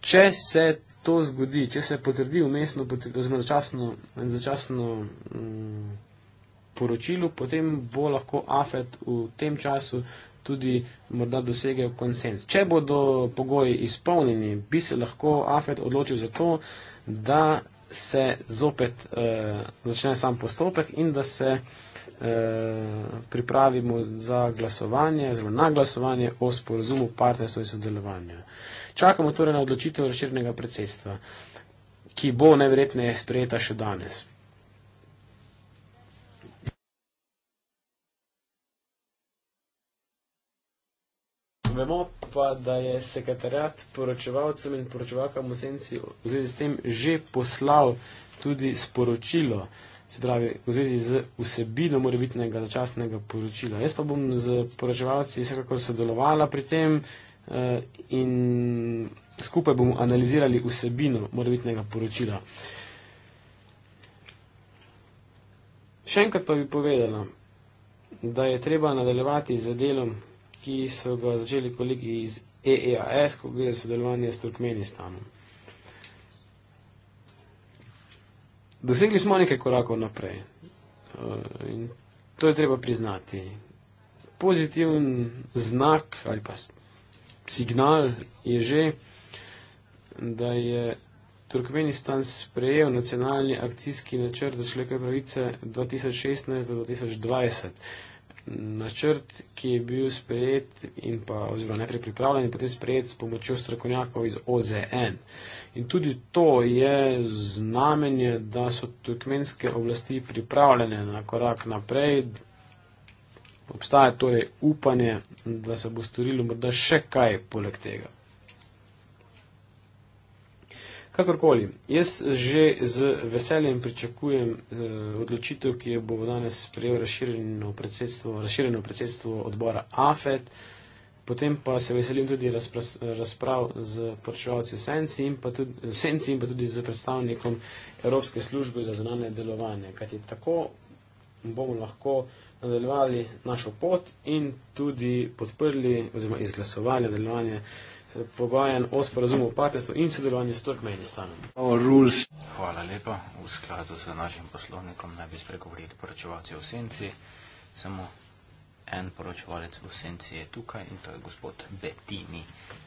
Če se to zgodi, če se potrdi umestno, oziroma začasno, začasno mm, poročilo, potem bo lahko AFET v tem času tudi morda dosegel konsens. Če bodo pogoji izpolnjeni, bi se lahko AFET odločil za to, da se zopet eh, začne sam postopek in da se eh, pripravimo za glasovanje, zelo na glasovanje o sporozumu partnerstva in sodelovanju. Eh, Čakamo torej na odločitev razširjenega predsedstva, ki bo najverjetneje sprejeta še danes. Vemo pa, da je sekretariat poročevalcem in poročevalkam v senci v zvezi s tem že poslal tudi sporočilo, se pravi v zvezi z vsebino morebitnega začasnega poročila. Jaz pa bom z poročevalci vsekakor sodelovala pri tem. Eh, in skupaj bomo analizirali vsebino morebitnega poročila. Še enkrat pa bi povedala, da je treba nadaljevati z delom, ki so ga začeli kolegi iz EEAS, ko gre za sodelovanje s Turkmenistanom. Dosegli smo nekaj korakov naprej eh, in to je treba priznati. Pozitiven znak ali pa signal je že, da je Turkmenistan sprejel nacionalni akcijski načrt za človekove pravice 2016-2020. Načrt, ki je bil sprejet in pa oziroma najprej pripravljen in potem sprejet s pomočjo strokovnjakov iz OZN. In tudi to je znamenje, da so turkmenske oblasti pripravljene na korak naprej, Obstaja torej upanje, da se bo storilo morda še kaj poleg tega. Kakorkoli, jaz že z veseljem pričakujem eh, odločitev, ki jo bo danes sprejel razširjeno predsedstvo, razširjeno predsedstvo odbora AFET, potem pa se veselim tudi razprav z poročevalci v Senci in pa tudi, Senci in pa tudi z predstavnikom Evropske službe za zunanje delovanje, kajti tako bomo lahko nadaljevali našo pot in tudi podprli oziroma izglasovali nadaljevanje eh, pogajanj o sporazumu o partnerstvu in sodelovanju s Turkmenistanom. Hvala lepa. V skladu z našim poslovnikom naj bi spregovorili poročevalci v senci. Samo en poročevalec v senci je tukaj in to je gospod Betini.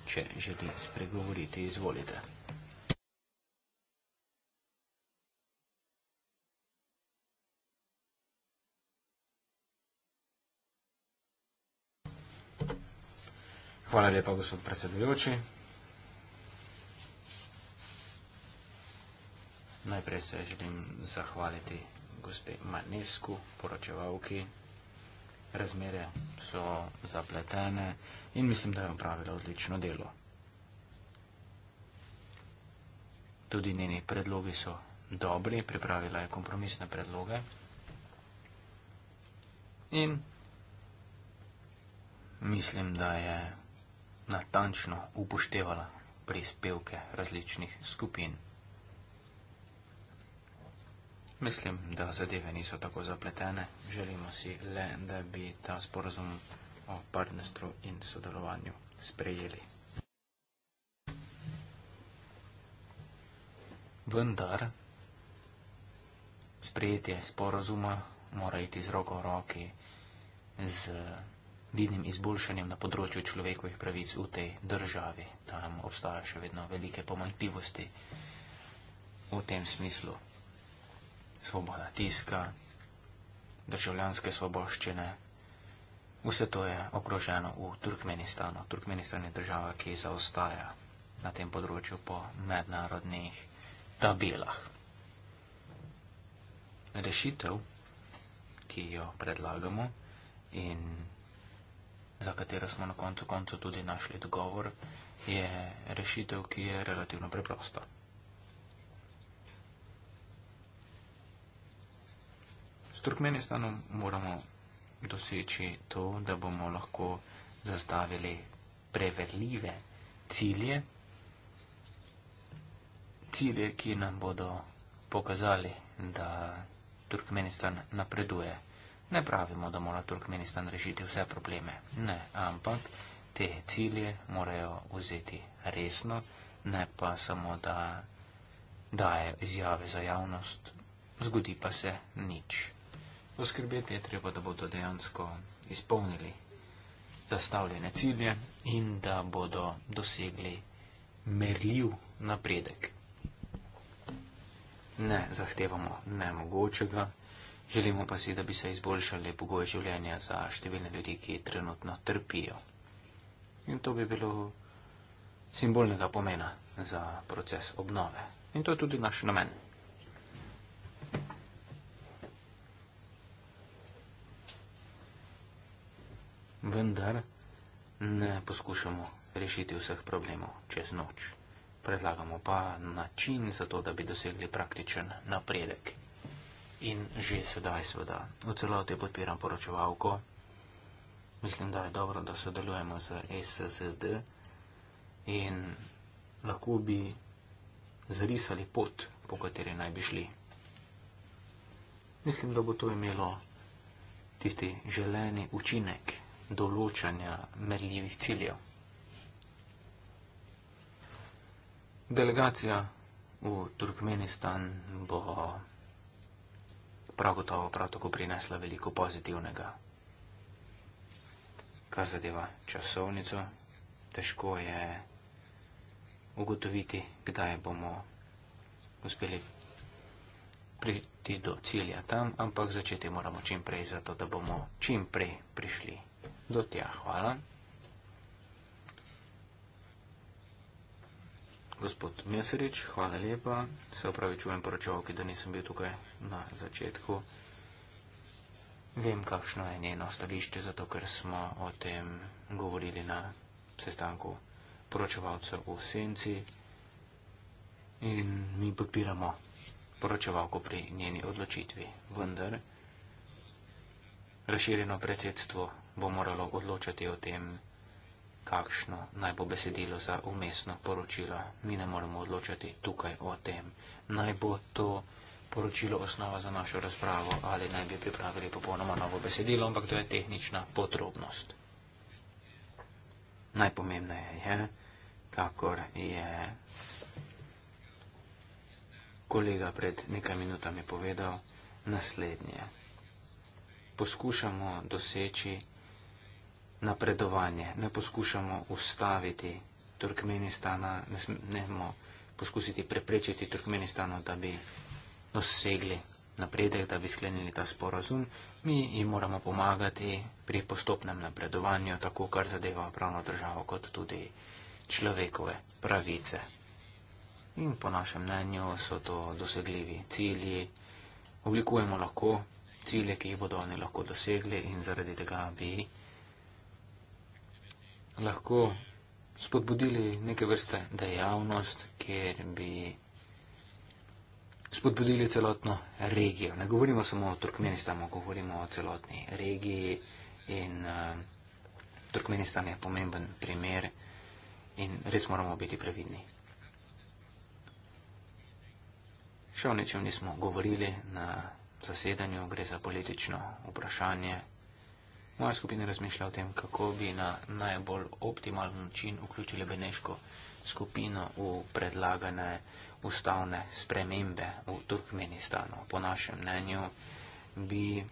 Če želi spregovoriti, izvolite. Hvala lepa, gospod predsedujoči. Najprej se želim zahvaliti gospe Manesku, poročevalki. Razmere so zapletene in mislim, da je upravila odlično delo. Tudi njeni predlogi so dobri, pripravila je kompromisne predloge. In mislim, da je natančno upoštevala prispevke različnih skupin. Mislim, da zadeve niso tako zapletene, želimo si le, da bi ta sporozum o partnerstvu in sodelovanju sprejeli. Vendar sprejetje sporozuma mora iti z roko v roki z vidnim izboljšanjem na področju človekovih pravic v tej državi. Tam obstaja še vedno velike pomankljivosti v tem smislu. Svoboda tiska, državljanske svoboščine, vse to je okroženo v Turkmenistanu. Turkmenistan je država, ki zaostaja na tem področju po mednarodnih tabelah. Rešitev, ki jo predlagamo in za katero smo na koncu koncu tudi našli dogovor, je rešitev, ki je relativno preprosta. S Turkmenistanom moramo doseči to, da bomo lahko zastavili preverljive cilje, cilje, ki nam bodo pokazali, da Turkmenistan napreduje. Ne pravimo, da mora Turkmenistan rešiti vse probleme. Ne, ampak te cilje morajo vzeti resno, ne pa samo, da daje izjave za javnost, zgodi pa se nič. Poskrbeti je treba, da bodo dejansko izpolnili zastavljene cilje in da bodo dosegli merljiv napredek. Ne zahtevamo nemogočega. Želimo pa si, da bi se izboljšali pogoje življenja za številne ljudi, ki trenutno trpijo. In to bi bilo simbolnega pomena za proces obnove. In to je tudi naš namen. Vendar ne poskušamo rešiti vseh problemov čez noč. Predlagamo pa način za to, da bi dosegli praktičen napredek in že sedaj seveda v celoti podpiram poročevalko. Mislim, da je dobro, da sodelujemo z SZD in lahko bi zarisali pot, po kateri naj bi šli. Mislim, da bo to imelo tisti želeni učinek določanja merljivih ciljev. Delegacija v Turkmenistan bo prav gotovo prav tako prinesla veliko pozitivnega. Kar zadeva časovnico, težko je ugotoviti, kdaj bomo uspeli priti do cilja tam, ampak začeti moramo čim prej, zato da bomo čim prej prišli do tja. Hvala. Gospod Mesarič, hvala lepa. Se opravičujem poročavki, da nisem bil tukaj na začetku. Vem, kakšno je njeno stališče, zato ker smo o tem govorili na sestanku poročevalcev v Senci in mi podpiramo poročevalko pri njeni odločitvi. Vendar razširjeno predsedstvo bo moralo odločati o tem, kakšno naj bo besedilo za umestno poročilo. Mi ne moremo odločati tukaj o tem. Naj bo to poročilo osnova za našo razpravo ali naj bi pripravili popolnoma novo besedilo, ampak to je tehnična podrobnost. Najpomembneje je, kakor je kolega pred nekaj minutami povedal, naslednje. Poskušamo doseči napredovanje. Ne poskušamo ustaviti Turkmenistana, ne smemo poskusiti preprečiti Turkmenistano, da bi dosegli napredek, da bi sklenili ta sporazum. Mi jim moramo pomagati pri postopnem napredovanju, tako kar zadeva pravno državo, kot tudi človekove pravice. In po našem mnenju so to dosegljivi cilji. Oblikujemo lahko cilje, ki jih bodo oni lahko dosegli in zaradi tega bi jih lahko spodbudili neke vrste dejavnost, kjer bi spodbudili celotno regijo. Ne govorimo samo o Turkmenistanu, govorimo o celotni regiji in uh, Turkmenistan je pomemben primer in res moramo biti previdni. Še o nečem nismo govorili na zasedanju, gre za politično vprašanje. Moja skupina razmišlja o tem, kako bi na najbolj optimalen način vključili Beneško skupino v predlagane ustavne spremembe v Turkmenistanu. Po našem mnenju bi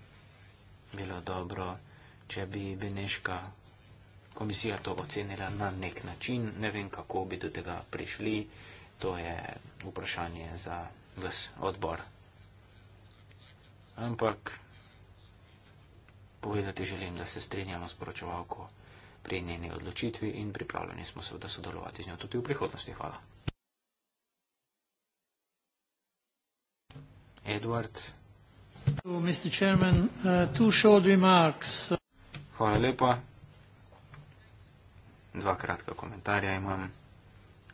bilo dobro, če bi Beneška komisija to ocenila na nek način. Ne vem, kako bi do tega prišli. To je vprašanje za vse odbor. Ampak Povedati želim, da se strinjamo s poročevalko pri njeni odločitvi in pripravljeni smo seveda sodelovati z njo tudi v prihodnosti. Hvala. Edward. Uh, hvala lepa. Dva kratka komentarja imam.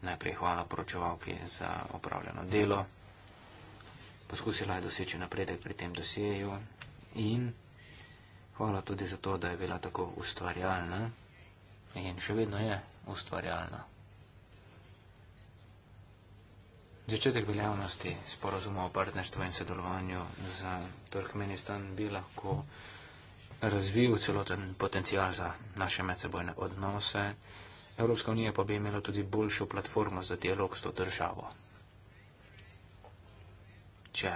Najprej hvala poročevalki za opravljeno delo. Poskusila je doseči napredek pri tem dosjeju in Hvala tudi za to, da je bila tako ustvarjalna in še vedno je ustvarjalna. Začetek veljavnosti sporozuma o partnerstvu in sodelovanju za Turkmenistan bi lahko razvil celoten potencial za naše medsebojne odnose. Evropska unija pa bi imela tudi boljšo platformo za dialog s to državo. Če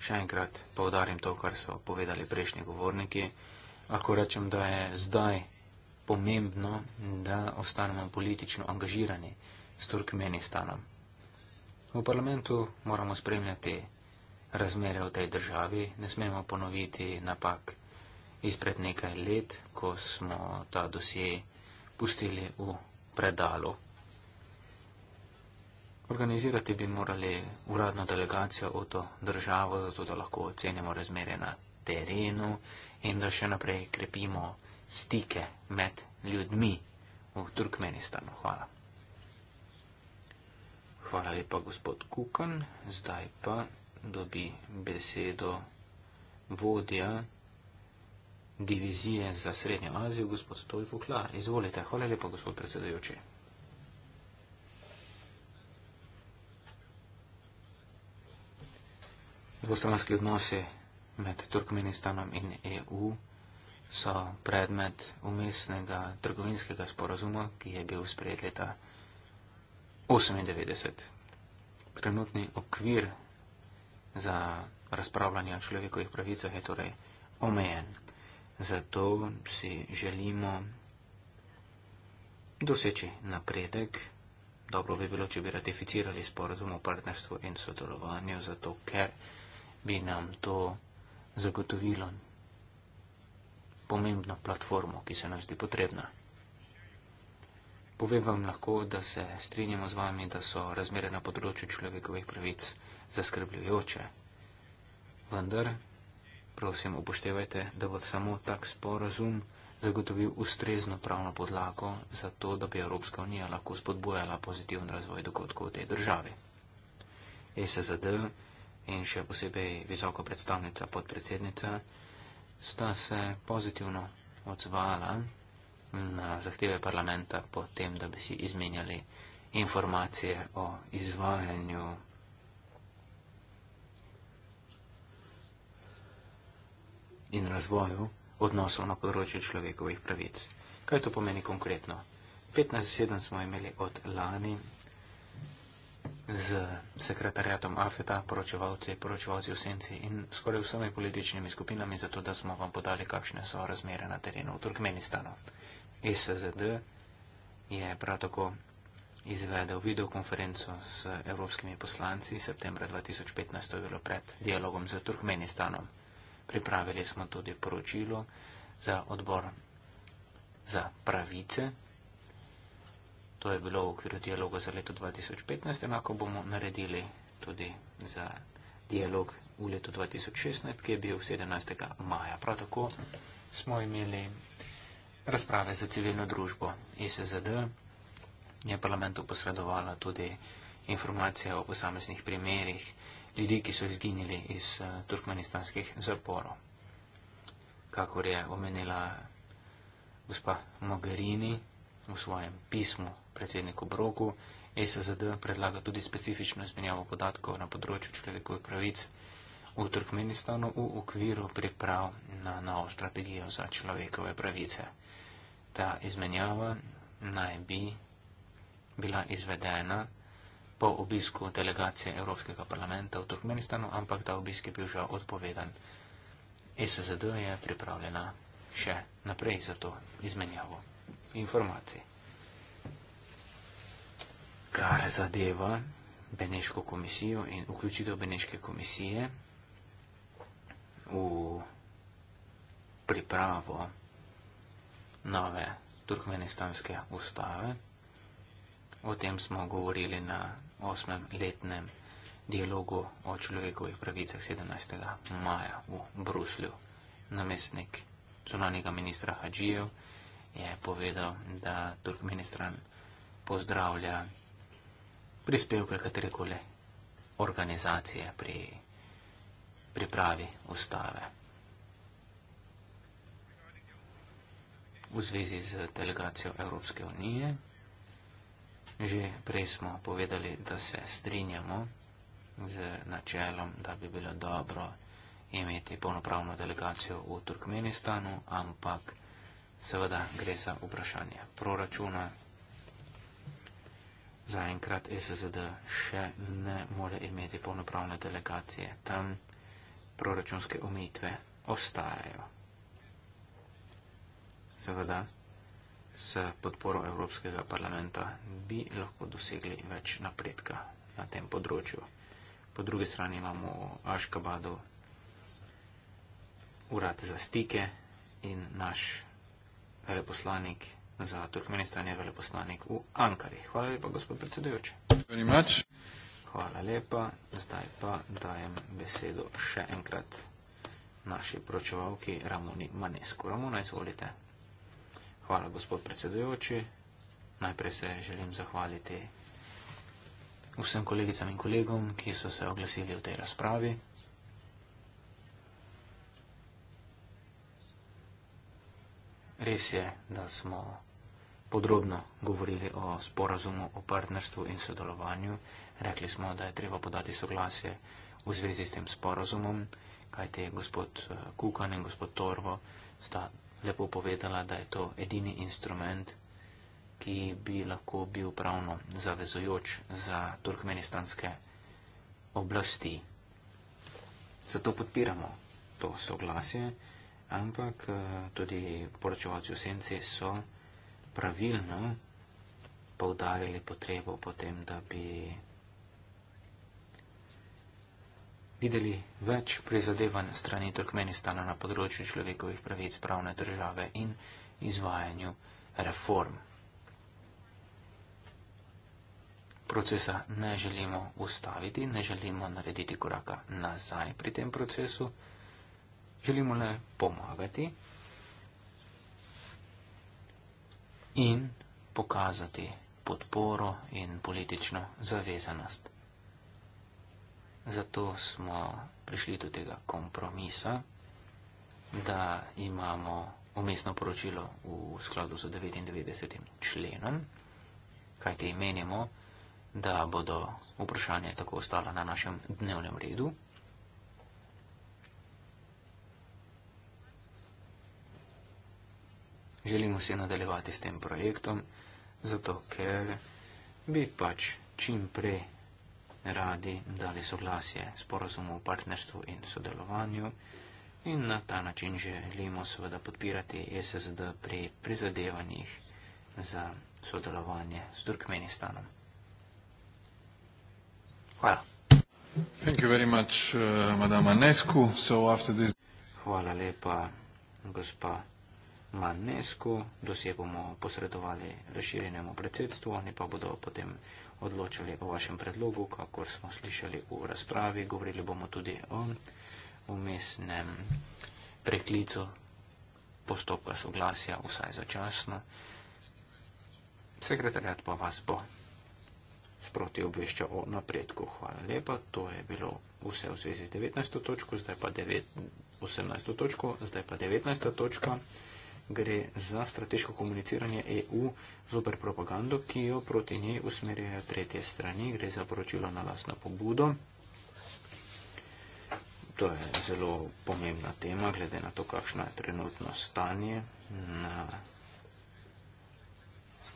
še enkrat povdarim to, kar so povedali prejšnji govorniki, lahko rečem, da je zdaj pomembno, da ostanemo politično angažirani s Turkmenistanom. V parlamentu moramo spremljati razmere v tej državi, ne smemo ponoviti napak izpred nekaj let, ko smo ta dosje pustili v predalu. Organizirati bi morali uradno delegacijo v to državo, zato da lahko ocenimo razmere na terenu in da še naprej krepimo stike med ljudmi v Turkmenistanu. Hvala. Hvala lepa, gospod Kukan. Zdaj pa dobi besedo vodja divizije za Srednjo Azijo, gospod Tojfuklar. Izvolite. Hvala lepa, gospod predsedujoči. Dvostranski odnosi med Turkmenistanom in EU so predmet umestnega trgovinskega sporazuma, ki je bil sprejet leta 1998. Trenutni okvir za razpravljanje o človekovih pravicah je torej omejen. Zato si želimo doseči napredek. Dobro bi bilo, če bi ratificirali sporazum o partnerstvu in sodelovanju, zato ker bi nam to zagotovilo pomembno platformo, ki se nam zdi potrebna. Povem vam lahko, da se strinjamo z vami, da so razmere na področju človekovih pravic zaskrbljujoče. Vendar, prosim, upoštevajte, da bo samo tak sporozum zagotovil ustrezno pravno podlago za to, da bi Evropska unija lahko spodbojala pozitiven razvoj dogodkov v tej državi. SSD in še posebej visoko predstavnica podpredsednica, sta se pozitivno odzvala na zahteve parlamenta po tem, da bi si izmenjali informacije o izvajanju in razvoju odnosov na področju človekovih pravic. Kaj to pomeni konkretno? 15 zasedanj smo imeli od lani, z sekretarjatom AFETA, poročevalci, poročevalci v senci in skoraj vsemi političnimi skupinami, zato da smo vam podali, kakšne so razmere na terenu v Turkmenistanu. SZD je prav tako izvedel videokonferenco s evropskimi poslanci septembra 2015, to je bilo pred dialogom z Turkmenistanom. Pripravili smo tudi poročilo za odbor za pravice To je bilo v okviru dialoga za leto 2015, enako bomo naredili tudi za dialog v letu 2016, ki je bil 17. maja. Prav tako smo imeli razprave za civilno družbo ISZD. E je parlamentu posredovala tudi informacije o posameznih primerih ljudi, ki so izginili iz eh, turkmenistanskih zaporov. Kakor je omenila gospa Mogherini v svojem pismu predsedniku Brogu. SSD predlaga tudi specifično izmenjavo podatkov na področju človekovih pravic v Turkmenistanu v okviru priprav na novo strategijo za človekove pravice. Ta izmenjava naj bi bila izvedena po obisku delegacije Evropskega parlamenta v Turkmenistanu, ampak ta obisk je bil že odpovedan. SSD je pripravljena še naprej za to izmenjavo informacij kar zadeva Beneško komisijo in vključitev Beneške komisije v pripravo nove turkmenistanske ustave. O tem smo govorili na osmem letnem dialogu o človekovih pravicah 17. maja v Bruslju. Namestnik zunanjega ministra Hadžijev je povedal, da Turkmenistan pozdravlja prispevke katerekoli organizacije pri pripravi ustave. V zvezi z delegacijo Evropske unije že prej smo povedali, da se strinjamo z načelom, da bi bilo dobro imeti polnopravno delegacijo v Turkmenistanu, ampak seveda gre za vprašanje proračuna zaenkrat SSD še ne more imeti polnopravne delegacije. Tam proračunske omejitve ostajajo. Seveda, s podporo Evropskega parlamenta bi lahko dosegli več napredka na tem področju. Po drugi strani imamo v Aškabadu urad za stike in naš veleposlanik za Turkmenistan je veleposlanik v Ankari. Hvala lepa, gospod predsedujoči. Hvala lepa. Zdaj pa dajem besedo še enkrat naši pročevalki Ramoni Manesku. Ramona, izvolite. Hvala, gospod predsedujoči. Najprej se želim zahvaliti vsem kolegicam in kolegom, ki so se oglasili v tej razpravi. Res je, da smo podrobno govorili o sporazumu o partnerstvu in sodelovanju. Rekli smo, da je treba podati soglasje v zvezi s tem sporazumom, kajte gospod eh, Kukan in gospod Torvo sta lepo povedala, da je to edini instrument, ki bi lahko bil pravno zavezojoč za turkmenistanske oblasti. Zato podpiramo to soglasje, ampak eh, tudi poročevalci v senci so pravilno poudarili potrebo potem, da bi videli več prizadevanj strani Turkmenistana na področju človekovih pravic, pravne države in izvajanju reform. Procesa ne želimo ustaviti, ne želimo narediti koraka nazaj pri tem procesu, želimo le pomagati. in pokazati podporo in politično zavezanost. Zato smo prišli do tega kompromisa, da imamo umestno poročilo v skladu z 99. členom, kajte imenimo, da bodo vprašanje tako ostala na našem dnevnem redu. želimo se nadaljevati s tem projektom, zato ker bi pač čim prej radi dali soglasje sporozumu o partnerstvu in sodelovanju in na ta način želimo seveda podpirati SSD pri prizadevanjih za sodelovanje s Turkmenistanom. Hvala. Thank you very much, uh, Madame Anescu. So after this... Hvala lepa, gospa. Manesku, dosje bomo posredovali razširjenemu predsedstvu, oni pa bodo potem odločili o vašem predlogu, kakor smo slišali v razpravi. Govorili bomo tudi o umestnem preklicu postopka soglasja, vsaj začasno. Sekretarjat pa vas bo sproti obvešča o napredku. Hvala lepa, to je bilo vse v zvezi z 19. točko, zdaj pa 9, 18. točko, zdaj pa 19. točka gre za strateško komuniciranje EU zoper propagando, ki jo proti njej usmerjajo tretje strani. Gre za poročilo na lastno pobudo. To je zelo pomembna tema, glede na to, kakšno je trenutno stanje na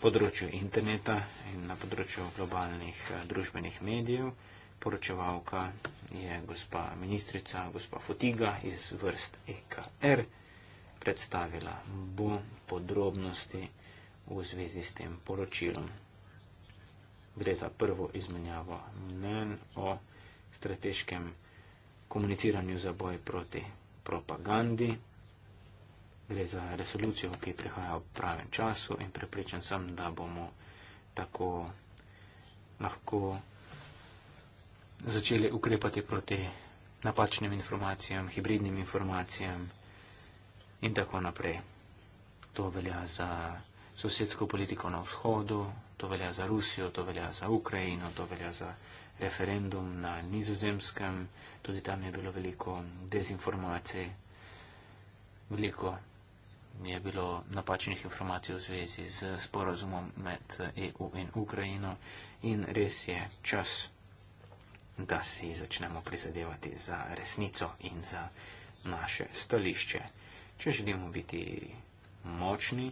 področju interneta in na področju globalnih eh, družbenih medijev. Poročevalka je gospa ministrica, gospa Fotiga iz vrst EKR predstavila, bo podrobnosti v zvezi s tem poročilom. Gre za prvo izmenjavo mnen o strateškem komuniciranju za boj proti propagandi. Gre za resolucijo, ki prihaja v pravem času in prepričan sem, da bomo tako lahko začeli ukrepati proti napačnim informacijam, hibridnim informacijam in tako naprej. To velja za sosedsko politiko na vzhodu, to velja za Rusijo, to velja za Ukrajino, to velja za referendum na nizozemskem, tudi tam je bilo veliko dezinformacij, veliko je bilo napačnih informacij v zvezi z sporozumom med EU in Ukrajino in res je čas, da si začnemo prizadevati za resnico in za naše stališče. Če želimo biti močni,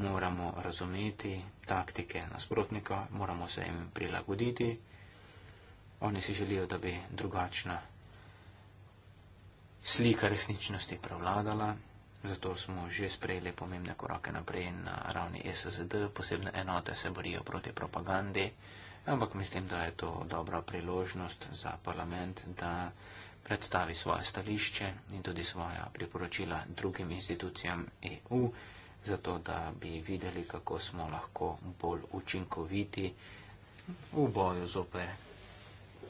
moramo razumeti taktike nasprotnika, moramo se jim prilagoditi. Oni si želijo, da bi drugačna slika resničnosti prevladala. Zato smo že sprejeli pomembne korake naprej na ravni SSD, posebne enote se borijo proti propagandi, ampak mislim, da je to dobra priložnost za parlament, da predstavi svoje stališče in tudi svoja priporočila drugim institucijam EU, zato da bi videli, kako smo lahko bolj učinkoviti v boju zoper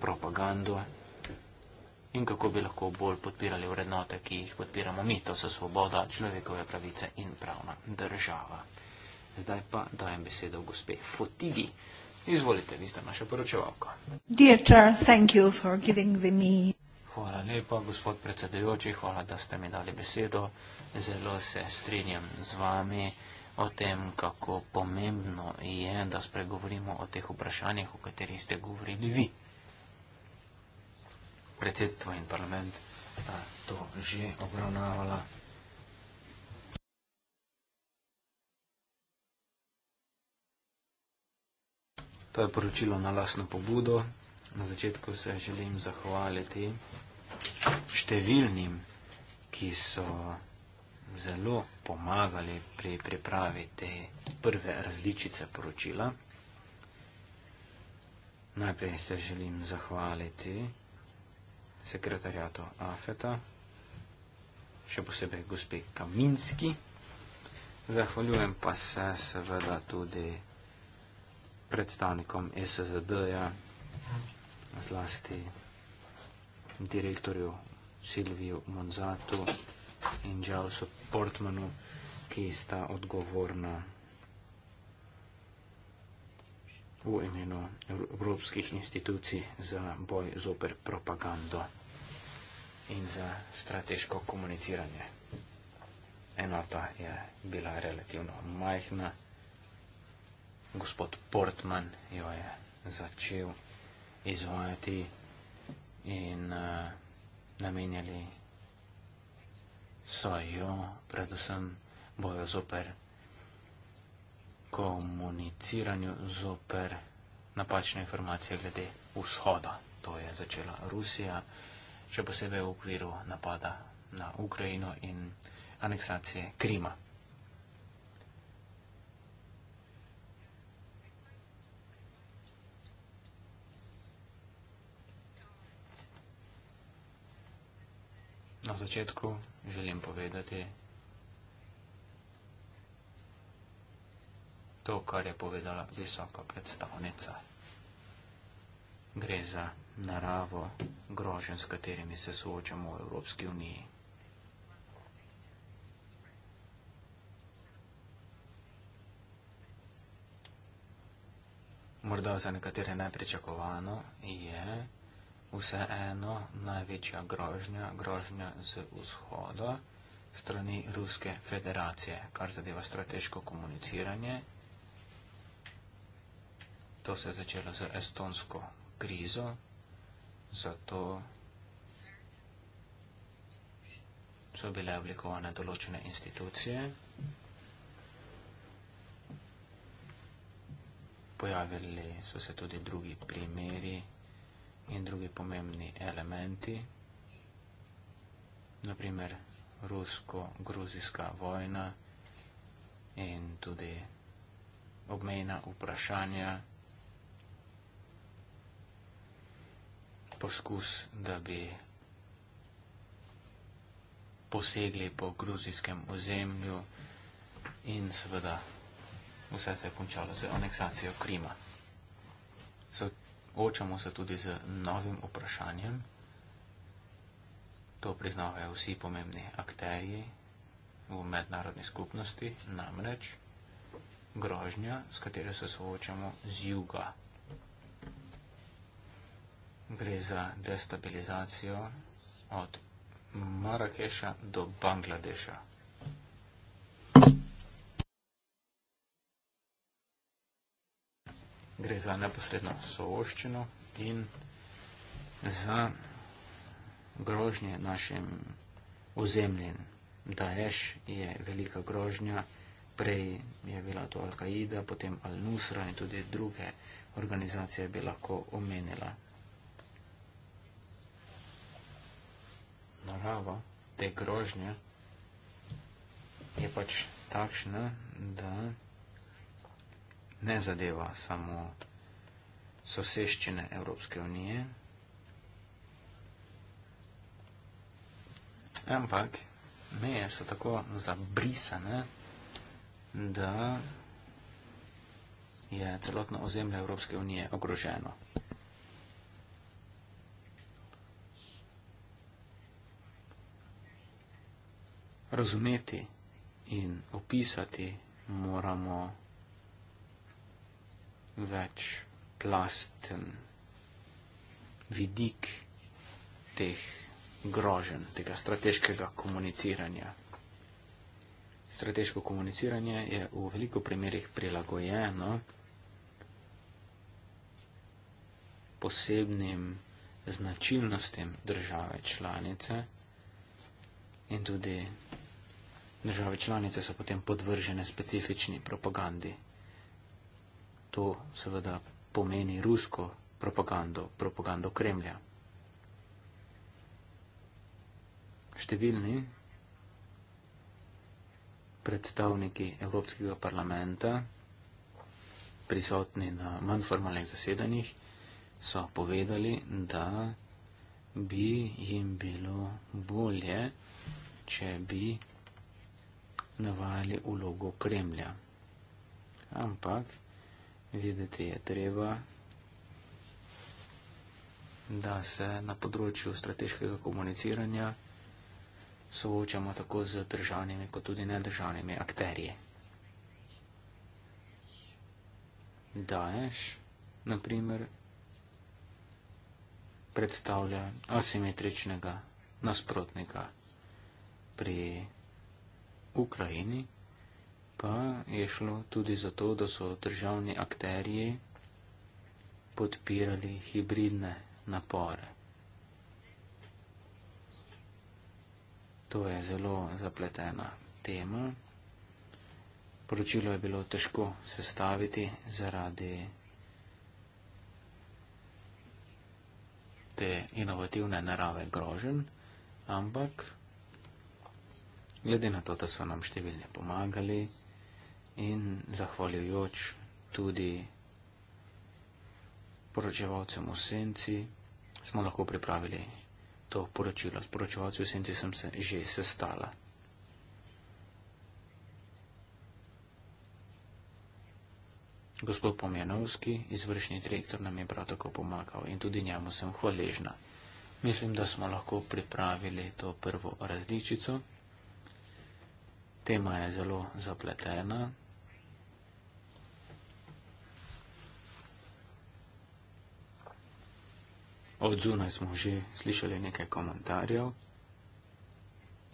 propagando in kako bi lahko bolj podpirali vrednote, ki jih podpiramo mi, to so svoboda, človekove pravice in pravna država. Zdaj pa dajem besedo gospe Fotigi. Izvolite, vi ste naša poročevalka. Dear chair, thank you for giving the me. Hvala lepa, gospod predsedujoči, hvala, da ste mi dali besedo. Zelo se strinjam z vami o tem, kako pomembno je, da spregovorimo o teh vprašanjih, o katerih ste govorili vi. Predsedstvo in parlament sta to že obravnavala. To je poročilo na lasno pobudo. Na začetku se želim zahvaliti številnim, ki so zelo pomagali pri pripravi te prve različice poročila. Najprej se želim zahvaliti sekretarjato AFETA, še posebej gospe Kaminski. Zahvaljujem pa se seveda tudi predstavnikom SZD-ja, zlasti direktorju Silviju Monzatu in Jalsu Portmanu, ki sta odgovorna v imenu evropskih institucij za boj zoper propagando in za strateško komuniciranje. Enota je bila relativno majhna. Gospod Portman jo je začel izvajati in uh, namenjali svojo, predvsem bojo zoper komuniciranju, zoper napačne informacije glede vzhoda. To je začela Rusija, še posebej v okviru napada na Ukrajino in aneksacije Krima. na začetku želim povedati to, kar je povedala visoka predstavnica. Gre za naravo grožen, s katerimi se soočamo v Evropski uniji. Morda za nekatere nepričakovano je, vseeno največja grožnja, grožnja z vzhoda strani Ruske federacije, kar zadeva strateško komuniciranje. To se je začelo z estonsko krizo, zato so bile oblikovane določene institucije. Pojavili so se tudi drugi primeri in drugi pomembni elementi, naprimer rusko-gruzijska vojna in tudi obmejna vprašanja, poskus, da bi posegli po gruzijskem ozemlju in seveda vse se je končalo z aneksacijo Krima. So Očamo se tudi z novim vprašanjem. To priznavajo vsi pomembni akterji v mednarodni skupnosti, namreč grožnja, s katero se soočamo z juga. Gre za destabilizacijo od Marakeša do Bangladeša. gre za neposredno sooščino in za grožnje našim ozemljen. Daesh je velika grožnja, prej je bila to Al-Qaida, potem Al-Nusra in tudi druge organizacije bi lahko omenila. Narava te grožnje je pač takšna, da ne zadeva samo soseščine Evropske unije, ampak meje so tako zabrisane, da je celotno ozemlje Evropske unije ogroženo. Razumeti in opisati moramo več plasten vidik teh groženj, tega strateškega komuniciranja. Strateško komuniciranje je v veliko primerih prilagojeno posebnim značilnostim države članice in tudi države članice so potem podvržene specifični propagandi to seveda pomeni rusko propagando, propagando Kremlja. Številni predstavniki Evropskega parlamenta, prisotni na manj formalnih zasedanjih, so povedali, da bi jim bilo bolje, če bi navajali ulogo Kremlja. Ampak videti je treba, da se na področju strateškega komuniciranja soočamo tako z državnimi kot tudi nedržavnimi akterije. Daješ, naprimer, predstavlja asimetričnega nasprotnika pri Ukrajini pa je šlo tudi zato, da so državni akterji podpirali hibridne napore. To je zelo zapletena tema. Poročilo je bilo težko sestaviti zaradi te inovativne narave grožen, ampak glede na to, da so nam številni pomagali, in zahvaljujoč tudi poročevalcem v senci smo lahko pripravili to poročilo. S poročevalcem v senci sem se že sestala. Gospod Pomjanovski, izvršni direktor, nam je prav tako pomagal in tudi njemu sem hvaležna. Mislim, da smo lahko pripravili to prvo različico. Tema je zelo zapletena. Od zunaj smo že slišali nekaj komentarjev.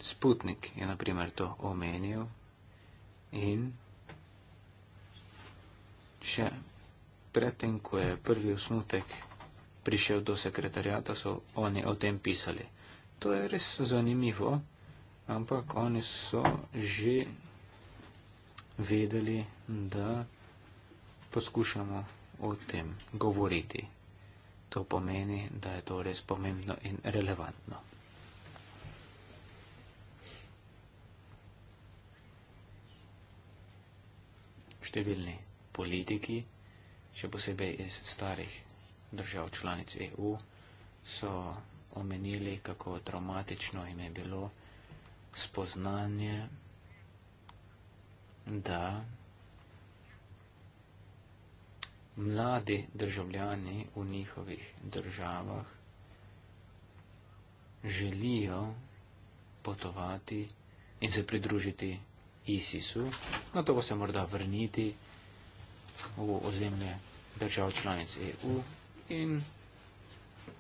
Sputnik je naprimer to omenil in še predtem, ko je prvi osnutek prišel do sekretarjata, so oni o tem pisali. To je res zanimivo, ampak oni so že vedeli, da poskušamo o tem govoriti to pomeni, da je to res pomembno in relevantno. Številni politiki, še posebej iz starih držav članic EU, so omenili, kako traumatično jim je bilo spoznanje, da mladi državljani v njihovih državah želijo potovati in se pridružiti ISIS-u, na to pa se morda vrniti v ozemlje držav članic EU in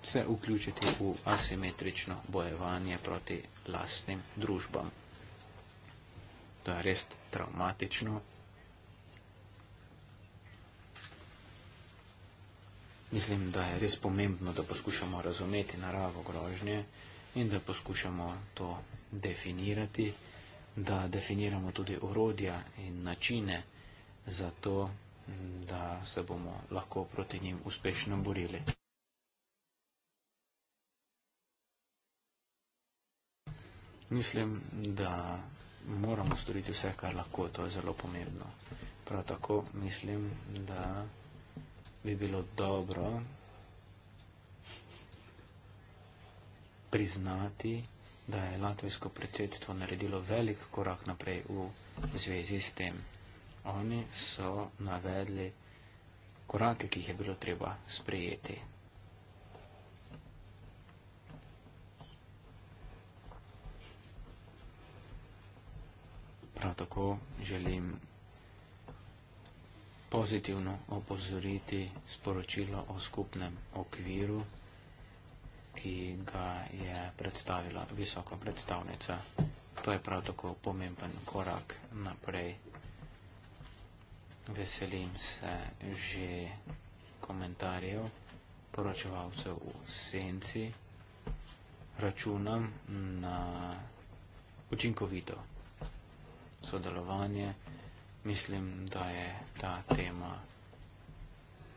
se vključiti v asimetrično bojevanje proti lastnim družbam. To je res traumatično. Mislim, da je res pomembno, da poskušamo razumeti naravo grožnje in da poskušamo to definirati, da definiramo tudi orodja in načine za to, da se bomo lahko proti njim uspešno borili. Mislim, da moramo storiti vse, kar lahko, to je zelo pomembno. Prav tako mislim, da bi bilo dobro priznati, da je latvijsko predsedstvo naredilo velik korak naprej v zvezi s tem. Oni so navedli korake, ki jih je bilo treba sprejeti. Prav tako želim pozitivno opozoriti sporočilo o skupnem okviru, ki ga je predstavila visoka predstavnica. To je prav tako pomemben korak naprej. Veselim se že komentarjev, poročevalcev v senci. Računam na učinkovito sodelovanje mislim, da je ta tema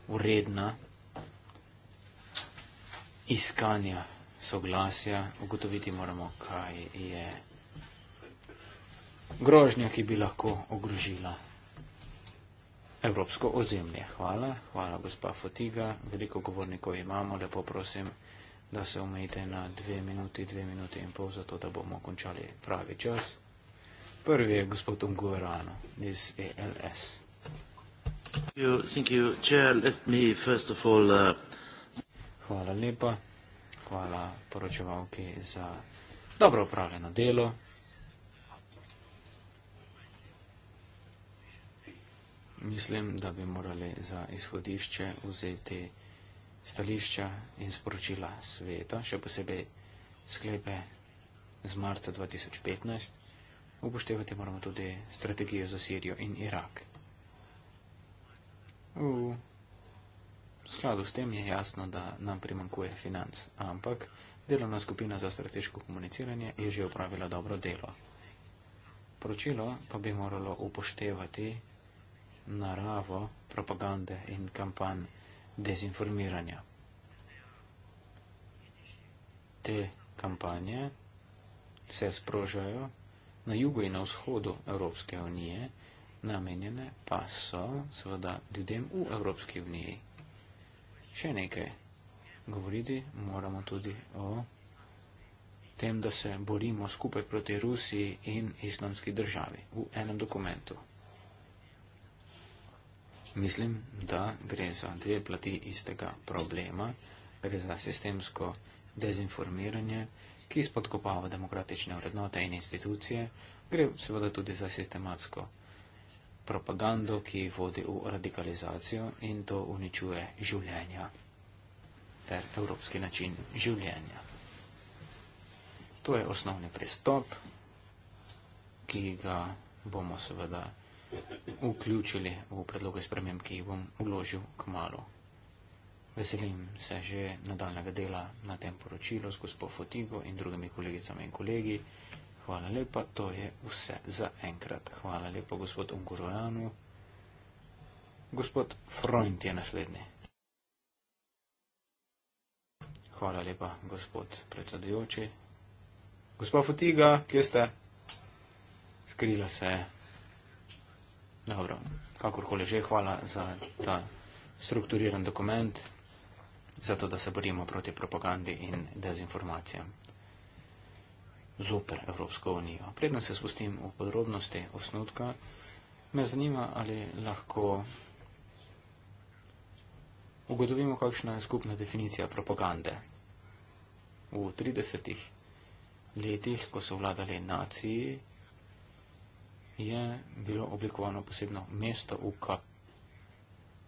uredna iskanja soglasja. Ugotoviti moramo, kaj je grožnja, ki bi lahko ogrožila evropsko ozemlje. Hvala, hvala gospa Fotiga. Veliko govornikov imamo, lepo prosim da se omejite na dve minuti, dve minuti in pol, zato da bomo končali pravi čas. Prvi je gospod Unguverano iz ELS. Thank you, thank you. Chair, let me first of all, uh... Hvala lepa. Hvala poročevalki za dobro upravljeno delo. Mislim, da bi morali za izhodišče vzeti stališča in sporočila sveta, še posebej sklepe z marca 2015 upoštevati moramo tudi strategijo za Sirijo in Irak. V skladu s tem je jasno, da nam primankuje financ, ampak delovna skupina za strateško komuniciranje je že upravila dobro delo. Poročilo pa bi moralo upoštevati naravo propagande in kampanj dezinformiranja. Te kampanje se sprožajo na jugu in na vzhodu Evropske unije, namenjene pa so seveda ljudem v Evropski uniji. Še nekaj. Govoriti moramo tudi o tem, da se borimo skupaj proti Rusiji in islamski državi v enem dokumentu. Mislim, da gre za dve plati istega problema, gre za sistemsko dezinformiranje, ki spodkopava demokratične vrednote in institucije, gre seveda tudi za sistematsko propagando, ki vodi v radikalizacijo in to uničuje življenja ter evropski način življenja. To je osnovni pristop, ki ga bomo seveda vključili v predloge sprememb, ki jih bom vložil k malu. Veselim se že nadaljnega dela na tem poročilu z gospod Fotigo in drugimi kolegicami in kolegi. Hvala lepa, to je vse za enkrat. Hvala lepa, gospod Ungurojanu. Gospod Freund je naslednji. Hvala lepa, gospod predsedujoči. Gospod Fotiga, kje ste? Skrila se. Dobro, kakorkoli že, hvala za ta strukturiran dokument zato da se borimo proti propagandi in dezinformacijam. Zoper Evropsko unijo. Predno se spustim v podrobnosti osnutka, me zanima, ali lahko ugotovimo, kakšna je skupna definicija propagande. V 30 letih, ko so vladali naciji, je bilo oblikovano posebno mesto v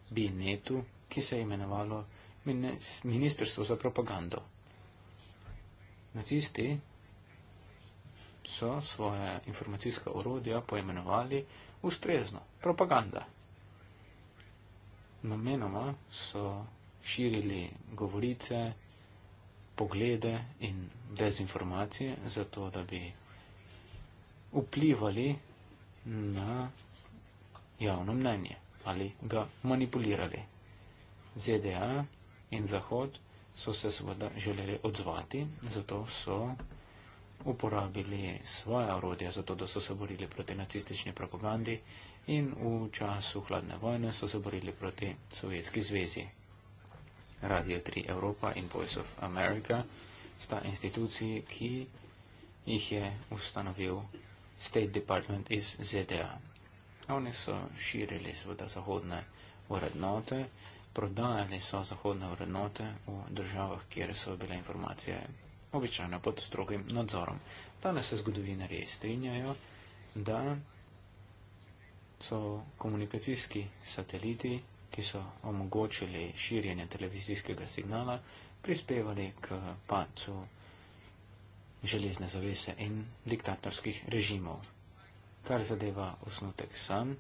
kabinetu, ki se je imenovalo ministrstvo za propagando. Nacisti so svoje informacijska orodja poimenovali ustrezno propaganda. Namenoma so širili govorice, poglede in dezinformacije, zato da bi vplivali na javno mnenje ali ga manipulirali. ZDA in Zahod so se seveda želeli odzvati, zato so uporabili svoja orodja za to, da so se borili proti nacistični propagandi in v času hladne vojne so se borili proti Sovjetski zvezi. Radio 3 Evropa in Voice of America sta instituciji, ki jih je ustanovil State Department iz ZDA. Oni so širili seveda zahodne vrednote, prodajali so zahodne vrednote v državah, kjer so bile informacije običajno pod strogim nadzorom. Danes se zgodovinarji strinjajo, da so komunikacijski sateliti, ki so omogočili širjenje televizijskega signala, prispevali k pacu železne zavese in diktatorskih režimov. Kar zadeva osnutek sam,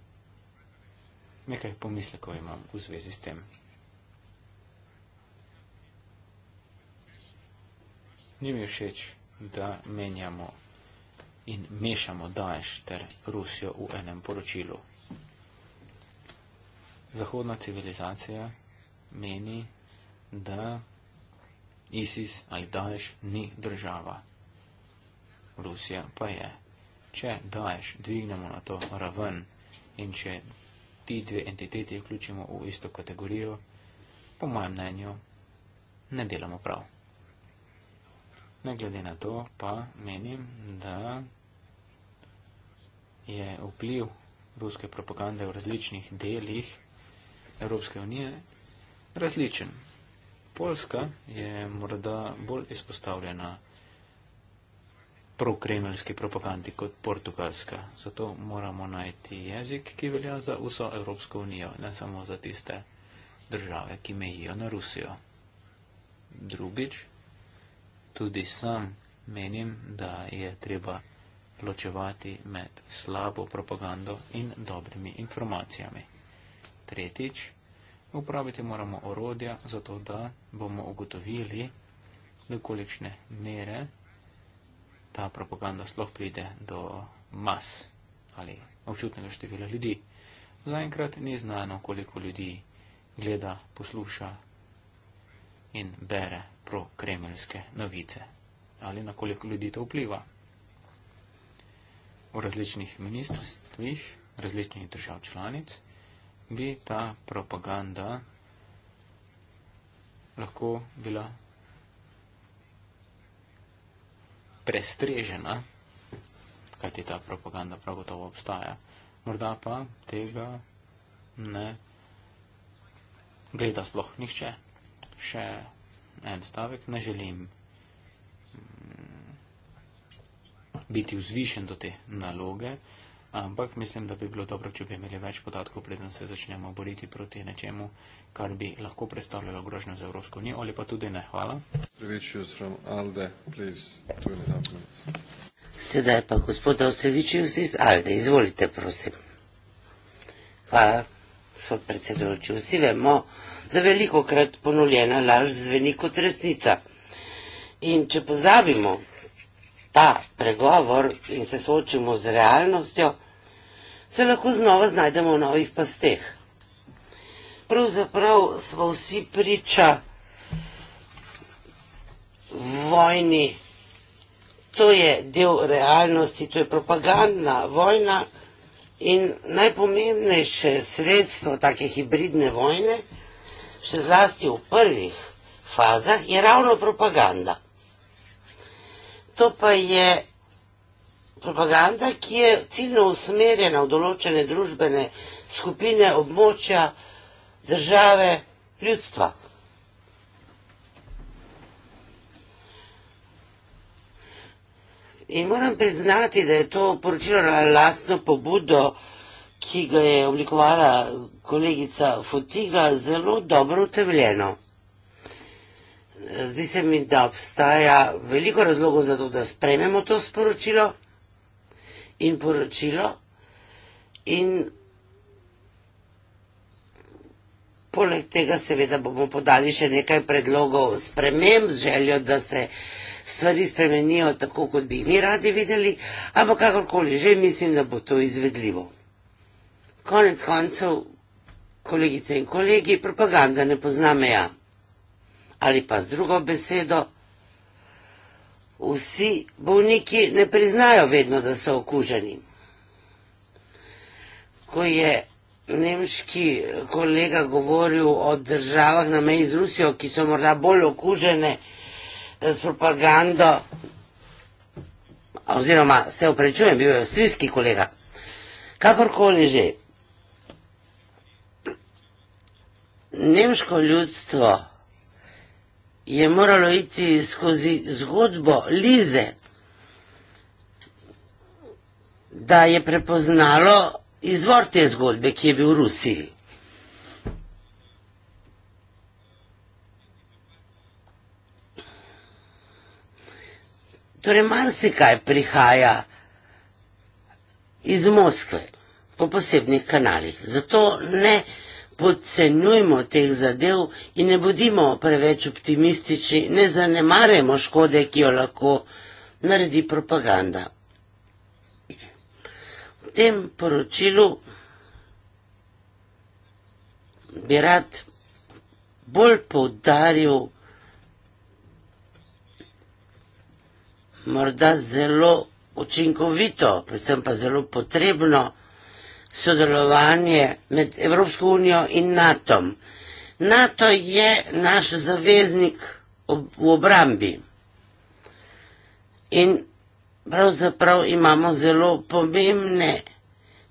nekaj pomislekov imam v zvezi s tem. ni mi všeč, da menjamo in mešamo Daesh ter Rusijo v enem poročilu. Zahodna civilizacija meni, da ISIS ali Daesh ni država. Rusija pa je. Če Daesh dvignemo na to raven in če ti dve entiteti vključimo v isto kategorijo, po mojem mnenju, ne delamo prav. Ne glede na to, pa menim, da je vpliv ruske propagande v različnih delih Evropske unije različen. Poljska je morda bolj izpostavljena prokremeljski propagandi kot portugalska. Zato moramo najti jezik, ki velja za vso Evropsko unijo, ne samo za tiste države, ki mejijo na Rusijo. Drugič, tudi sam menim, da je treba ločevati med slabo propagando in dobrimi informacijami. Tretjič, uporabiti moramo orodja za to, da bomo ugotovili, do kolikšne mere ta propaganda sploh pride do mas ali občutnega števila ljudi. Zaenkrat ni znano, koliko ljudi gleda, posluša in bere prokremeljske novice ali na koliko ljudi to vpliva. V različnih ministrstvih, različnih držav članic bi ta propaganda lahko bila prestrežena, kajti ta propaganda prav gotovo obstaja. Morda pa tega ne gleda sploh nihče. Še en stavek, ne želim mm, biti vzvišen do te naloge, ampak mislim, da bi bilo dobro, če bi imeli več podatkov, preden se začnemo boriti proti nečemu, kar bi lahko predstavljalo grožnjo za Evropsko unijo ali pa tudi ne. Hvala. Sedaj pa gospod Ostrevičius iz Alde. Izvolite, prosim. Hvala, gospod predsedujoči. Vsi vemo, da veliko krat ponuljena laž zveni kot resnica. In če pozabimo ta pregovor in se soočimo z realnostjo, se lahko znova znajdemo v novih pasteh. Pravzaprav smo vsi priča vojni. To je del realnosti, to je propagandna vojna in najpomembnejše sredstvo take hibridne vojne še zlasti v prvih fazah, je ravno propaganda. To pa je propaganda, ki je ciljno usmerjena v določene družbene skupine, območja, države, ljudstva. In moram priznati, da je to poročilo na lastno pobudo vsega, ki ga je oblikovala kolegica Fotiga, zelo dobro utemljeno. Zdi se mi, da obstaja veliko razlogov za to, da sprememo to sporočilo in poročilo in poleg tega seveda bomo podali še nekaj predlogov sprememb z željo, da se stvari spremenijo tako, kot bi jih mi radi videli, ampak kakorkoli že mislim, da bo to izvedljivo. Konec koncev, kolegice in kolegi, propaganda ne pozna meja. Ali pa z drugo besedo, vsi bolniki ne priznajo vedno, da so okuženi. Ko je nemški kolega govoril o državah na meji z Rusijo, ki so morda bolj okužene eh, s propagando, oziroma se oprečujem, bil je avstrijski kolega, kakorkoli že. nemško ljudstvo je moralo iti skozi zgodbo Lize, da je prepoznalo izvor te zgodbe, ki je bil v Rusiji. Torej, marsikaj prihaja iz Moskve po posebnih kanalih. Zato ne prihaja podcenjujmo teh zadev in ne bodimo preveč optimistični, ne zanemarjamo škode, ki jo lahko naredi propaganda. V tem poročilu bi rad bolj poudaril morda zelo učinkovito, predvsem pa zelo potrebno, sodelovanje med Evropsko unijo in NATO-om. NATO je naš zaveznik v obrambi in pravzaprav imamo zelo pomembne,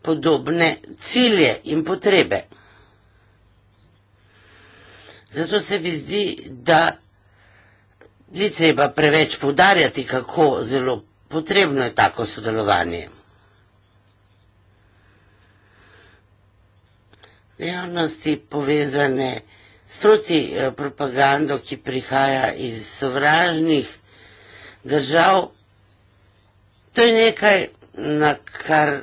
podobne cilje in potrebe. Zato se mi zdi, da ni treba preveč podarjati, kako zelo potrebno je tako sodelovanje. javnosti povezane s protipropagando, eh, ki prihaja iz sovražnih držav. To je nekaj, na kar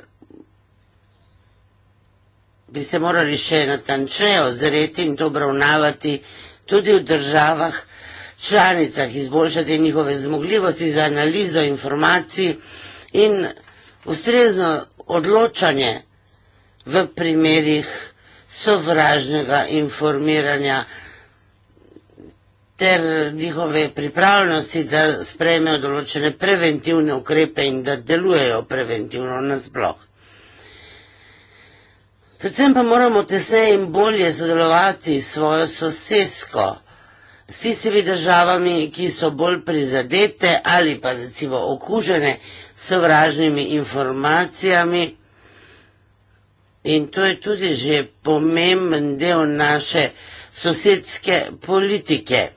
bi se morali še natančneje ozreti in to obravnavati tudi v državah, članicah, izboljšati njihove zmogljivosti za analizo informacij in ustrezno odločanje v primerih sovražnega informiranja ter njihove pripravljenosti, da sprejmejo določene preventivne ukrepe in da delujejo preventivno nasploh. Predvsem pa moramo tesneje in bolje sodelovati s svojo sosedsko, s tistimi državami, ki so bolj prizadete ali pa recimo okužene s sovražnimi informacijami. In to je tudi že pomemben del naše sosedske politike.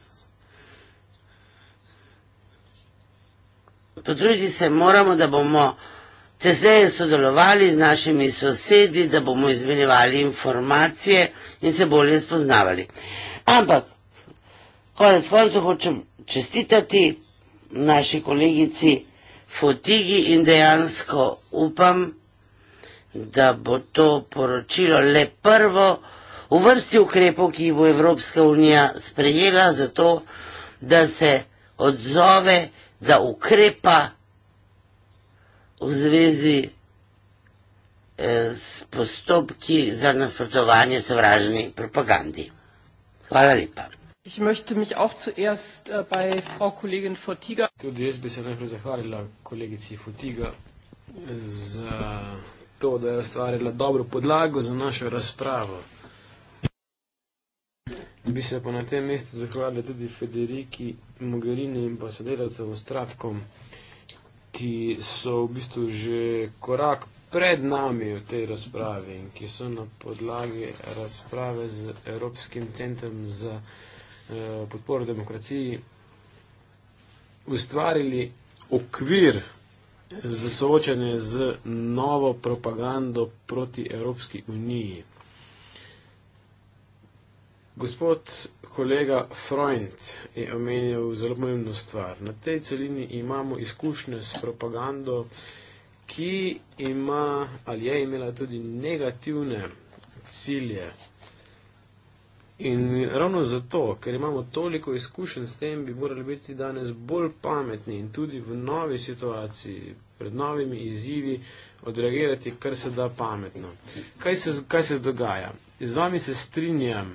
Potruditi se moramo, da bomo tesneje sodelovali z našimi sosedi, da bomo izmenjevali informacije in se bolje spoznavali. Ampak, konec koncev hočem čestitati naši kolegici Fotigi in dejansko upam, da bomo da bo to poročilo le prvo v vrsti ukrepov, ki bo Evropska unija sprejela za to, da se odzove, da ukrepa v zvezi eh, s postopki za nasprotovanje sovražni propagandi. Hvala lepa. Ich möchte mich auch zuerst äh, bei Frau Kollegin Fortiga. Tudi jaz bi se najprej zahvalila kolegici Fortiga za äh, to, da je ustvarila dobro podlago za našo razpravo. Bi se pa na tem mestu zahvalili tudi Federiki Mogherini in pa sodelavcem Ostratkom, ki so v bistvu že korak pred nami v tej razpravi in ki so na podlagi razprave z Evropskim centrom za eh, podporo demokraciji ustvarili okvir za soočanje z novo propagando proti Evropski uniji. Gospod kolega Freund je omenil zelo pomembno stvar. Na tej celini imamo izkušnje s propagando, ki ima ali je imela tudi negativne cilje. In ravno zato, ker imamo toliko izkušenj s tem, bi morali biti danes bolj pametni in tudi v novi situaciji, pred novimi izzivi, odreagirati kar se da pametno. Kaj se, kaj se dogaja? Z vami se strinjam,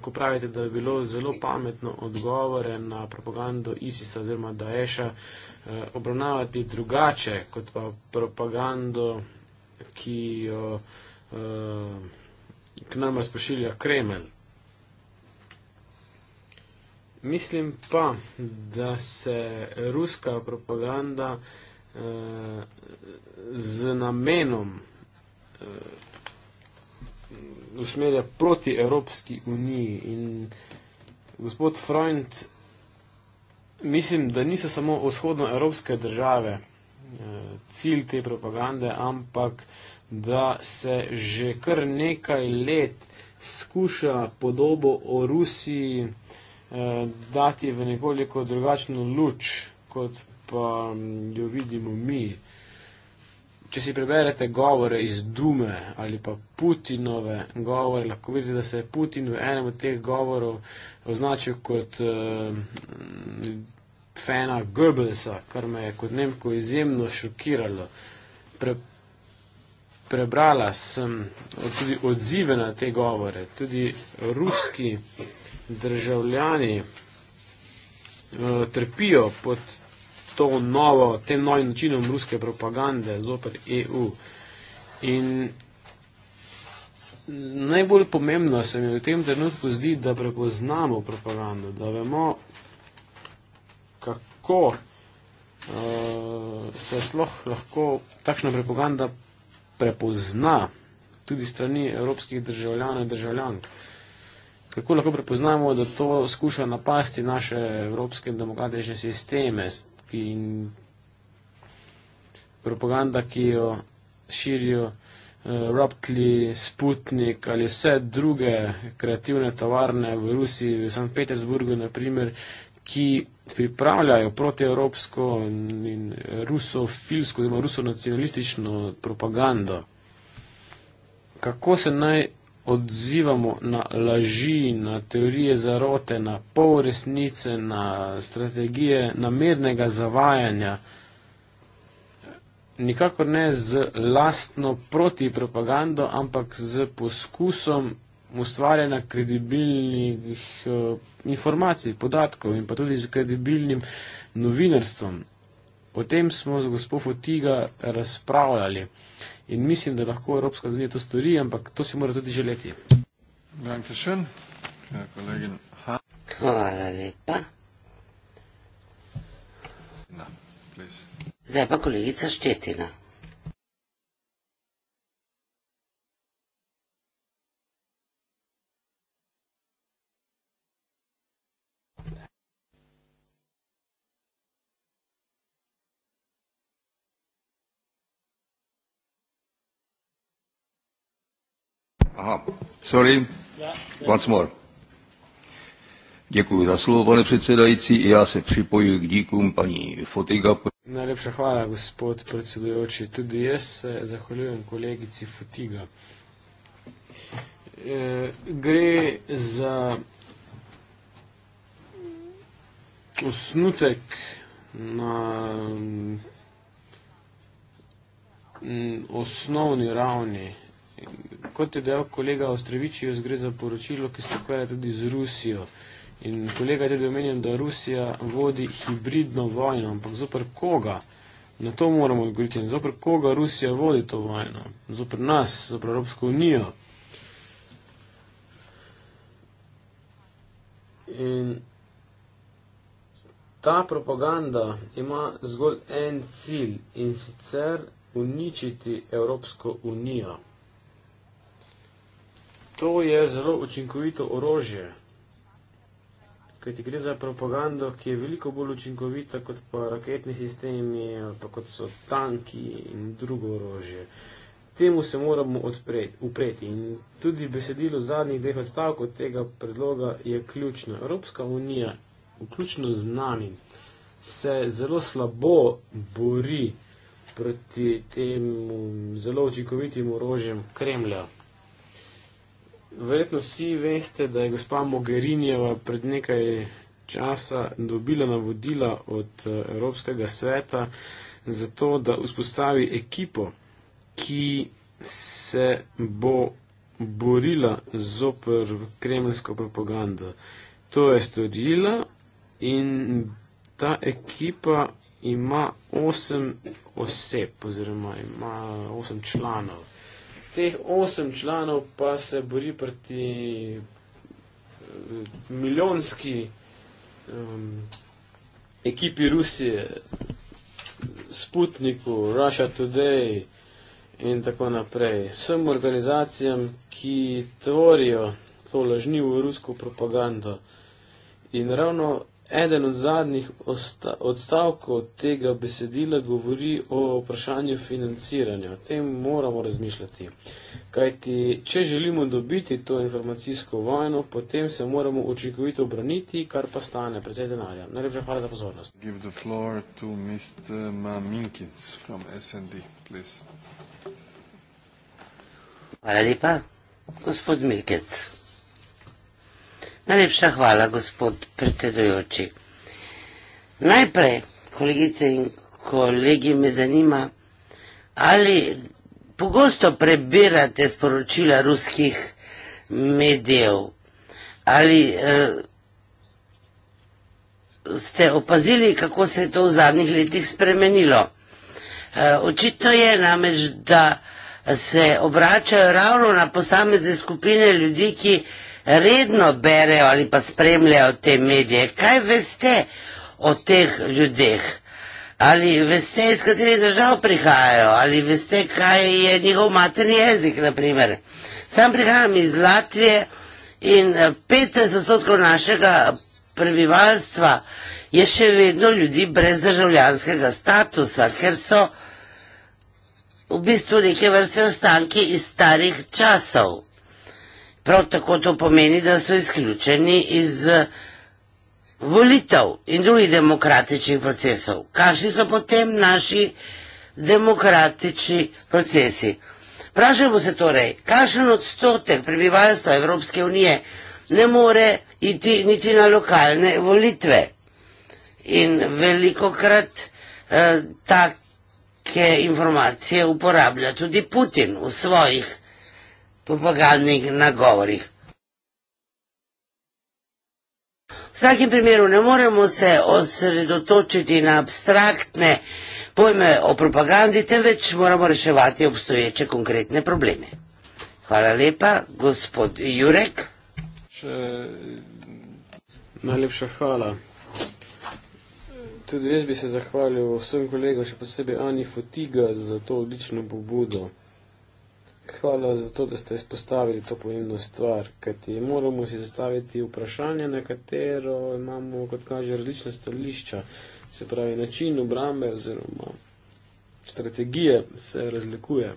ko pravite, da je bilo zelo pametno odgovore na propagando ISIS-a oziroma Daesha eh, obravnavati drugače kot pa propagando, ki jo eh, k nama spošilja Kremelj. Mislim pa, da se ruska propaganda eh, z namenom eh, usmerja proti Evropski uniji in gospod Freund, mislim, da niso samo vzhodnoevropske države eh, cilj te propagande, ampak da se že kar nekaj let skuša podobo o Rusiji eh, Eh, dati v nekoliko drugačno luč, kot pa mm, jo vidimo mi. Če si preberete govore iz Dume ali pa Putinove govore, lahko vidite, da se je Putin v enem od teh govorov označil kot uh, fena Goebbelsa, kar me je kot Nemko izjemno šokiralo. Pre, prebrala sem tudi odzive na te govore, tudi ruski državljani uh, trpijo pod to novo, tem novim načinom ruske propagande zoper EU. In najbolj pomembno se mi v tem trenutku zdi, da prepoznamo propagando, da vemo, kako uh, se sploh lahko takšna propaganda prepozna tudi strani evropskih državljanov in državljank. Uh, Kako lahko prepoznamo, da to skuša napasti naše evropske demokratične sisteme in propaganda, ki jo širijo uh, Raptli, Sputnik ali vse druge kreativne tovarne v Rusiji, v St. Petersburgu naprimer, ki pripravljajo protievropsko in, in rusofilsko, oziroma rusonacionalistično propagando. Kako se naj odzivamo na laži, na teorije zarote, na polresnice, na strategije namernega zavajanja, nikakor ne z lastno protipropagando, ampak z poskusom ustvarjanja kredibilnih eh, informacij, podatkov in pa tudi z kredibilnim novinarstvom. O tem smo z gospod Fotiga razpravljali in mislim, da lahko Evropska unija to stori, ampak to si mora tudi želeti. Ja, Hvala lepa. Zdaj pa kolegica Štetina. Aha, sorry. Once more. Děkuji za slovo, pane předsedající. Já se připoju k díkům paní Fotiga. Najlepša hvala, gospod predsedujoči. Tudi jaz se zahvaljujem kolegici Fotiga. E, gre za osnutek na mm, osnovni ravni In kot je dejal kolega Ostrevičijo, gre za poročilo, ki se ukvarja tudi z Rusijo. In kolega je tudi omenjen, da Rusija vodi hibridno vojno, ampak zoper koga? Na to moramo odgovoriti. Zoper koga Rusija vodi to vojno? Zoper nas, zoper Evropsko unijo. In ta propaganda ima zgolj en cilj in sicer uničiti Evropsko unijo. To je zelo učinkovito orožje, kaj ti gre za propagando, ki je veliko bolj učinkovita kot pa raketni sistemi, pa kot so tanki in drugo orožje. Temu se moramo odpreti, upreti in tudi besedilo zadnjih dveh odstavkov tega predloga je ključno. Evropska unija, vključno z nami, se zelo slabo bori proti temu zelo učinkovitim orožjem Kremlja. Verjetno vsi veste, da je gospa Mogherinjeva pred nekaj časa dobila navodila od eh, Evropskega sveta za to, da vzpostavi ekipo, ki se bo borila zoper kremljsko propagando. To je storila in ta ekipa ima osem oseb oziroma ima osem članov teh osem članov pa se bori proti eh, milijonski um, ekipi Rusije, Sputniku, Russia Today in tako naprej. Vsem organizacijam, ki tvorijo to lažnivo rusko propagando. In ravno Eden od zadnjih odstavkov tega besedila govori o vprašanju financiranja. O tem moramo razmišljati. Kajti, če želimo dobiti to informacijsko vojno, potem se moramo učinkovito obraniti, kar pa stane predvsej denarja. Najlepša hvala za pozornost. Hvala lepa, gospod Minkins. Najlepša hvala, gospod predsedujoči. Najprej, kolegice in kolegi, me zanima, ali pogosto prebirate sporočila ruskih medijev, ali eh, ste opazili, kako se je to v zadnjih letih spremenilo. Eh, očitno je namreč, da se obračajo ravno na posamezne skupine ljudi, ki eh, redno berejo ali pa spremljajo te medije. Kaj veste o teh ljudeh? Ali veste, iz katerih držav prihajajo? Ali veste, kaj je njihov materni jezik, naprimer? Sam prihajam iz Latvije in 50% eh, našega prebivalstva je še vedno ljudi brez državljanskega statusa, ker so v bistvu neke vrste ostanki iz starih časov. Prav tako to pomeni, da so izključeni iz eh, volitev in drugih demokratičnih procesov. Kakšni so potem naši demokratični procesi? Vprašajmo se torej, kakšen odstotek prebivalstva Evropske unije ne more iti niti na lokalne volitve? In veliko krat eh, take informacije uporablja tudi Putin v svojih propagandnih nagovorih. V vsakem primeru ne moremo se osredotočiti na abstraktne pojme o propagandi, temveč moramo reševati obstoječe konkretne probleme. Hvala lepa, gospod Jurek. Še... Najlepša hvala. Tudi jaz bi se zahvalil vsem kolegom, še posebej Ani Fotiga, za to odlično pobudo hvala za to, da ste izpostavili to pomembno stvar, kajti moramo si zastaviti vprašanje, na katero imamo, kot kaže, različna stališča. Se pravi, način obrambe oziroma strategije se razlikuje.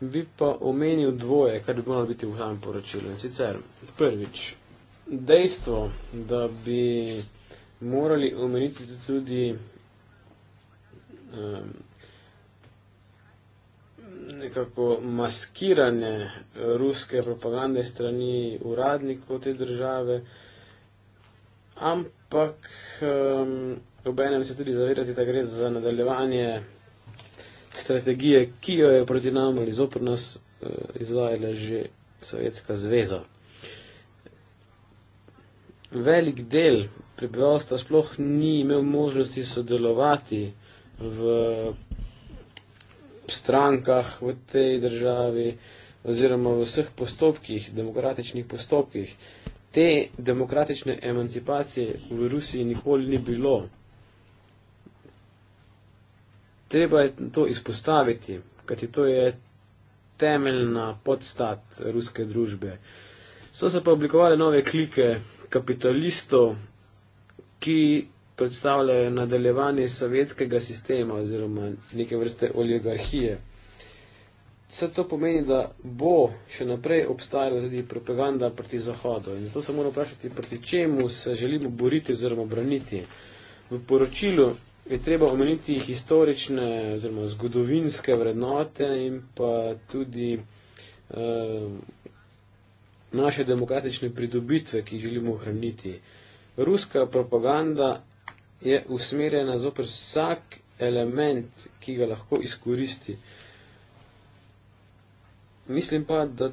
Bi pa omenil dvoje, kar bi moralo biti v samem poročilu. In sicer prvič, dejstvo, da bi morali omeniti tudi. Um, nekako maskiranje ruske propagande strani uradnikov te države, ampak um, obenem se tudi zavedati, da gre za nadaljevanje strategije, ki jo je proti nam ali zopr nas uh, izvajala že Sovjetska zveza. Velik del prebivalstva sploh ni imel možnosti sodelovati v strankah v tej državi oziroma v vseh postopkih, demokratičnih postopkih. Te demokratične emancipacije v Rusiji nikoli ni bilo. Treba je to izpostaviti, kajti to je temeljna podstat ruske družbe. So se pa oblikovale nove klike kapitalistov, ki predstavljajo nadaljevanje sovjetskega sistema oziroma neke vrste oligarhije. Vse to pomeni, da bo še naprej obstajala tudi propaganda proti Zahodu in zato se moramo vprašati, proti čemu se želimo boriti oziroma braniti. V poročilu je treba omeniti historične oziroma zgodovinske vrednote in pa tudi eh, naše demokratične pridobitve, ki jih želimo ohraniti. Ruska propaganda je usmerjena zoper vsak element, ki ga lahko izkoristi. Mislim pa, da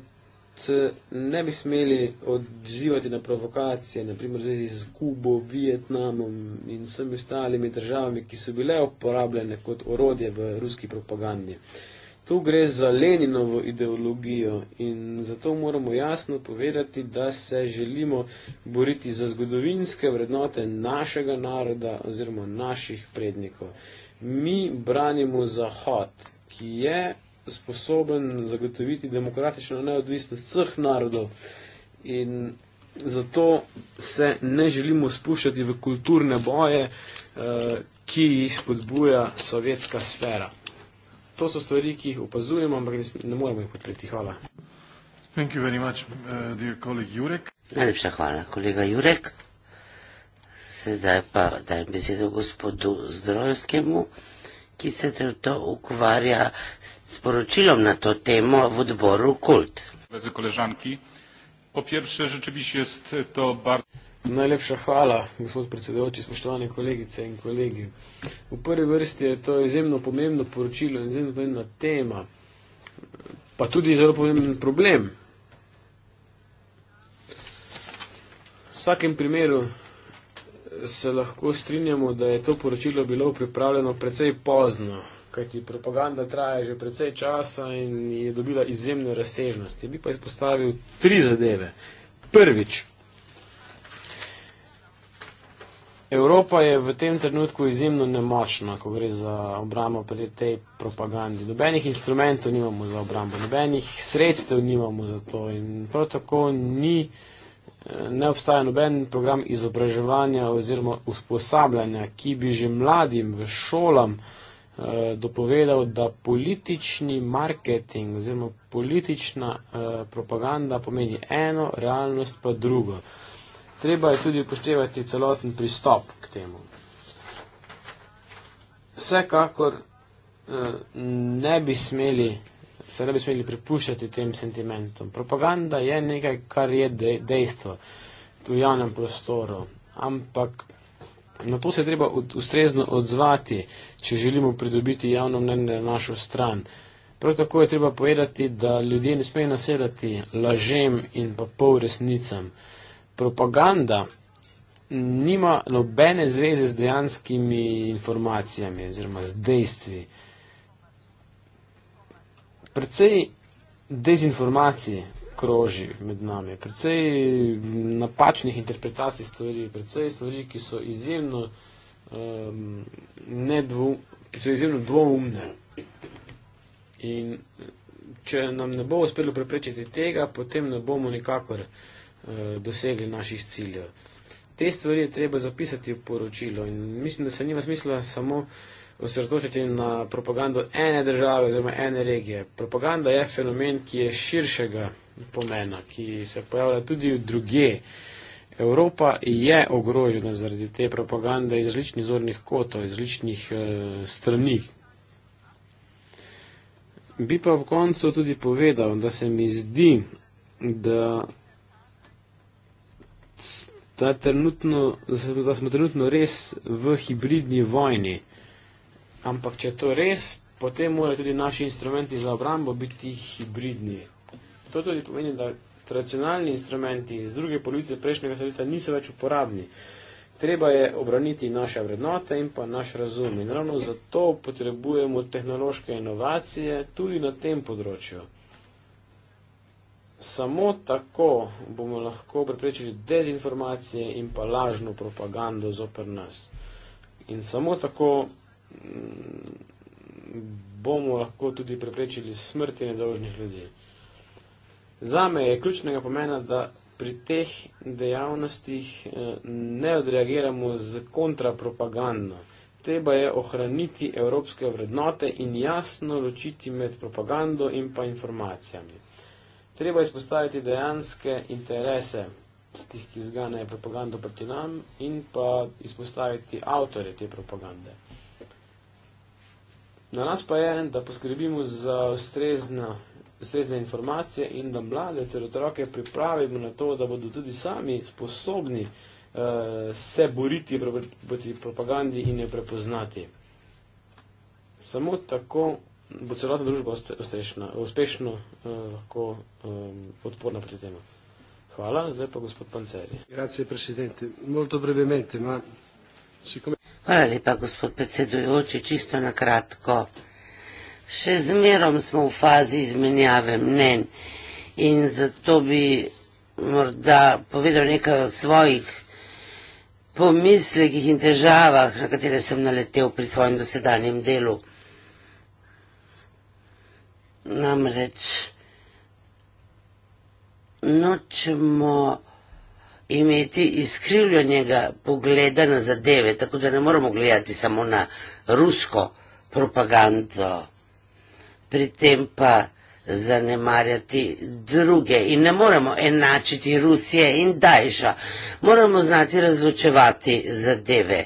ne bi smeli odzivati na provokacije, naprimer zvezi z Kubo, Vietnamom in vsemi ostalimi državami, ki so bile uporabljene kot orodje v ruski propagandi. Uh, Tu gre za Leninovo ideologijo in zato moramo jasno povedati, da se želimo boriti za zgodovinske vrednote našega naroda oziroma naših prednikov. Mi branimo Zahod, ki je sposoben zagotoviti demokratično neodvisnost vseh narodov in zato se ne želimo spuščati v kulturne boje, eh, ki jih spodbuja sovjetska sfera to so stvari, ki jih opazujemo, ampak ne, ne moremo jih podpreti. Hvala. Thank you very much, uh, dear colleague Jurek. Najlepša hvala, kolega Jurek. Sedaj pa dajem besedo gospodu Zdrojskemu, ki se trenutno ukvarja s sporočilom na to temo v odboru Kult. Vezi kolegžanki. Po pierwsze, rzeczywiście jest to bardzo. Najlepša hvala, gospod predsedujoči, spoštovane kolegice in kolegi. V prvi vrsti je to izjemno pomembno poročilo in izjemno pomembna tema, pa tudi zelo pomemben problem. V vsakem primeru eh, se lahko strinjamo, da je to poročilo bilo pripravljeno precej pozno, kajti propaganda traja že precej časa in je dobila izjemne razsežnosti. Bi pa izpostavil tri zadeve. Prvič, Evropa je v tem trenutku izjemno nemočna, ko gre za obrambo pri tej propagandi. Nobenih instrumentov nimamo za obrambo, nobenih sredstev nimamo za to in prav tako ni, eh, ne obstaja noben program izobraževanja oziroma usposabljanja, ki bi že mladim v šolam eh, dopovedal, da politični marketing oziroma politična eh, propaganda pomeni eno, realnost pa drugo treba je tudi upoštevati celoten pristop k temu. Vsekakor eh, ne bi smeli, se ne bi smeli prepuščati tem sentimentom. Propaganda je nekaj, kar je dejstvo v javnem prostoru, ampak na to se je treba ustrezno odzvati, če želimo pridobiti javno mnenje na našo stran. Prav tako je treba povedati, da ljudje ne smejo nasedati lažem in pa pol resnicam propaganda nima nobene zveze z dejanskimi informacijami oziroma z dejstvi. Predvsej dezinformacije kroži med nami, predvsej napačnih interpretacij stvari, predvsej stvari, ki so izjemno, um, ehm, nedvo, ki so izjemno dvoumne. In eh, če nam ne bo uspelo preprečiti tega, potem ne bomo nikakor uh, Eh, dosegli naših ciljev. Te stvari je treba zapisati v poročilo in mislim, da se nima smisla samo osredotočiti na propagando ene države oziroma ene regije. Propaganda je fenomen, ki je širšega pomena, ki se pojavlja tudi v druge. Evropa je ogrožena zaradi te propagande iz različnih zornih kotov, iz različnih e, strani. Bi pa v koncu tudi povedal, da se mi zdi, da da, trenutno, da smo trenutno res v hibridni vojni. Ampak, če je to res, potem morajo tudi naši instrumenti za obrambo biti hibridni. To tudi pomeni, da tradicionalni instrumenti iz druge polovice prejšnjega stoletja niso več uporabni. Treba je obraniti naše vrednote in pa naš razum. In ravno zato potrebujemo tehnološke inovacije tudi na tem področju. Samo tako bomo lahko preprečili dezinformacije in pa lažno propagando zoper nas. In samo tako mm, bomo lahko tudi preprečili smrti nedolžnih ljudi. Zame je ključnega pomena, da pri teh dejavnostih eh, ne odreagiramo z kontrapropagando. Treba je ohraniti evropske vrednote in jasno ločiti med propagando in pa informacijami. Treba izpostaviti dejanske interese tistih, ki zganejo propagando proti nam in pa izpostaviti avtore te propagande. Na nas pa je, da poskrbimo za ustrezne informacije in da mlade ter otroke pripravimo na to, da bodo tudi sami sposobni uh, se boriti proti propagandi in jo prepoznati. Samo tako bo celotna družba ostrešna, uspešno uh, lahko um, podporna pri tem. Hvala, zdaj pa gospod Panceri. Grazie, presidente. Molto brevemente, ma... Hvala lepa, gospod predsedujoči. Čisto na kratko. Še zmerom smo v fazi izmenjave mnen in zato bi morda povedal nekaj o svojih pomislekih in težavah, na katere sem naletel pri svojem dosedanjem delu namreč nočemo imeti izkrivljenega pogleda na zadeve, tako da ne moramo gledati samo na rusko propagando, pri tem pa zanemarjati druge in ne moremo enačiti Rusije in Dajša. Moramo znati razločevati zadeve.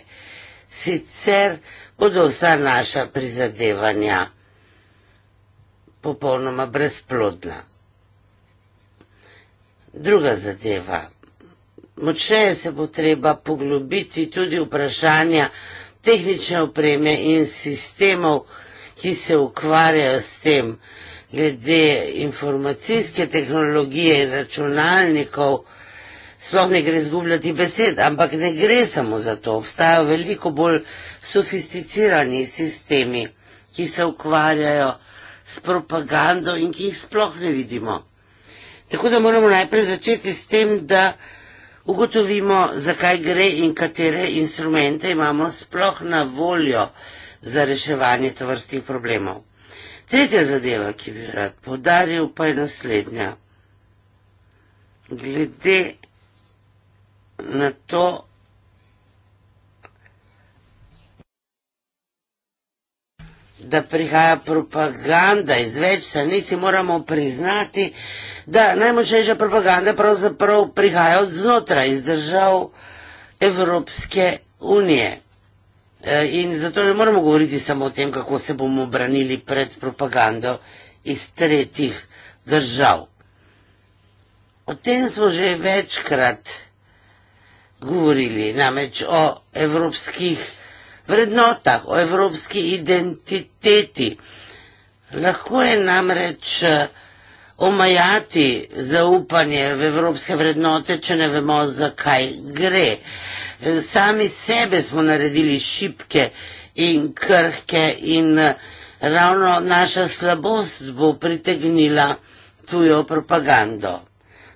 Sicer bodo vsa naša prizadevanja popolnoma brezplodna. Druga zadeva. Močneje se bo treba poglobiti tudi vprašanja tehnične opreme in sistemov, ki se ukvarjajo s tem, glede informacijske tehnologije in računalnikov. Sploh ne gre zgubljati besed, ampak ne gre samo za to. Obstajajo veliko bolj sofisticirani sistemi, ki se ukvarjajo s tem, s propagando in ki jih sploh ne vidimo. Tako da moramo najprej začeti s tem, da ugotovimo, zakaj gre in katere instrumente imamo sploh na voljo za reševanje tovrstnih problemov. Tretja zadeva, ki bi rad podaril, pa je naslednja. Glede na to, da prihaja propaganda iz več strani, si moramo priznati, da najmočnejša propaganda pravzaprav prihaja od znotraj, iz držav Evropske unije. E, in zato ne moramo govoriti samo o tem, kako se bomo branili pred propagando iz tretjih držav. O tem smo že večkrat govorili, namreč o evropskih državah vrednotah, o evropski identiteti. Lahko je namreč eh, omajati zaupanje v evropske vrednote, če ne vemo, zakaj gre. Eh, sami sebe smo naredili šipke in krhke in eh, ravno naša slabost bo pritegnila tujo propagando.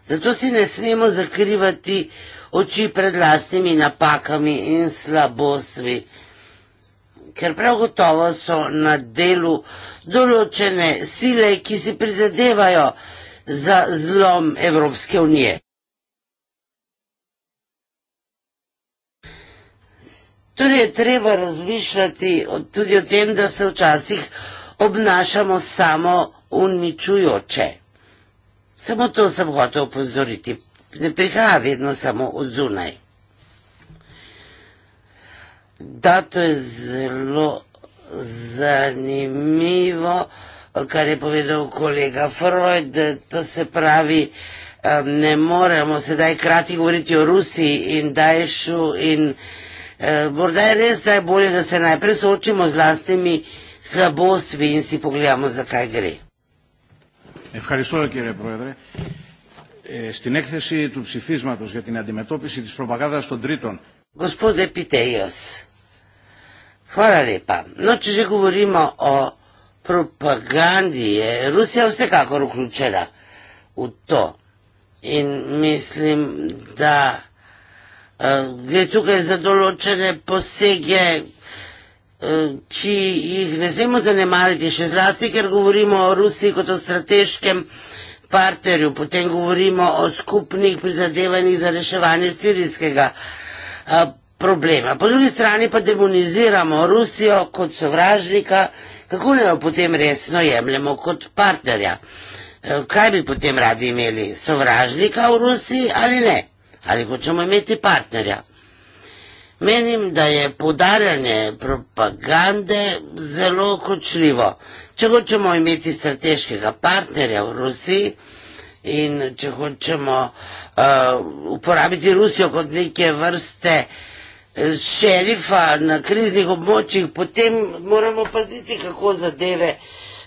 Zato si ne smemo zakrivati oči pred lastnimi napakami in slabostmi ker prav gotovo so na delu določene sile, ki si prizadevajo za zlom Evropske unije. Torej je treba razmišljati tudi o tem, da se včasih obnašamo samo uničujoče. Samo to sem hotel upozoriti. Ne prihaja vedno samo od zunaj. Da, to je zelo zanimivo, kar je povedal kolega Freud. To se pravi, ne moremo sedaj krati govoriti o Rusiji in Dajšu in morda je res, da je bolje, da se najprej soočimo z lastnimi slabostmi in si pogledamo, zakaj gre. Στην έκθεση του ψηφίσματος για την αντιμετώπιση της προπαγάνδας των τρίτων gospod Epitejos. Hvala lepa. No, če že govorimo o propagandi, je Rusija vsekakor vključena v to. In mislim, da uh, gre tukaj za določene posege, uh, ki jih ne smemo zanemariti, še zlasti, ker govorimo o Rusiji kot o strateškem partnerju, potem govorimo o skupnih prizadevanjih za reševanje sirijskega Eh, problema. Po drugi strani pa demoniziramo Rusijo kot sovražnika, kako ne jo potem resno jemljemo kot partnerja. Eh, kaj bi potem radi imeli? Sovražnika v Rusiji ali ne? Ali hočemo imeti partnerja? Menim, da je podarjanje propagande zelo kočljivo. Če hočemo imeti strateškega partnerja v Rusiji, in če hočemo uh, uporabiti Rusijo kot neke vrste eh, šerifa na kriznih območjih, potem moramo paziti, kako zadeve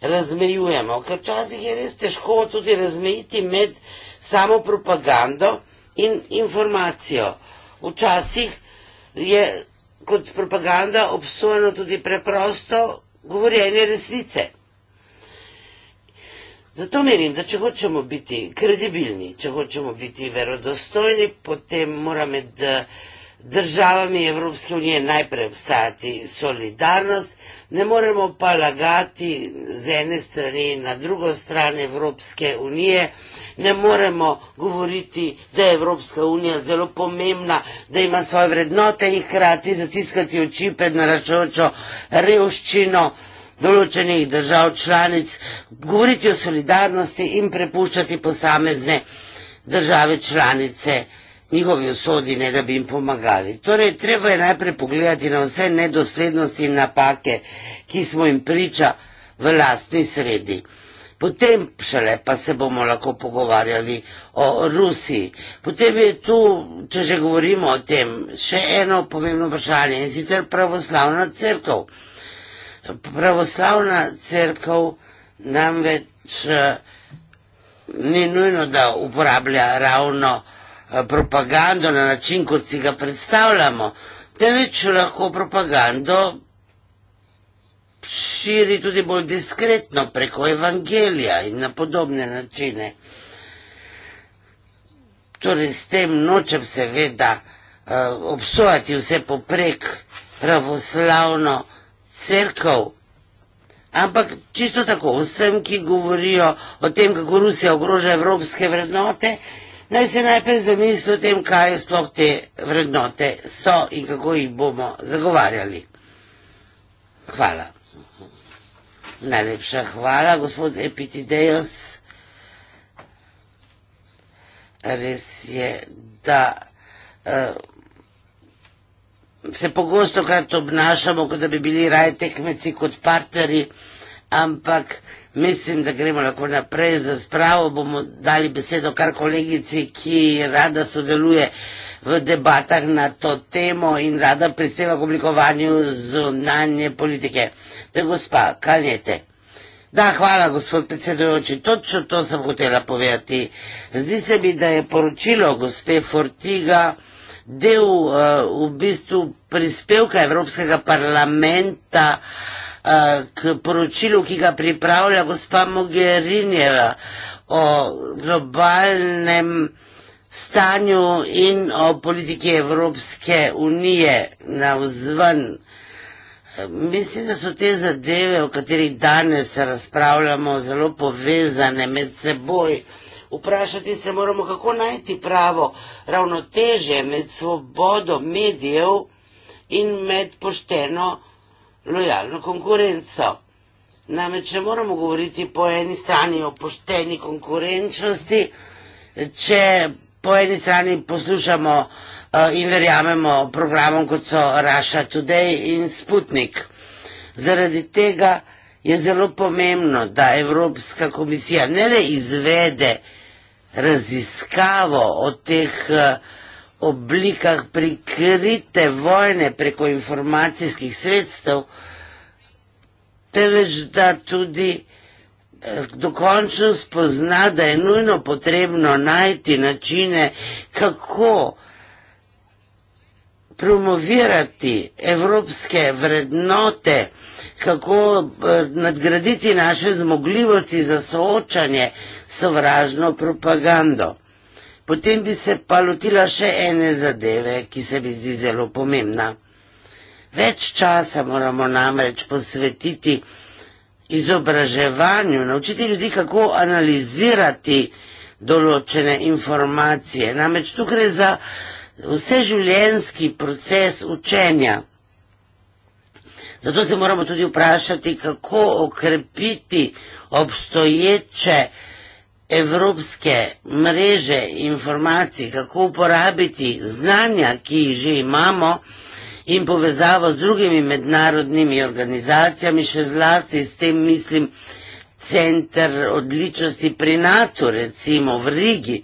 razmejujemo. Ker včasih je res težko tudi razmejiti med samo propagando in informacijo. Včasih je kot propaganda obsojeno tudi preprosto govorjenje resnice. Zato menim, da če hočemo biti kredibilni, če hočemo biti verodostojni, potem mora med eh, državami Evropske unije najprej obstajati solidarnost, ne moremo pa lagati z ene strani na drugo stran Evropske unije, ne moremo govoriti, da je Evropska unija zelo pomembna, da ima svoje vrednote in hkrati zatiskati oči pred naračajočo revščino določenih držav članic, govoriti o solidarnosti in prepuščati posamezne države članice njihovi usodi, ne da bi jim pomagali. Torej, treba je najprej pogledati na vse nedoslednosti in napake, ki smo jim priča v lastni sredi. Potem šele pa se bomo lahko pogovarjali o Rusiji. Potem je tu, če že govorimo o tem, še eno pomembno vprašanje in sicer pravoslavna crkva pravoslavna crkv namreč eh, ni nujno, da uporablja ravno eh, propagando na način, kot si ga predstavljamo, temveč lahko propagando širi tudi bolj diskretno preko evangelija in na podobne načine. Torej, s tem nočem seveda eh, obsojati vse poprek pravoslavno, crkav. Ampak čisto tako vsem, ki govorijo o tem, kako Rusija ogroža evropske vrednote, naj se najprej zamisli o tem, kaj sploh te vrednote so in kako jih bomo zagovarjali. Hvala. Najlepša hvala, gospod Epitidejos. Res je, da. Uh, se pogosto krat obnašamo, kot da bi bili raje tekmeci kot partneri, ampak mislim, da gremo lahko naprej za spravo, bomo dali besedo kar kolegici, ki rada sodeluje v debatah na to temo in rada prispeva k oblikovanju zunanje politike. To je gospa, kaljete. Da, hvala, gospod predsedujoči, točno to sem hotela povedati. Zdi se mi, da je poročilo gospe Fortiga, del uh, v bistvu prispevka Evropskega parlamenta uh, k poročilu, ki ga pripravlja gospa Mogherinjeva o globalnem stanju in o politiki Evropske unije na vzven. Eh, mislim, da so te zadeve, o katerih danes razpravljamo, zelo povezane med seboj. Uh, Vprašati se moramo, kako najti pravo ravnoteže med svobodo medijev in med pošteno, lojalno konkurenco. Namreč ne moramo govoriti po eni strani o pošteni konkurenčnosti, če po eni strani poslušamo eh, in verjamemo programom, kot so Russia Today in Sputnik. Zaradi tega je zelo pomembno, da Evropska komisija ne le izvede, raziskavo o teh eh, oblikah prikrite vojne preko informacijskih sredstev, temveč da tudi eh, dokončno spozna, da je nujno potrebno najti načine, kako promovirati evropske vrednote, kako kako eh, nadgraditi naše zmogljivosti za soočanje sovražno propagando. Potem bi se pa lotila še ene zadeve, ki se mi zdi zelo pomembna. Več časa moramo namreč posvetiti izobraževanju, naučiti ljudi, kako analizirati določene informacije. Namreč tukaj gre za vseživljenjski proces učenja. Zato se moramo tudi vprašati, kako okrepiti obstoječe evropske mreže informacij, kako uporabiti znanja, ki jih že imamo in povezavo z drugimi mednarodnimi organizacijami, še zlasti s tem mislim center odličnosti pri NATO, recimo v Rigi.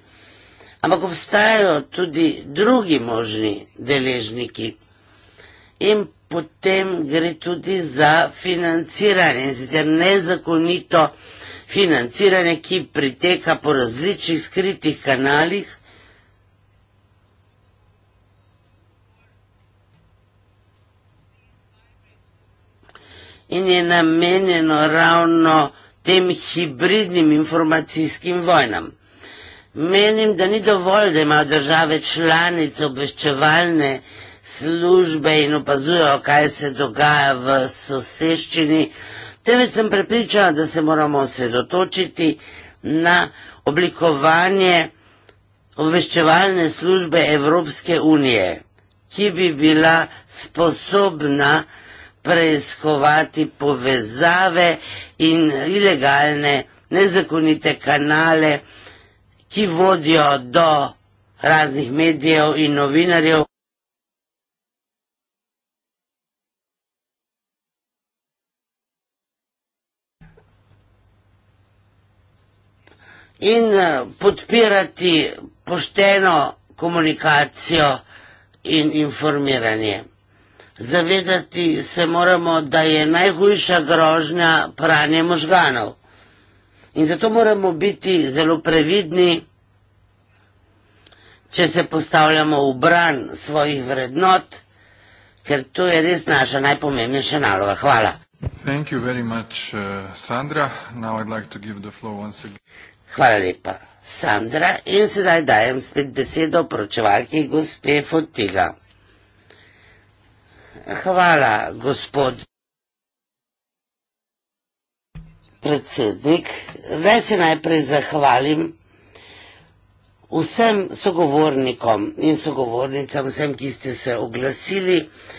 Ampak obstajajo tudi drugi možni deležniki. In potem gre tudi za financiranje, sicer nezakonito financiranje, ki priteka po različnih skritih kanalih. In je namenjeno ravno tem hibridnim informacijskim vojnam. Menim, da ni dovolj, da imajo države članice obveščevalne informacije, službe in opazujejo, kaj se dogaja v soseščini, temveč sem prepričana, da se moramo osredotočiti na oblikovanje obveščevalne službe Evropske unije, ki bi bila sposobna preiskovati povezave in ilegalne, nezakonite kanale, ki vodijo do raznih medijev in novinarjev. in eh, podpirati pošteno komunikacijo in informiranje. Zavedati se moramo, da je najhujša grožnja pranje možganov. In zato moramo biti zelo previdni, če se postavljamo v bran svojih vrednot, ker to je res naša najpomembnejša naloga. Hvala. Thank you very much, uh, Sandra. Now I'd like to give the floor once again. Hvala lepa, Sandra. In sedaj dajem spet besedo poročevalki gospe Fotiga. Hvala, gospod predsednik. Naj se najprej zahvalim vsem sogovornikom in sogovornicam, vsem, ki ste se oglasili.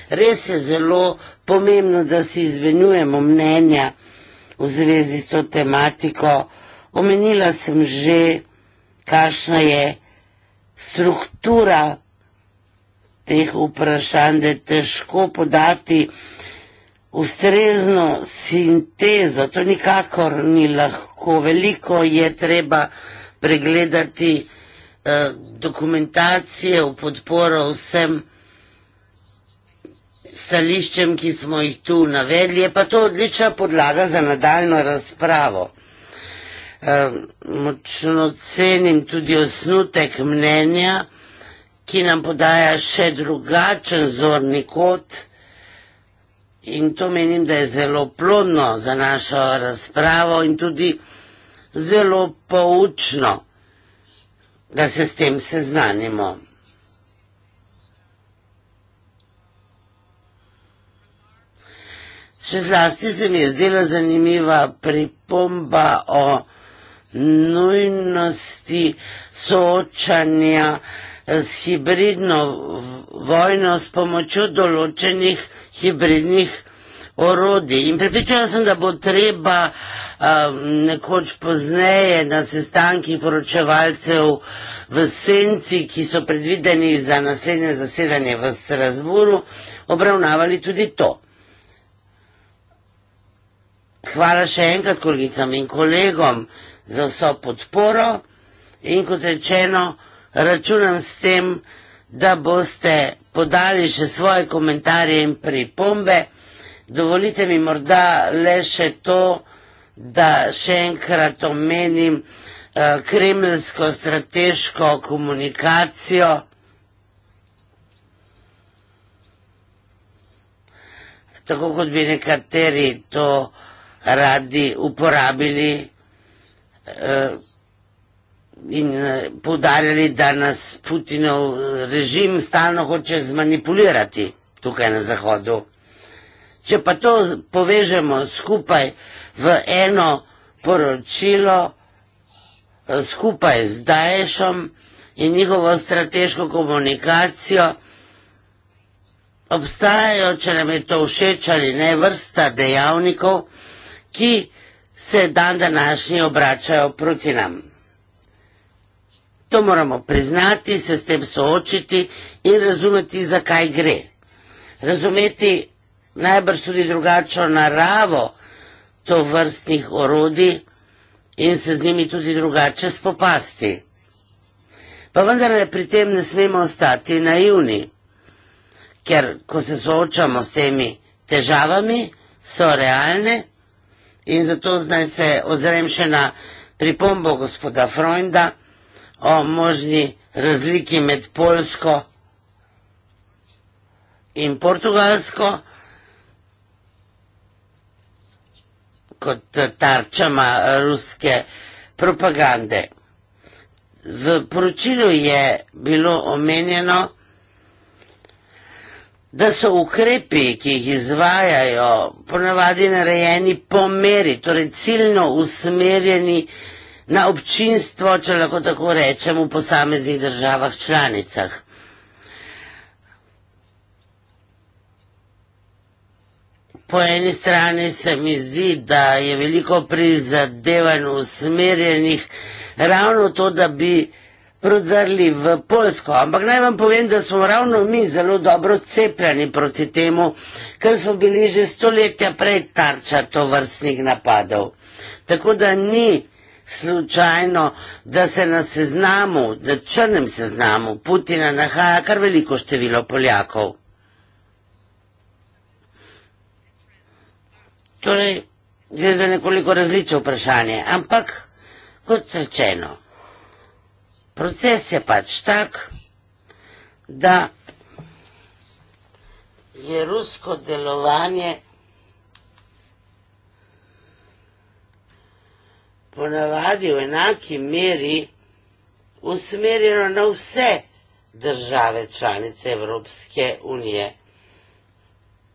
Res je zelo pomembno, da si izmenjujemo mnenja v zvezi s to tematiko omenila sem že, kakšna je struktura teh vprašanj, da je težko podati ustrezno sintezo. To nikakor ni lahko. Veliko je treba pregledati eh, dokumentacije v podporo vsem stališčem, ki smo jih tu navedli. Je pa to odlična podlaga za nadaljno razpravo. Eh, močno cenim tudi osnutek mnenja, ki nam podaja še drugačen zorni kot in to menim, da je zelo plodno za našo razpravo in tudi zelo poučno, da se s tem seznanimo. Še zlasti se mi je zdela zanimiva pripomba o vsega, nujnosti soočanja s hibridno vojno s pomočjo določenih hibridnih orodij. In pripričala sem, da bo treba um, nekoč pozneje na sestankih poročevalcev v senci, ki so predvideni za naslednje zasedanje v Strasburu, obravnavali tudi to. Hvala še enkrat kolegicam in kolegom za vso podporo in kot rečeno, računam s tem, da boste podali še svoje komentarje in pripombe. Dovolite mi morda le še to, da še enkrat omenim eh, kremljsko strateško komunikacijo. Tako kot bi nekateri to radi uporabili. Eh, in eh, podarjali, da nas Putinov eh, režim stalno hoče zmanipulirati tukaj na Zahodu. Če pa to povežemo skupaj v eno poročilo, skupaj z Daješom in njihovo strateško komunikacijo, obstajajo, če nam je to všeč ali ne, vrsta dejavnikov, ki vsega, se dan današnji obračajo proti nam. To moramo priznati, se s tem soočiti in razumeti, zakaj gre. Razumeti najbrž tudi drugačno naravo to vrstnih orodij in se z njimi tudi drugače spopasti. Pa vendar ne pri tem ne smemo ostati naivni, ker ko se soočamo s temi težavami, so realne, In zato zdaj se ozrem še na pripombo gospoda Freunda o možni razliki med Polsko in Portugalsko kot tarčama ruske propagande. V poročilu je bilo omenjeno, da so ukrepi, ki jih izvajajo, ponavadi narejeni po meri, torej ciljno usmerjeni na občinstvo, če lahko tako rečem, v posameznih državah članicah. Po eni strani se mi zdi, da je veliko prizadevanj usmerjenih ravno to, da bi prodrli v Polsko. Ampak naj vam povem, da smo ravno mi zelo dobro cepljeni proti temu, ker smo bili že stoletja prej tarča to vrstnih napadov. Tako da ni slučajno, da se na seznamu, na črnem seznamu Putina nahaja kar veliko število Poljakov. Torej, gre za nekoliko različno vprašanje, ampak kot rečeno, proces je pač tak, da je rusko delovanje ponavadi v enaki meri usmerjeno na vse države članice Evropske unije.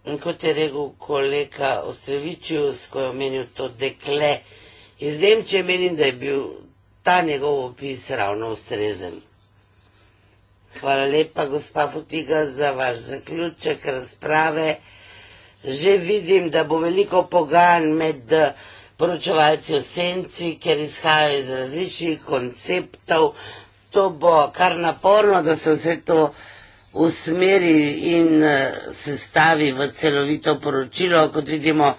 In kot je rekel kolega Ostrevičius, ko je omenil to dekle iz Nemčije, menim, da je bil ta njegov opis ravno ustrezen. Hvala lepa, gospa Futiga, za vaš zaključek razprave. Že vidim, da bo veliko pogajanj med eh, poročevalci v senci, ker izhajajo iz različnih konceptov. To bo kar naporno, da se vse to usmeri in eh, sestavi v celovito poročilo. Kot vidimo,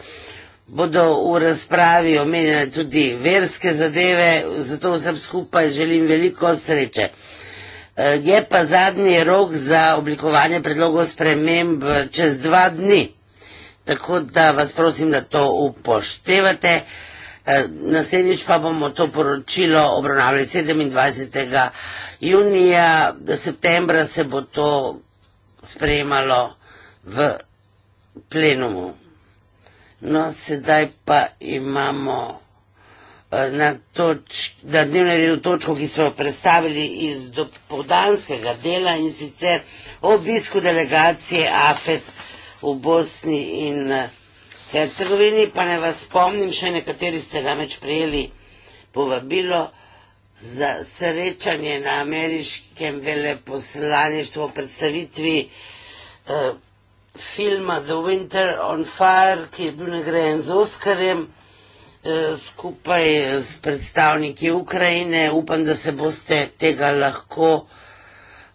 bodo v razpravi omenjene tudi verske zadeve, zato vsem skupaj želim veliko sreče. E, je pa zadnji rok za oblikovanje predlogov sprememb čez dva dni, tako da vas prosim, da to upoštevate. E, naslednjič pa bomo to poročilo obravnavali 27. junija, da septembra se bo to sprejemalo v plenumu. No, sedaj pa imamo eh, na, toč, na dnevnem redu točko, ki smo jo predstavili iz dopoldanskega dela in sicer obisku delegacije AFET v Bosni in eh, Hercegovini. Pa ne vas spomnim, še nekateri ste namreč prijeli povabilo za srečanje na ameriškem veleposlaništvu o predstavitvi. Eh, filma The Winter on Fire, ki je bil nagrajen z Oskarjem eh, skupaj s predstavniki Ukrajine. Upam, da se boste tega lahko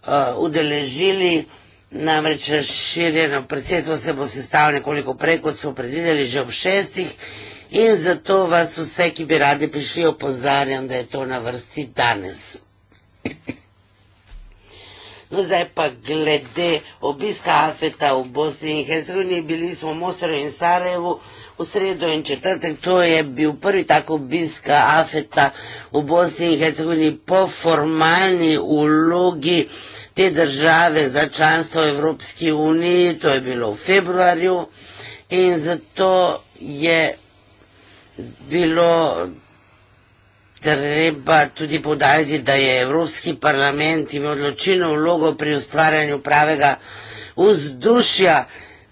eh, udeležili. Namreč širjeno predsedstvo se bo sestavljalo nekoliko prej, kot smo predvideli, že ob šestih. In zato vas vse, ki bi radi prišli, opozarjam, da je to na vrsti danes. No zdaj pa glede obiska Afeta v Bosni in Hercegovini, bili smo v Mostru in Sarajevu v sredo in četrtek, to je bil prvi tak obiska Afeta v Bosni in Hercegovini po formalni ulogi te države za članstvo v Evropski uniji, to je bilo v februarju in zato je bilo treba tudi podariti, da je Evropski parlament imel odločilno vlogo pri ustvarjanju pravega vzdušja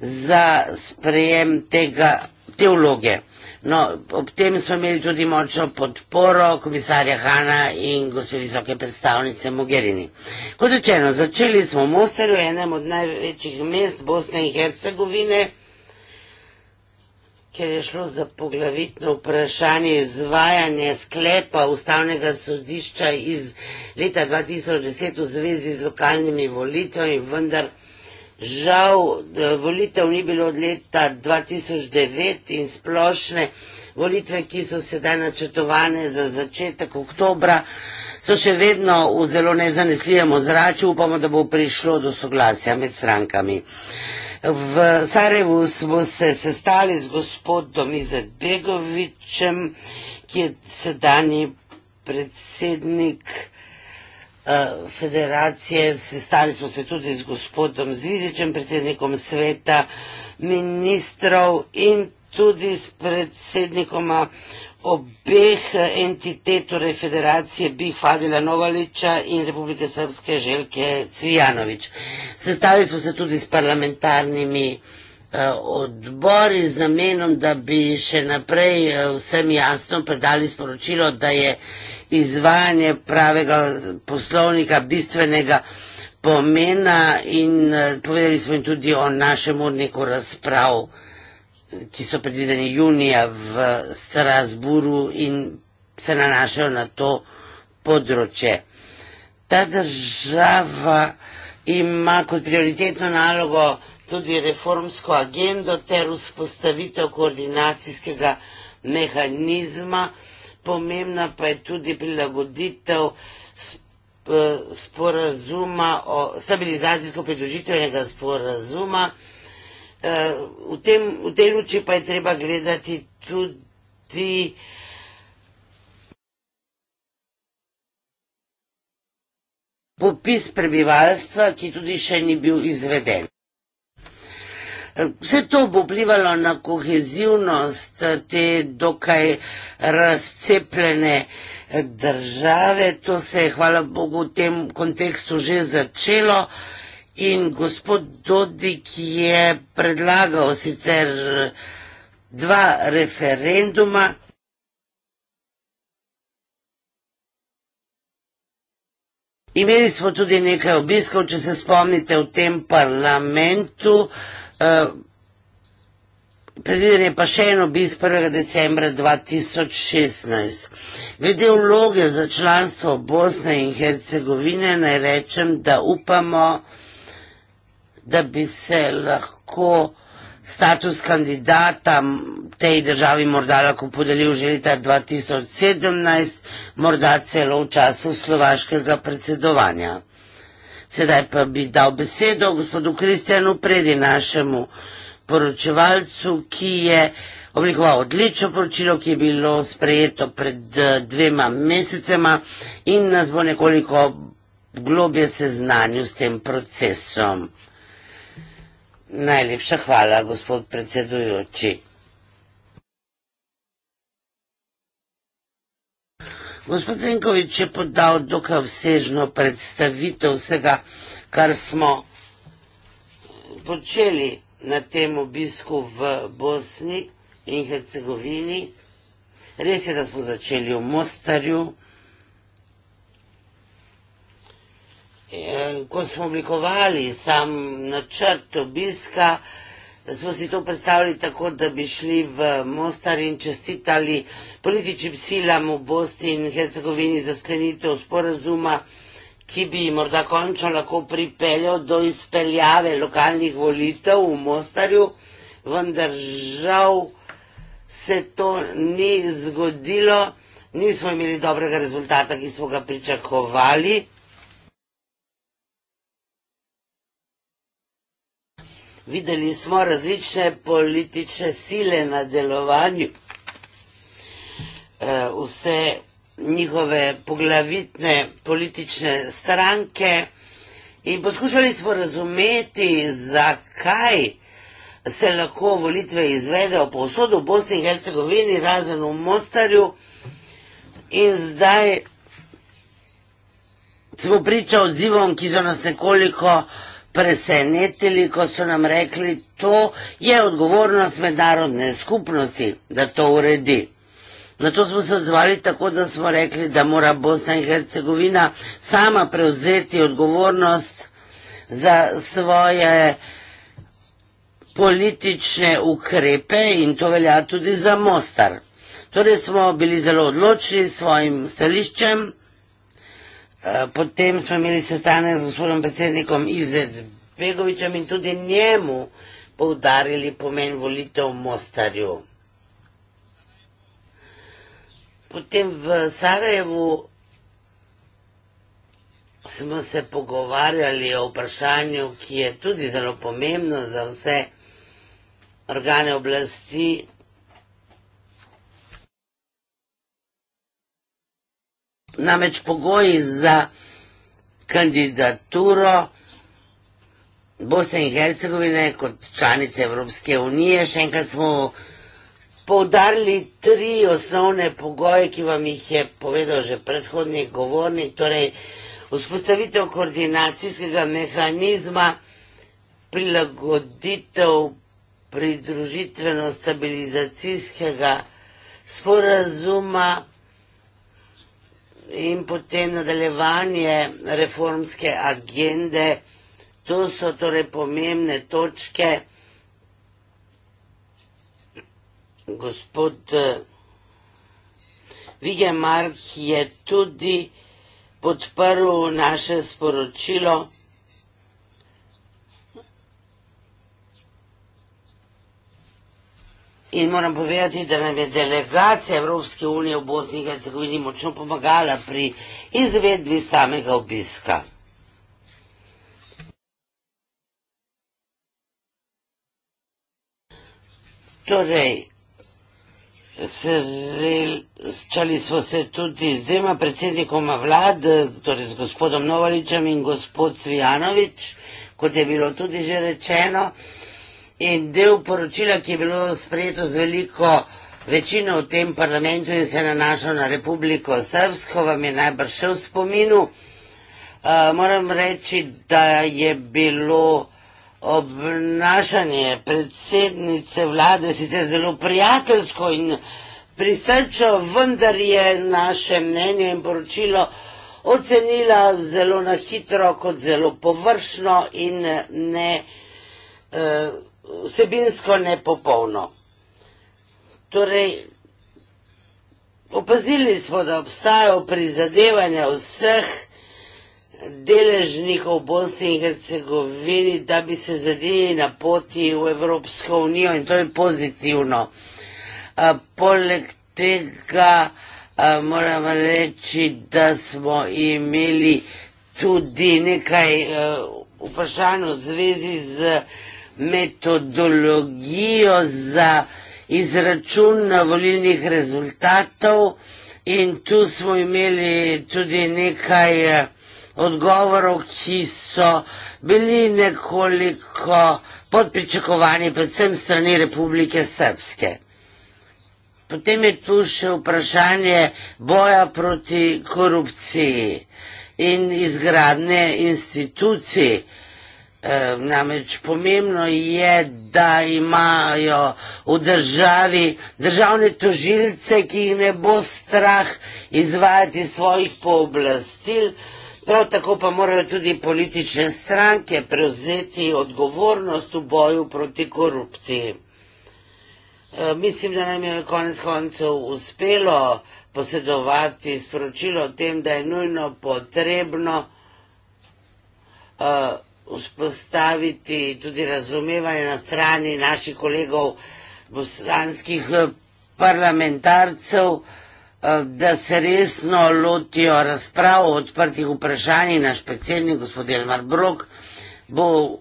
za sprejem tega, te vloge. No, ob tem smo imeli tudi močno podporo komisarja Hanna in gospe visoke predstavnice Mogherini. Kot rečeno, začeli smo v Mosterju, enem od največjih mest Bosne in Hercegovine ker je šlo za poglavitno vprašanje izvajanja sklepa ustavnega sodišča iz leta 2010 v zvezi z lokalnimi volitvami, vendar žal eh, volitev ni bilo od leta 2009 in splošne volitve, ki so sedaj načrtovane za začetek oktobra, so še vedno v zelo nezanesljivem ozraču, upamo, da bo prišlo do soglasja med strankami. V Sarajevu smo se sestali z gospodom Izetbegovičem, ki je sedanji predsednik eh, federacije, sestali smo se tudi z gospodom Zvizičem, predsednikom sveta ministrov in tudi s predsednikoma obeh eh, entitet, torej federacije Bih Fadila Novaliča in Republike Srpske Željke Cvijanovič. Sestali smo se tudi s parlamentarnimi eh, odbori z namenom, da bi še naprej eh, vsem jasno predali sporočilo, da je izvajanje pravega poslovnika bistvenega pomena in povedali smo jim tudi o našem urniku razprav ki so predvideni junija v Strasburu in se nanašajo na to področje. Ta država ima kot prioritetno nalogo tudi reformsko agendo ter vzpostavitev koordinacijskega mehanizma, pomembna pa je tudi prilagoditev eh, sporazuma o stabilizacijsko pridružitvenega sporazuma Eh, v, tem, v tej luči pa je treba gledati tudi. Popis prebivalstva, ki tudi še ni bil izveden. Eh, vse to bo vplivalo na kohezivnost eh, te dokaj razcepljene države. To se je, hvala Bogu, v tem kontekstu že začelo. In gospod Dodik je predlagal sicer dva referenduma. Imeli smo tudi nekaj obiskov, če se spomnite, v tem parlamentu. Eh, predviden je pa še en obisk 1. decembra 2016. Glede vloge za članstvo Bosne in Hercegovine naj rečem, da upamo, da da bi se lahko status kandidata tej državi morda lahko podelil že leta 2017, morda celo v času slovaškega predsedovanja. Sedaj pa bi dal besedo gospodu Kristjanu Predi, našemu poročevalcu, ki je oblikoval odlično poročilo, ki je bilo sprejeto pred eh, dvema mesecema in nas bo nekoliko globje seznanil s tem procesom. Najlepša hvala, gospod predsedujoči. Gospod Venkovič je podal dokaj vsežno predstavitev vsega, kar smo počeli na tem obisku v Bosni in Hercegovini. Res je, da smo začeli v Mostarju, Eh, ko smo oblikovali sam načrt obiska, smo si to predstavili tako, da bi šli v Mostar in čestitali političnim silam v Bosni in Hercegovini za sklenitev sporazuma, ki bi morda končno lahko pripeljal do izpeljave lokalnih volitev v Mostarju, vendar žal se to ni zgodilo, nismo imeli dobrega rezultata, ki smo ga pričakovali. videli smo različne politične sile na delovanju, eh, vse njihove poglavitne politične stranke in poskušali smo razumeti, zakaj se lahko volitve izvedejo po vsodu v Bosni in Hercegovini, razen v Mostarju in zdaj smo priča odzivom, ki so nas nekoliko vsega, presenetili, ko so nam rekli, to je odgovornost mednarodne skupnosti, da to uredi. Na to smo se odzvali tako, da smo rekli, da mora Bosna in Hercegovina sama prevzeti odgovornost za svoje politične ukrepe in to velja tudi za Mostar. Torej smo bili zelo odločni s svojim stališčem. Eh, potem smo imeli sestanek z gospodom predsednikom Izetbegovičem in tudi njemu poudarili pomen volitev v Mostarju. Potem v Sarajevu smo se pogovarjali o vprašanju, ki je tudi zelo pomembno za vse organe oblasti, Namreč pogoji za kandidaturo Bosne in Hercegovine kot članice Evropske unije, še enkrat smo poudarili tri osnovne pogoje, ki vam jih je povedal že predhodni govornik, torej vzpostavitev koordinacijskega mehanizma, prilagoditev pridružitveno-stabilizacijskega sporazuma, in potem nadaljevanje reformske agende. To so torej pomembne točke. Gospod eh, Vigemark je tudi podprl naše sporočilo, In moram povedati, da nam je delegacija Evropske unije v Bosni in Hercegovini močno pomagala pri izvedbi samega obiska. Torej, srečali smo se tudi z dvema predsednikoma vlad, torej z gospodom Novaličem in gospod Svijanovič, kot je bilo tudi že rečeno in del poročila, ki je bilo sprejeto z veliko večino v tem parlamentu in se nanaša na Republiko Srpsko, vam je najbrž še v spominu. Eh, moram reči, da je bilo obnašanje predsednice vlade sicer zelo prijateljsko in prisrčo, vendar je naše mnenje in poročilo ocenila zelo na hitro kot zelo površno in ne. Uh, vsebinsko nepopolno. Torej, opazili smo, da obstajajo prizadevanja vseh deležnikov Bosni in Hercegovini, da bi se zadeli na poti v Evropsko unijo in to je pozitivno. A, poleg tega a, moram reči, da smo imeli tudi nekaj a, vprašanj v zvezi z a, metodologijo za izračun volilnih rezultatov in tu smo imeli tudi nekaj eh, odgovorov, ki so bili nekoliko podpričakovani, predvsem strani Republike Srpske. Potem je tu še vprašanje boja proti korupciji in izgradne institucije namreč pomembno je, da imajo v državi državne tožilce, ki jih ne bo strah izvajati svojih pooblastil, prav tako pa morajo tudi politične stranke prevzeti odgovornost v boju proti korupciji. E, mislim, da nam je konec koncev uspelo posedovati sporočilo o tem, da je nujno potrebno. E, vzpostaviti tudi razumevanje na strani naših kolegov bosanskih eh, parlamentarcev, eh, da se resno lotijo razprav o odprtih vprašanjih. Naš predsednik, gospod Elmar Brok, bo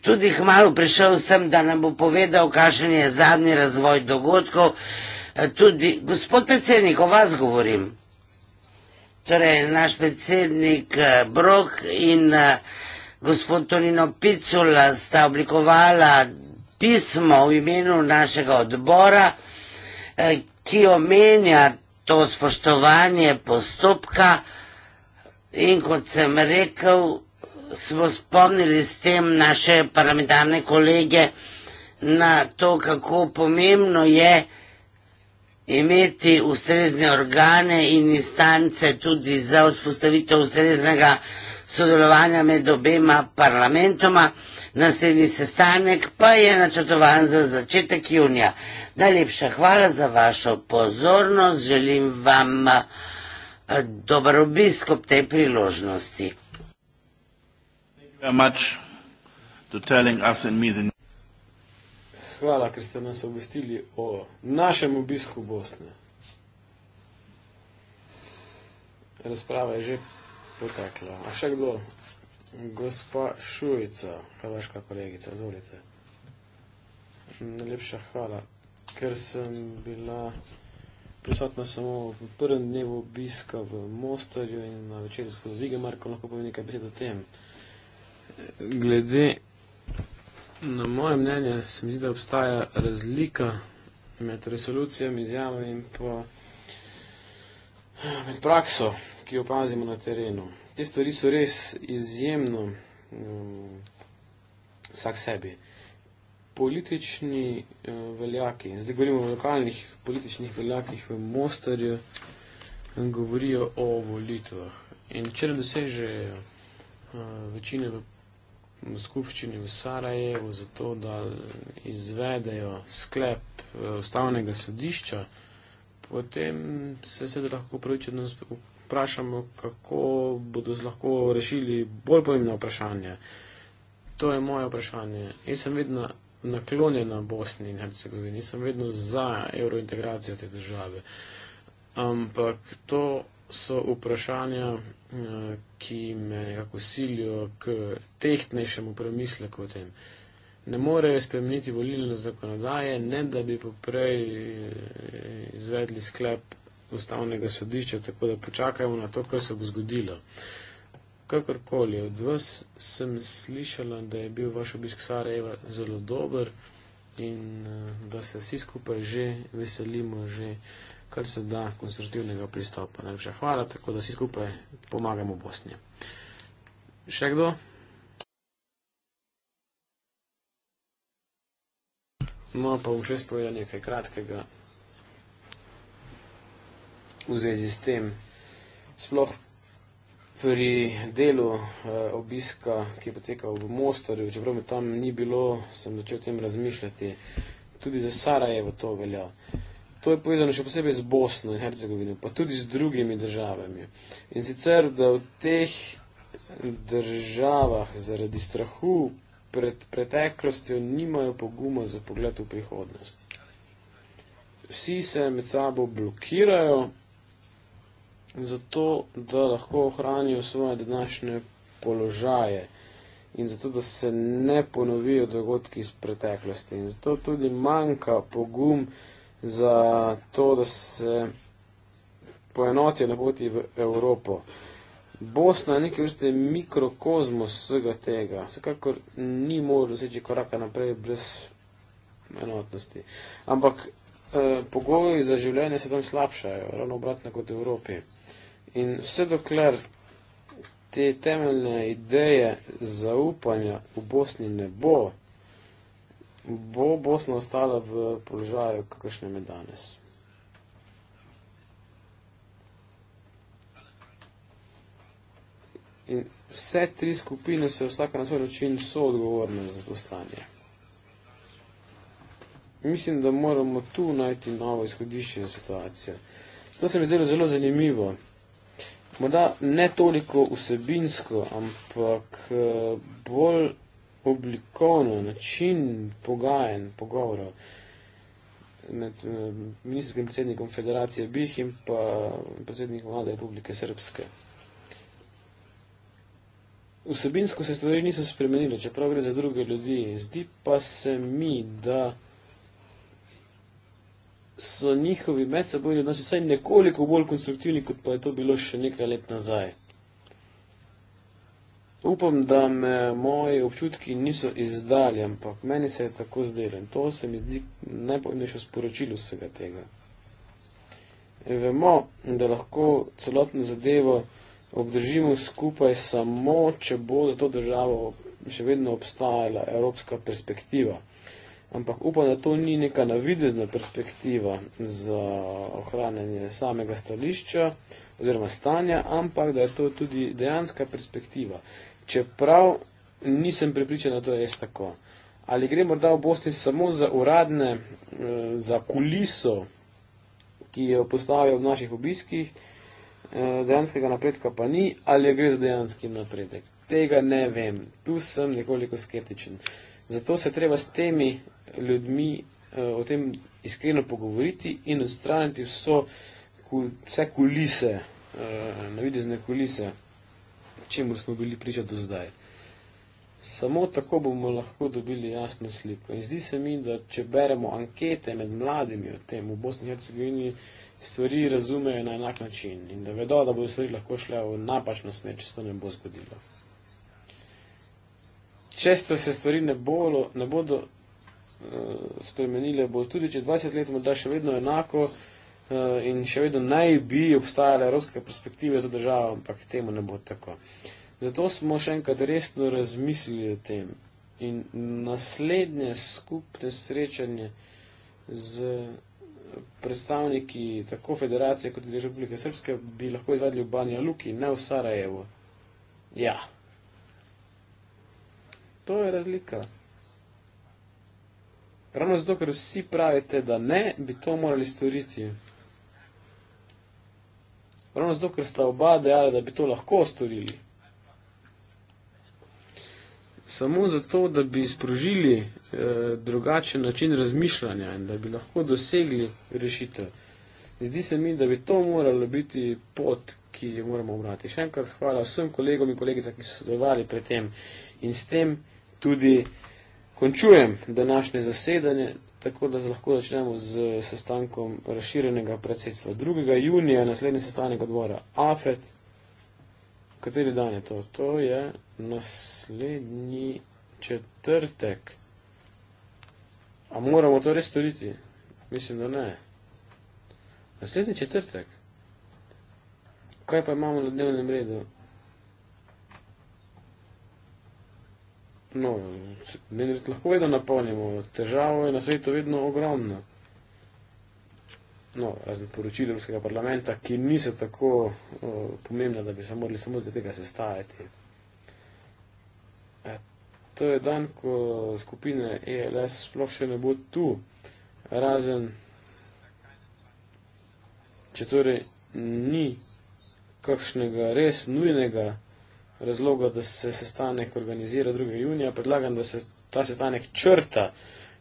tudi hmalo prišel sem, da nam bo povedal, kakšen je zadnji razvoj dogodkov. Eh, tudi, gospod predsednik, o vas govorim. Torej, naš predsednik Brok in uh, Gospod Tonino Picula sta oblikovala pismo v imenu našega odbora, eh, ki omenja to spoštovanje postopka in kot sem rekel, smo spomnili s tem naše parlamentarne kolege na to, kako pomembno je imeti ustrezne organe in instance tudi za vzpostavitev ustreznega organa sodelovanja med obema parlamentoma. Naslednji sestanek pa je načrtovan za začetek junija. Najlepša hvala za vašo pozornost, želim vam eh, dober obisk ob tej priložnosti. Hvala, ker ste nas obvestili o našem obisku Bosne. Razprava je že potekla. A še kdo? Gospa Šujica, hrvaška kolegica, izvolite. Najlepša hvala, ker sem bila prisotna samo v prvem dnevu obiska v Mostarju in na večerji skozi Vige Marko, lahko povem nekaj besed o tem. Glede na moje mnenje, se mi zdi, da obstaja razlika med resolucijami, izjavami in pa med prakso ki jo opazimo na terenu. Te stvari so res izjemno um, vsak sebi. Politični uh, veljaki, zdaj govorimo o lokalnih političnih veljakih v Mostarju, govorijo o volitvah. In če ne dosežejo uh, eh, večine v, v skupščini v Sarajevu za to, da izvedejo sklep uh, ustavnega sodišča, potem se sedaj lahko upravičeno vprašamo, kako bodo lahko rešili bolj pomembno vprašanje. To je moje vprašanje. Jaz sem vedno naklonjen na Bosni in Hercegovini, sem vedno za eurointegracijo te države. Ampak to so vprašanja, ki me nekako silijo k tehtnejšemu premisleku o tem. Ne morejo spremeniti volilne zakonodaje, ne da bi poprej eh, izvedli sklep ustavnega sodišča, tako da počakajmo na to, kar se bo zgodilo. Kakorkoli, od vas sem slišala, da je bil vaš obisk Sarajeva zelo dober in eh, da se vsi skupaj že veselimo, že kar se da konstruktivnega pristopa. Najlepša hvala, tako da vsi skupaj pomagamo Bosni. Še kdo? No, pa bom še spovedal nekaj kratkega v zvezi s tem. Sploh pri delu eh, obiska, ki je potekal v Mostarju, čeprav mi tam ni bilo, sem začel o tem razmišljati. Tudi za Sarajevo to velja. To je povezano še posebej z Bosno in Hercegovino, pa tudi z drugimi državami. In sicer, da v teh državah zaradi strahu pred preteklostjo nimajo poguma za pogled v prihodnost. Vsi se med sabo blokirajo zato da lahko ohranijo svoje današnje položaje in zato da se ne ponovijo dogodki iz preteklosti. In zato tudi manjka pogum za to, da se poenotijo na poti v Evropo. Bosna je neke vrste mikrokozmos vsega tega, vsekakor ni možno seči koraka naprej brez enotnosti. Ampak eh, pogoji za življenje se tam slabšajo, ravno obratno kot v Evropi. In vse dokler te temeljne ideje zaupanja v Bosni ne bo, bo Bosna ostala v položaju, kakršnem je danes. In vse tri skupine so vsaka na svoj način soodgovorne za to stanje. Mislim, da moramo tu najti novo izhodišče za situacijo. To se mi zdelo zelo zanimivo morda ne toliko vsebinsko, ampak eh, bolj oblikovno, način pogajen, pogovorov med eh, ministrskim predsednikom Federacije BIH in pa eh, predsednikom vlade Republike Srpske. Vsebinsko se stvari niso spremenile, čeprav gre za druge ljudi. Zdi pa se mi, da so njihovi medsebojni odnosi vsaj nekoliko bolj konstruktivni, kot pa je to bilo še nekaj let nazaj. Upam, da me moji občutki niso izdali, ampak meni se je tako zdelo in to se mi zdi najpomembnejše sporočilo vsega tega. Vemo, da lahko celotno zadevo obdržimo skupaj samo, če bo za to državo še vedno obstajala evropska perspektiva ampak upam, da to ni neka navidezna perspektiva za ohranjanje samega stališča oziroma stanja, ampak da je to tudi dejanska perspektiva. Čeprav nisem pripričan, da to je res tako. Ali gre morda v Bosni samo za uradne, eh, za kuliso, ki jo postavijo v naših obiskih, eh, dejanskega napredka pa ni, ali gre za dejanski napredek. Tega ne vem. Tu sem nekoliko skeptičen. Zato se treba s temi ljudmi uh, o tem iskreno pogovoriti in odstraniti vso, kul, vse kulise, uh, navidezne kulise, čemu smo bili priča do zdaj. Samo tako bomo lahko dobili jasno sliko. In zdi se mi, da če beremo ankete med mladimi o tem v Bosni in Hercegovini, stvari razumejo na enak način in da vedo, da bodo stvari lahko šle v napačno smer, če se to ne bo zgodilo. Često se stvari ne, bolo, ne bodo Eh, spremenile, bo tudi čez 20 let morda še vedno enako eh, in še vedno naj bi obstajale evropske perspektive za državo, ampak temu ne bo tako. Zato smo še enkrat resno razmislili o tem in naslednje skupne srečanje z predstavniki tako federacije kot tudi Republike Srpske bi lahko izvedli v Banja Luki, ne v Sarajevo. Ja. To je razlika. Ravno zato, ker vsi pravite, da ne, bi to morali storiti. Ravno zato, ker sta oba dejala, da bi to lahko storili. Samo zato, da bi sprožili eh, drugačen način razmišljanja in da bi lahko dosegli rešitev. Zdi se mi, da bi to moralo biti pot, ki jo moramo obrati. Še enkrat hvala vsem kolegom in kolegicam, ki so sodelovali pri tem in s tem tudi. Končujem današnje zasedanje, tako da lahko začnemo z sestankom razširjenega predsedstva. 2. junija je naslednji sestanek odbora AFET. Kateri dan je to? To je naslednji četrtek. A moramo to res storiti? Mislim, da ne. Naslednji četrtek. Kaj pa imamo na dnevnem redu? No, Menrit lahko vedno napolnimo. Težavo je na svetu vedno ogromno. No, razen poročil Evropskega parlamenta, ki niso tako o, pomembna, da bi se morali samo zaradi tega sestajati. E, to je dan, ko skupine ELS sploh še ne bo tu. Razen, če torej ni kakšnega res nujnega razloga, da se sestanek organizira 2. junija, predlagam, da se ta sestanek črta.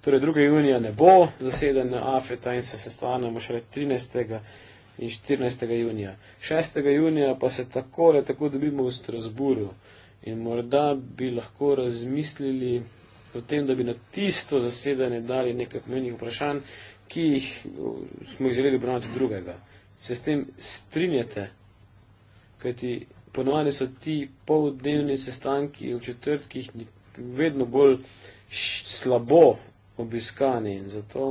Torej 2. junija ne bo zasedena Afrika in se sestanemo šele 13. in 14. junija. 6. junija pa se tako ali tako dobimo v Strasburu in morda bi lahko razmislili o tem, da bi na tisto zasedanje dali nekaj pomenih vprašanj, ki jih smo jih želeli obravnati drugega. Se s tem strinjate? Kajti ponovadi so ti poldnevni sestanki v četrtkih vedno bolj slabo obiskani in zato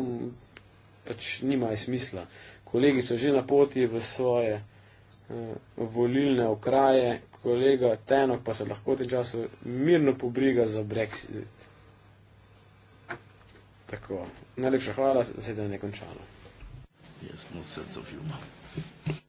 pač nimajo smisla. Kolegi so že na poti v svoje uh, volilne okraje, kolega Tenok pa se lahko v tem času mirno pobriga za Brexit. Tako, najlepša hvala, sedaj je nekončano. Jaz smo srce v filmu.